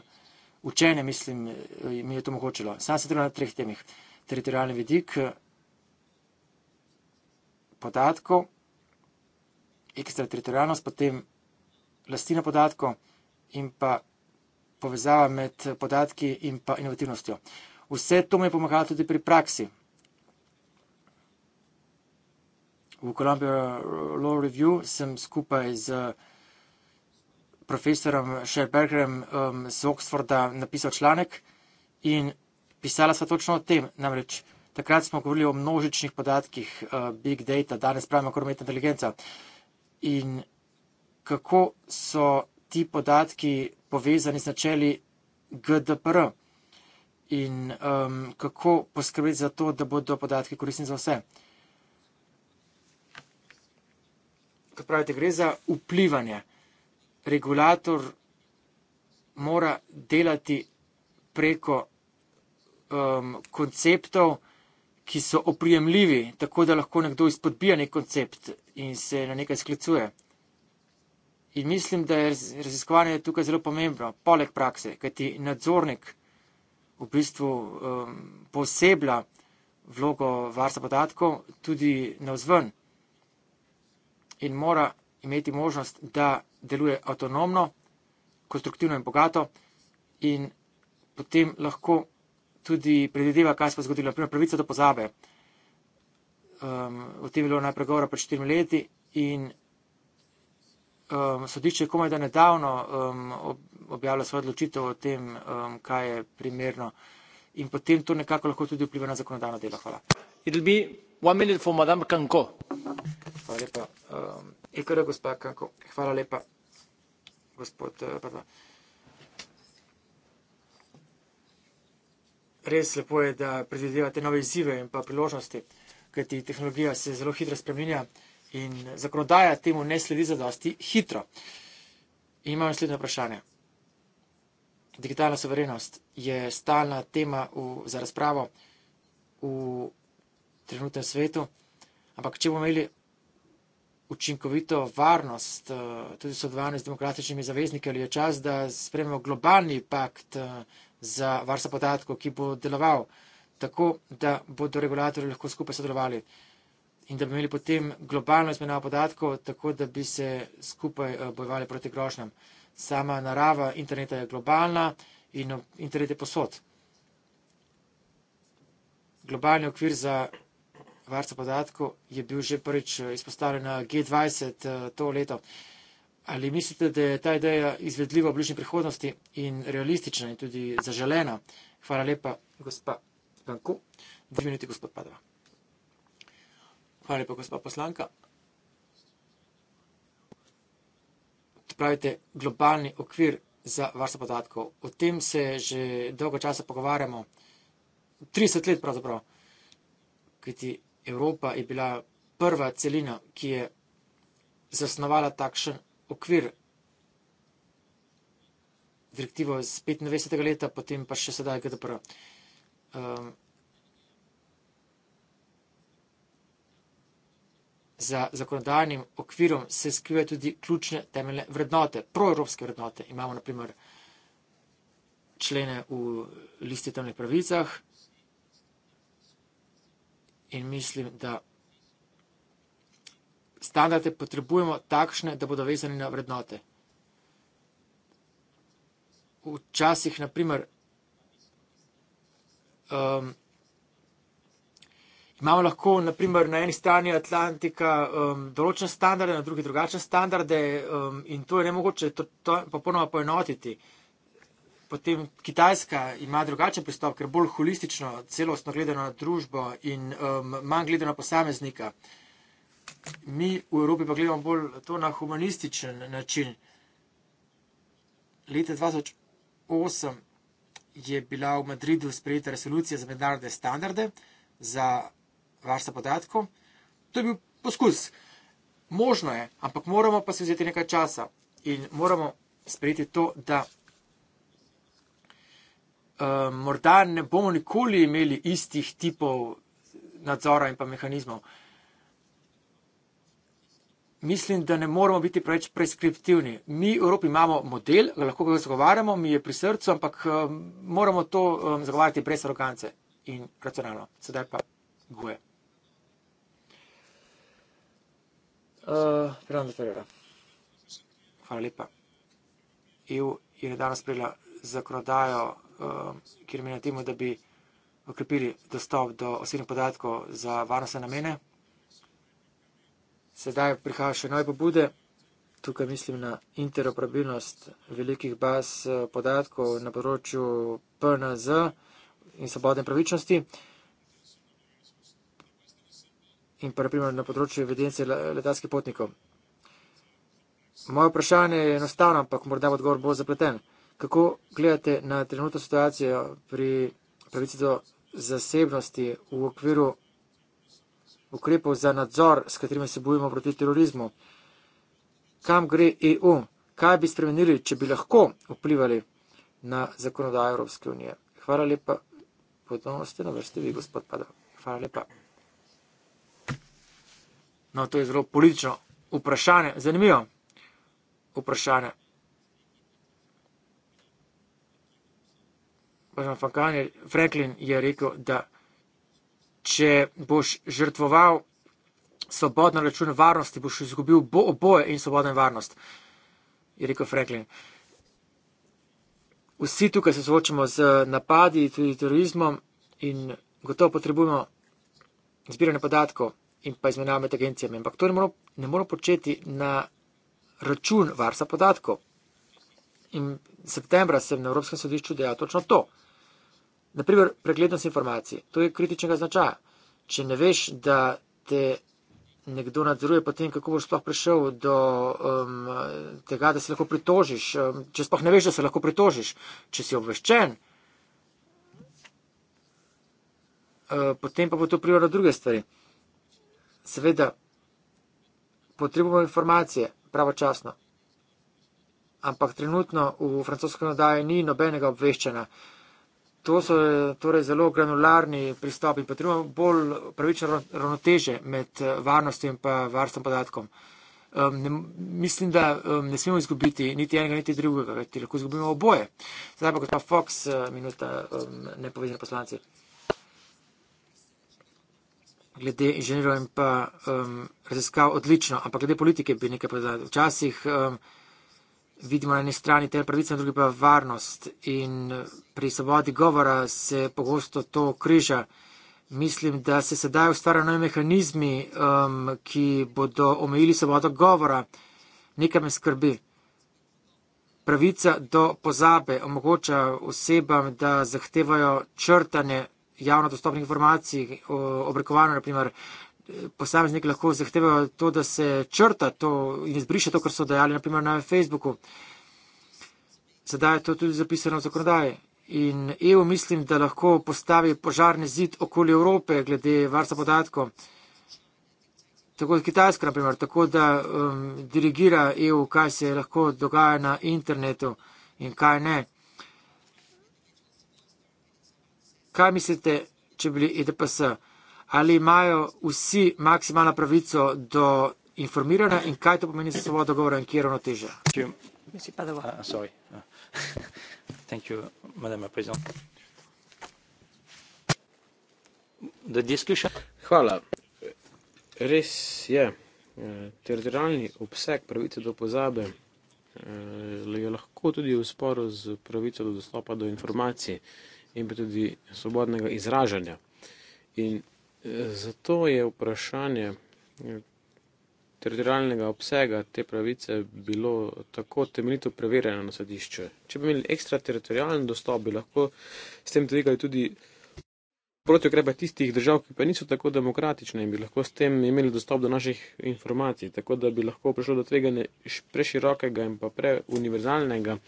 učenje, mislim, eh, mi je to omogočilo. Sam se trudim na treh temih. Teritorijalni vidik, podatkov, ekstrateritorijalnost, potem lastina podatkov in pa povezava med podatki in pa inovativnostjo. Vse to mi je pomagalo tudi pri praksi, V Columbia uh, Law Review sem skupaj z uh, profesorom Sherbergerjem um, z Oxforda napisal članek in pisala sva točno o tem. Namreč takrat smo govorili o množičnih podatkih, uh, big data, danes pravimo kar umetna inteligenca. In kako so ti podatki povezani z načeli GDPR in um, kako poskrbeti za to, da bodo podatki koristni za vse. kot pravite, gre za vplivanje. Regulator mora delati preko um, konceptov, ki so oprijemljivi, tako da lahko nekdo izpodbija nek koncept in se na nekaj sklicuje. In mislim, da je raziskovanje tukaj zelo pomembno, poleg prakse, kajti nadzornik v bistvu um, posebla vlogo varstva podatkov tudi na vzven in mora imeti možnost, da deluje avtonomno, konstruktivno in bogato in potem lahko tudi predvideva, kaj se bo zgodilo. Naprimer, pravica do pozabe. Um, o tem je bilo najprej govora pred štirimi leti in um, sodišče je komaj da nedavno um, objavilo svojo odločitev o tem, um, kaj je primerno. In potem to nekako lahko tudi vpliva na zakonodajno delo. Hvala. Hvala lepa. EKR eh, e gospa Kako, hvala lepa. Gospod, eh, pardon. Res lepo je, da predvidevate nove izzive in pa priložnosti, kajti tehnologija se zelo hitro spreminja in zakonodaja temu ne sledi zadosti hitro. In imam naslednje vprašanje. Digitalna soverenost je stalna tema v, za razpravo v trenutnem svetu, ampak če bomo imeli učinkovito varnost, eh, tudi sodelovanje z demokratičnimi zavezniki, ali je čas, da sprejmemo globalni pakt eh, za varstvo podatkov, ki bo deloval tako, da bodo regulatorji lahko skupaj sodelovali in da bi imeli potem globalno izmenjavo podatkov, tako da bi se skupaj eh, bojevali proti grožnjam. Sama narava interneta je globalna in internet je posod. Globalni okvir za varstva podatkov je bil že prvič eh, izpostavljen na G20 eh, to leto. Ali mislite, da je ta ideja izvedljiva v bližnji prihodnosti in realistična in tudi zaželena? Hvala lepa, gospa Panku. Dve minuti, gospod Padova. Hvala lepa, gospa poslanka. Pravite, globalni okvir za varstvo podatkov. O tem se že dolgo časa pogovarjamo. 30 let pravzaprav. Kajti Evropa je bila prva celina, ki je zasnovala takšen okvir. Direktivo iz 95. leta, potem pa še sedaj GDPR. Um, za zakonodajnim okvirom se skrivajo tudi ključne temeljne vrednote, proevropske vrednote. Imamo naprimer člene v listi temeljnih pravicah, In mislim, da standarde potrebujemo takšne, da bodo vezani na vrednote. Včasih, naprimer, um, imamo lahko naprimer, na eni strani Atlantika um, določene standarde, na drugi drugačne standarde, um, in to je ne mogoče, to, to popolnoma poenotiti. Uh, Potem Kitajska ima drugačen pristop, ker bolj holistično, celostno gledano na družbo in um, manj gledano na posameznika. Mi v Evropi pa gledamo bolj to na humanističen način. Leta 2008 je bila v Madridu sprejeta resolucija za mednarodne standarde za varstvo podatkov. To je bil poskus. Možno je, ampak moramo pa se vzeti nekaj časa in moramo sprejeti to, da. Eh, morda ne bomo nikoli imeli istih tipov nadzora in pa mehanizmov. Mislim, da ne moramo biti preveč preskriptivni. Mi v Evropi imamo model, lahko ga zagovarjamo, mi je pri srcu, ampak eh, moramo to eh, zagovarjati brez arogance in racionalno. Sedaj pa guje. Fernando uh, Ferreira. Hvala lepa. EU je danes sprejela zakonodajo Um, kjer menijo temu, da bi okrepili dostop do osebnih podatkov za varnostne namene. Sedaj prihaja še nove pobude, tukaj mislim na interoperabilnost velikih baz eh, podatkov na področju PNZ in svobodne pravičnosti. In pa naprimer na področju evidence letalskih potnikov. Moje vprašanje je enostavno, ampak morda odgovor bo zapleten. Kako gledate na trenutno situacijo pri pravici do zasebnosti v okviru ukrepov za nadzor, s katerimi se bojimo proti terorizmu? Kam gre EU? Kaj bi spremenili, če bi lahko vplivali na zakonodajo Evropske unije? Hvala lepa. Potem ste na vrsti vi, gospod Pada. Hvala lepa. No, to je zelo politično vprašanje. Zanimivo vprašanje. oziroma Franklin je rekel, da če boš žrtvoval svobodno račun varnosti, boš izgubil bo oboje in svobodno varnost, je rekel Franklin. Vsi tukaj se soočamo z napadi, tudi terorizmom in gotovo potrebujemo zbiranje podatkov in pa izmenjave med agencijami, ampak to ne moramo, ne moramo početi na račun varstva podatkov. In septembra sem na Evropskem sodišču dejal točno to. Naprimer, preglednost informacij. To je kritičnega značaja. Če ne veš, da te nekdo nadzoruje potem, kako boš sploh prišel do um, tega, da se lahko pritožiš, um, če sploh ne veš, da se lahko pritožiš, če si obveščen, uh, potem pa bo to prilo na druge stvari. Seveda, potrebujemo informacije pravočasno, ampak trenutno v francoskem nadaju ni nobenega obveščena. Uh, To so eh, torej zelo granularni pristopi, potrebujemo bolj pravično ravnoteže med eh, varnostjo in pa varstvom podatkom. Um, ne, mislim, da um, ne smemo izgubiti niti enega, niti drugega, kajti lahko izgubimo oboje. Zdaj pa gospa Fox, eh, minuta um, nepovezane poslanci. Glede inženirjev in pa um, raziskav odlično, ampak glede politike bi nekaj povedala. Včasih um, vidimo na eni strani te pravice, na drugi pa varnost. In pri svobodi govora se pogosto to križa. Mislim, da se sedaj ustvarjajo nove mehanizmi, um, ki bodo omejili svobodo govora. Nekaj me skrbi. Pravica do pozabe omogoča osebam, da zahtevajo črtanje javno dostopnih informacij, oblikovano naprimer posameznik lahko zahteva to, da se črta to in izbriše to, kar so dajali, naprimer na Facebooku. Sedaj je to tudi zapisano v zakonodaji. In EU mislim, da lahko postavi požarni zid okoli Evrope, glede varstva podatkov. Tako kot Kitajska, naprimer, tako da um, dirigira EU, kaj se lahko dogaja na internetu in kaj ne. Kaj mislite, če bi bili EDPS? ali imajo vsi maksimalno pravico do informiranja in kaj to pomeni za svobodo govora in kje ravno teže. Ah, ah. [LAUGHS] Hvala. Res je, eh, teritorijalni obseg pravice do pozabe eh, je lahko tudi v sporu z pravico do dostopa do informacij in pa tudi svobodnega izražanja. In Zato je vprašanje teritorijalnega obsega te pravice bilo tako temeljito preverjeno na sodišču. Če bi imeli ekstrateritorijalen dostop, bi lahko s tem tvegali tudi proti ukrepa tistih držav, ki pa niso tako demokratične in bi lahko s tem imeli dostop do naših informacij, tako da bi lahko prišlo do tveganja preširokega in pa preuniverzalnega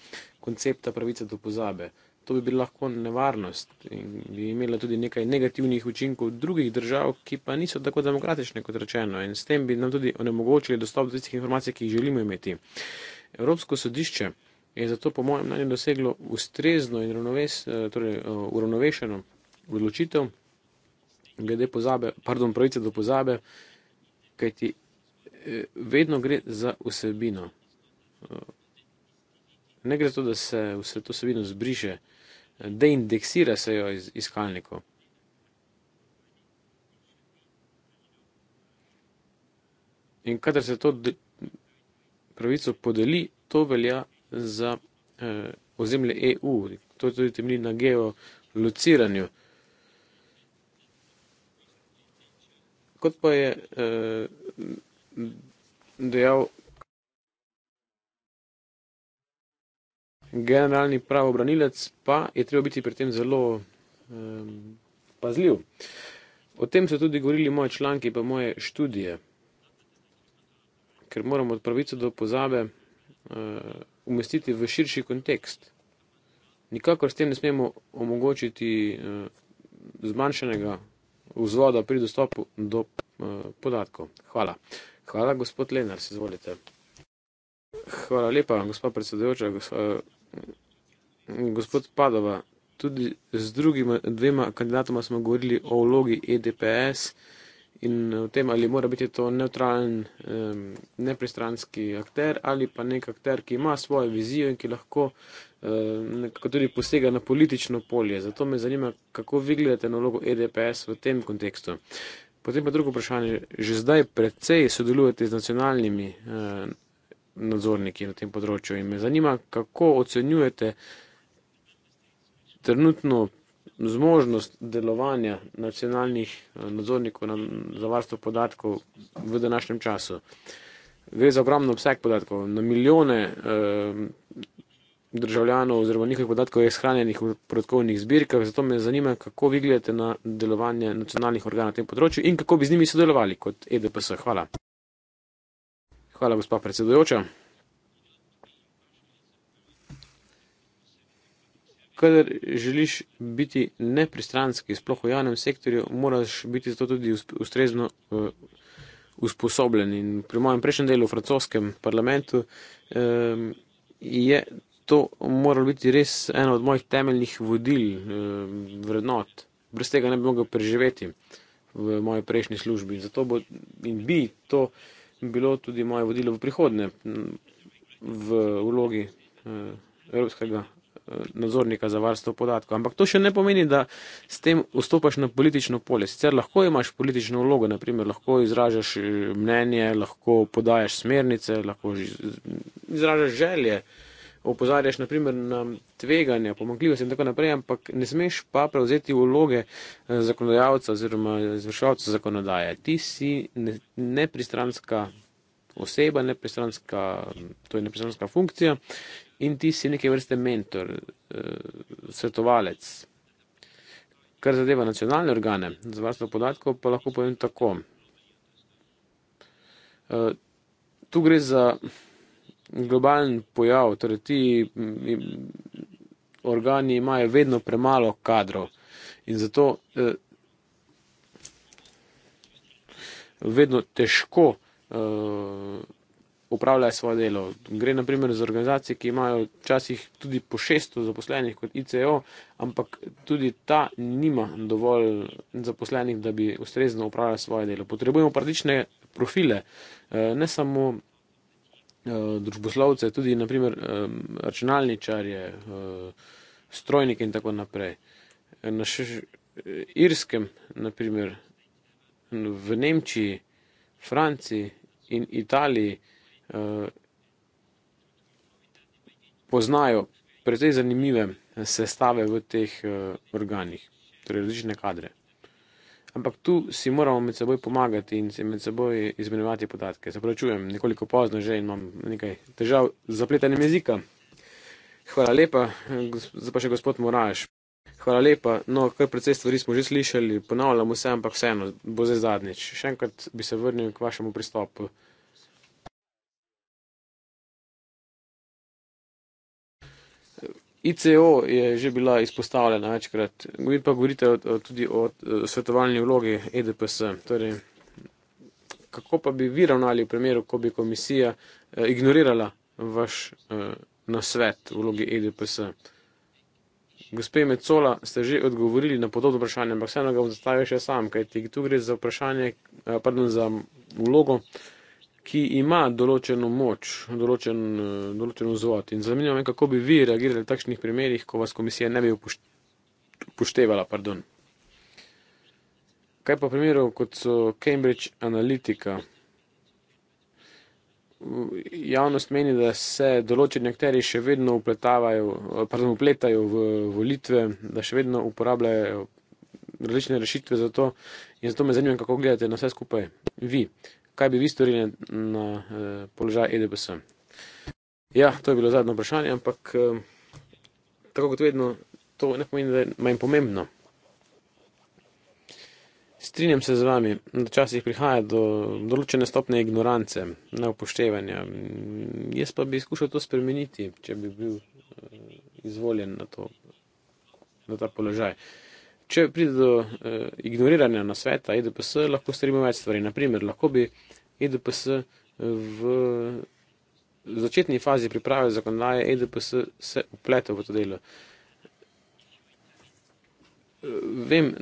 koncepta pravice do pozabe to bi bila lahko nevarnost in bi imela tudi nekaj negativnih učinkov drugih držav, ki pa niso tako demokratične, kot rečeno, in s tem bi nam tudi onemogočili dostop do tistih informacij, ki jih želimo imeti. Evropsko sodišče je zato, po mojem mnenju, doseglo ustrezno in ravnoves, eh, torej, eh, uravnovešeno odločitev glede pozabe, pardon, pravice do pozabe, kajti eh, vedno gre za vsebino. Ne gre to, da se vse to sebino zbriše, da indeksira se jo iz iskalnikov. In kadar se to pravico podeli, to velja za eh, ozemlje EU. To je tudi temelj na geolociranju. Kot pa je eh, dejal generalni pravobranilec pa je treba biti pri tem zelo um, pazljiv. O tem so tudi govorili moje članki in moje študije, ker moramo pravico do pozabe uh, umestiti v širši kontekst. Nikakor s tem ne smemo omogočiti uh, zmanjšanega vzvoda pri dostopu do uh, podatkov. Hvala. Hvala, gospod Lenar, se izvolite. Hvala lepa, gospod predsedujoča, gospod, gospod Padova, tudi z drugima dvema kandidatoma smo govorili o vlogi EDPS in o tem, ali mora biti to neutralen, nepristranski akter ali pa nek akter, ki ima svojo vizijo in ki lahko nekako tudi posega na politično polje. Zato me zanima, kako vi gledate na vlogo EDPS v tem kontekstu. Potem pa drugo vprašanje. Že zdaj precej sodelujete z nacionalnimi nadzorniki na tem področju. In me zanima, kako ocenjujete trenutno zmožnost delovanja nacionalnih eh, nadzornikov na, za varstvo podatkov v današnjem času. Gre za ogromno obseg podatkov, na milijone eh, državljanov oziroma njihovih podatkov je shranjenih v podatkovnih zbirkah, zato me zanima, kako vi gledate na delovanje nacionalnih organov na tem področju in kako bi z njimi sodelovali kot EDPS. Hvala. Hvala, gospa predsedujoča. Kadar želiš biti nepristranski, sploh v javnem sektorju, moraš biti za to tudi ustrezno uh, usposobljen. In pri mojem prejšnjem delu v francoskem parlamentu um, je to moralo biti res eno od mojih temeljnih vodil, um, vrednot. Brez tega ne bi mogel preživeti v moji prejšnji službi. Zato bo in bi to bilo tudi moje vodilo v prihodnje v vlogi eh, evropskega eh, nadzornika za varstvo podatkov. Ampak to še ne pomeni, da s tem vstopaš na politično polje. Sicer lahko imaš politično vlogo, naprimer lahko izražaš eh, mnenje, lahko podajaš smernice, lahko izražaš želje opozarjaš naprimer na tveganja, pomankljivosti in tako naprej, ampak ne smeš pa prevzeti vloge eh, zakonodajalca oziroma izvršalca zakonodaje. Ti si nepristranska oseba, nepristranska, to je nepristranska funkcija in ti si neke vrste mentor, eh, svetovalec. Kar zadeva nacionalne organe, za varstvo podatkov pa lahko povem tako. Eh, tu gre za globalen pojav, torej ti mm, organi imajo vedno premalo kadrov in zato eh, vedno težko eh, upravljajo svoje delo. Gre naprimer za organizacije, ki imajo včasih tudi po 600 zaposlenih kot ICO, ampak tudi ta nima dovolj zaposlenih, da bi ustrezno upravljala svoje delo. Potrebujemo pravične profile, eh, ne samo Eh, družboslovce, tudi naprimer eh, računalničarje, eh, strojnike in tako naprej. Na Irskem, naprimer v Nemčiji, Franciji in Italiji poznajo precej zanimive sestave v teh organih, torej različne kadre. Ampak tu si moramo med seboj pomagati in se med seboj izmenjevati podatke. Se pravi, čujem, nekoliko pozno že in imam nekaj težav z zapletenjem jezika. Hvala lepa, zdaj pa še gospod Moraš. Hvala lepa, no, kar precej stvari smo že slišali, ponavljamo vse, ampak vseeno, bo zdaj zadnjič. Še enkrat bi se vrnil k vašemu pristopu. ICO je že bila izpostavljena večkrat, vi pa govorite o, o, tudi o, o svetovalni vlogi EDPS. Torej, kako pa bi vi ravnali v primeru, ko bi komisija eh, ignorirala vaš eh, nasvet v vlogi EDPS? Gospe Mecola, ste že odgovorili na podobno vprašanje, ampak vseeno ga bom zastavil še sam, kajti tu gre za vprašanje, eh, pardon, za vlogo. Eh, ki ima določeno moč, določen, eh, določen vzvod. In zanimivo je, kako bi vi reagirali v takšnih primerih, ko vas komisija ne bi upoštevala. Pardon. Kaj pa primerov, kot so Cambridge Analytica? Javnost meni, da se določeni akteri še vedno eh, pardon, upletajo v volitve, da še vedno uporabljajo različne rešitve za to in zato me zanima, kako gledate na vse skupaj vi kaj bi vi storili na uh, položaj EDPS? Ja, to je bilo zadnje vprašanje, ampak uh, tako kot vedno, to ne pomeni, da je manj pomembno. Strinjam se z vami, da včasih prihaja do določene stopne ignorance, neupoštevanja. Jaz pa bi skušal to spremeniti, če bi bil eh, izvoljen na, to, na ta položaj. Uh, Če pride do eh, ignoriranja na sveta EDPS, lahko storimo več stvari. Naprimer, lahko bi EDPS eh, v začetni fazi priprave zakonodaje EDPS se upletel v to delo. Eh, vem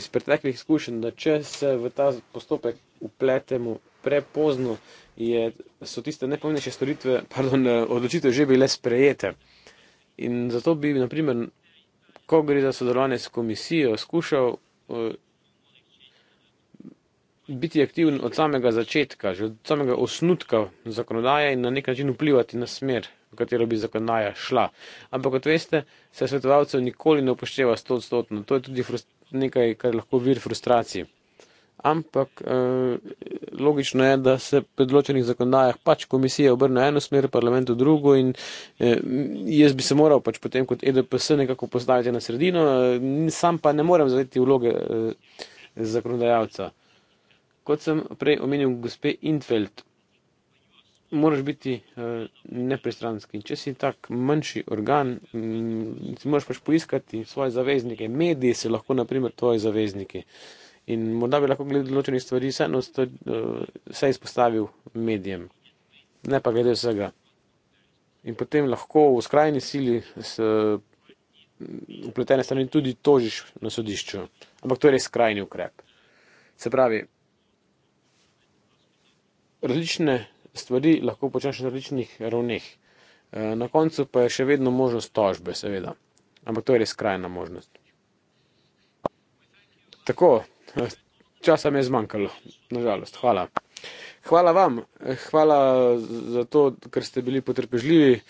iz preteklih izkušenj, da če se v ta postopek upletemo prepozno, je, so tiste najpomembnejše storitve, pardon, eh, odločitev že bile sprejete. In zato bi, naprimer, ko gre za sodelovanje s komisijo, skušal eh, biti aktiven od samega začetka, že od samega osnutka zakonodaje in na nek način vplivati na smer, v katero bi zakonodaja šla. Ampak kot veste, se svetovalcev nikoli ne upošteva 100-odstotno. To je tudi nekaj, kar lahko vir frustracije ampak eh, logično je, da se pri določenih zakonodajah pač komisije obrne v eno smer, parlament v drugo in eh, jaz bi se moral pač potem kot EDPS nekako postaviti na sredino, eh, sam pa ne morem zavedeti vloge zakonodajalca. Kot sem prej omenil, gospe Intfeld, moraš biti nepristranski. Če si tak manjši organ, mm, si moraš pač poiskati svoje zaveznike. Mediji se lahko, naprimer, tvoji zavezniki in morda bi lahko glede določenih stvari vseeno eh, vse izpostavil medijem, ne pa glede vsega. In potem lahko v skrajni sili s upletene mm, strani tudi tožiš na sodišču. Ampak to je res skrajni ukrep. Se pravi, različne stvari lahko počneš na različnih ravneh. Eh, na koncu pa je še vedno možnost tožbe, seveda. Ampak to je res skrajna možnost. Tako, časa mi je zmanjkalo, nažalost. Hvala. Hvala vam, hvala za to, ker ste bili potrpežljivi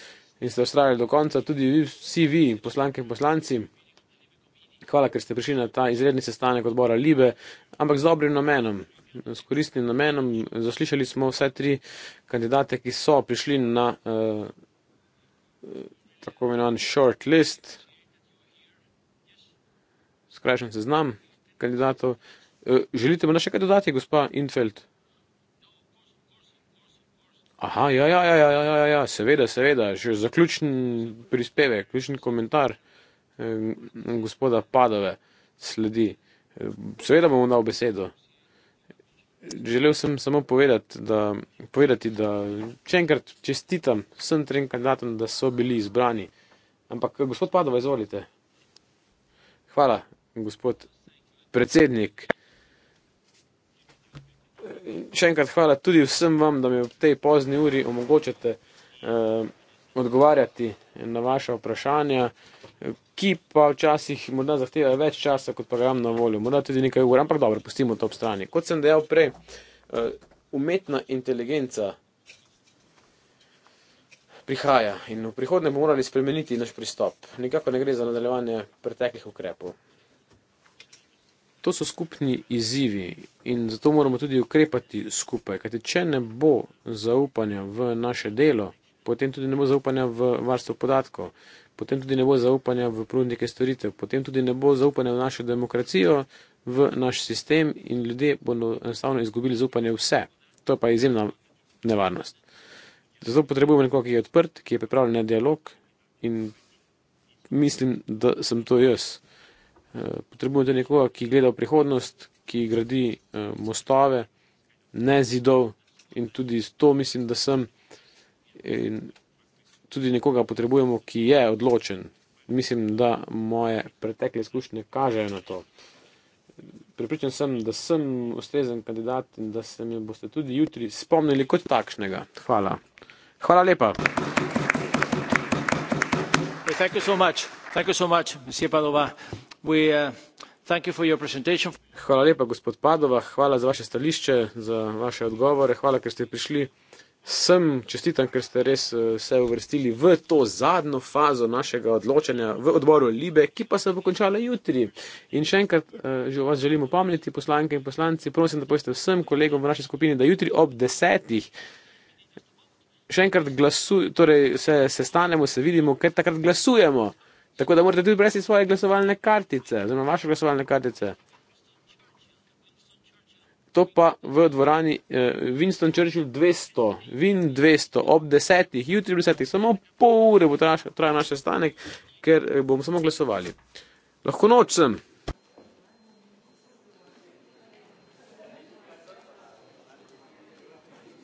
in ste ostali do konca, tudi vi, vsi vi, poslanke in poslanci. Hvala, ker ste prišli na ta izredni sestanek odbora Libe, ampak z dobrim namenom, s koristnim namenom. Zaslišali smo vse tri kandidate, ki so prišli na eh, eh tako imenovan short list, skrajšan seznam kandidatov. Eh, želite morda še kaj dodati, gospa Infeld? Aha, ja, ja, ja, ja, ja, ja, ja seveda, seveda, že zaključen prispevek, zaključen komentar eh, gospoda Padove sledi. Eh, seveda bomo dal besedo. Želel sem samo povedati, da, povedati, da če enkrat čestitam vsem trem kandidatom, da so bili izbrani. Ampak, gospod Padova, izvolite. Hvala, gospod predsednik. Še enkrat hvala tudi vsem vam, da mi v tej pozni uri omogočate eh, odgovarjati na vaše vprašanja, ki pa včasih morda zahtevajo več časa, kot pa ga imam na voljo, morda tudi nekaj ur, ampak dobro, pustimo to ob strani. Kot sem dejal prej, eh, umetna inteligenca prihaja in v prihodnje bomo morali spremeniti naš pristop. Nikako ne gre za nadaljevanje preteklih ukrepov. To so skupni izzivi in zato moramo tudi ukrepati skupaj. Kajte, če ne bo zaupanja v naše delo, potem tudi ne bo zaupanja v varstvo podatkov, potem tudi ne bo zaupanja v prudnike storitev, potem tudi ne bo zaupanja v našo demokracijo, v naš sistem in ljudje bodo enostavno izgubili zaupanje v vse. To pa je izjemna nevarnost. Zato potrebujemo nekoga, ki je odprt, ki je pripravljen na dialog in mislim, da sem to jaz. Potrebujete nekoga, ki gleda v prihodnost, ki gradi eh, mostove, ne zidov in tudi to mislim, da sem. In tudi nekoga potrebujemo, ki je odločen. Mislim, da moje pretekle izkušnje kažejo na to. Pripričan sem, da sem ustrezen kandidat in da se mi boste tudi jutri spomnili kot takšnega. Hvala. Hvala lepa. Uh, hvala lepa gospod padova hvala za vaše stališče za vaše odgovore hvala ker ste prišli sem čestitam ker ste res uh, se uvrstili v to zadnjo fazo našega odločanja v odboru libe ki pa se bo končala jutri in še enkrat uh, že vas želim opomniti poslanke in poslanci prosim da poveste vsem kolegom v naši skupini da jutri ob desetih še enkrat glasujemo, torej se sestanemo, se vidimo, ker takrat glasujemo. Tako da morate tudi brati svoje glasovalne kartice, zelo vaše glasovalne kartice. To pa v dvorani eh, Winston Churchill 200, Win 200, ob desetih, jutri ob desetih, samo pol ure bo trajal naš sestanek, ker eh, bomo samo glasovali. Lahko noč sem.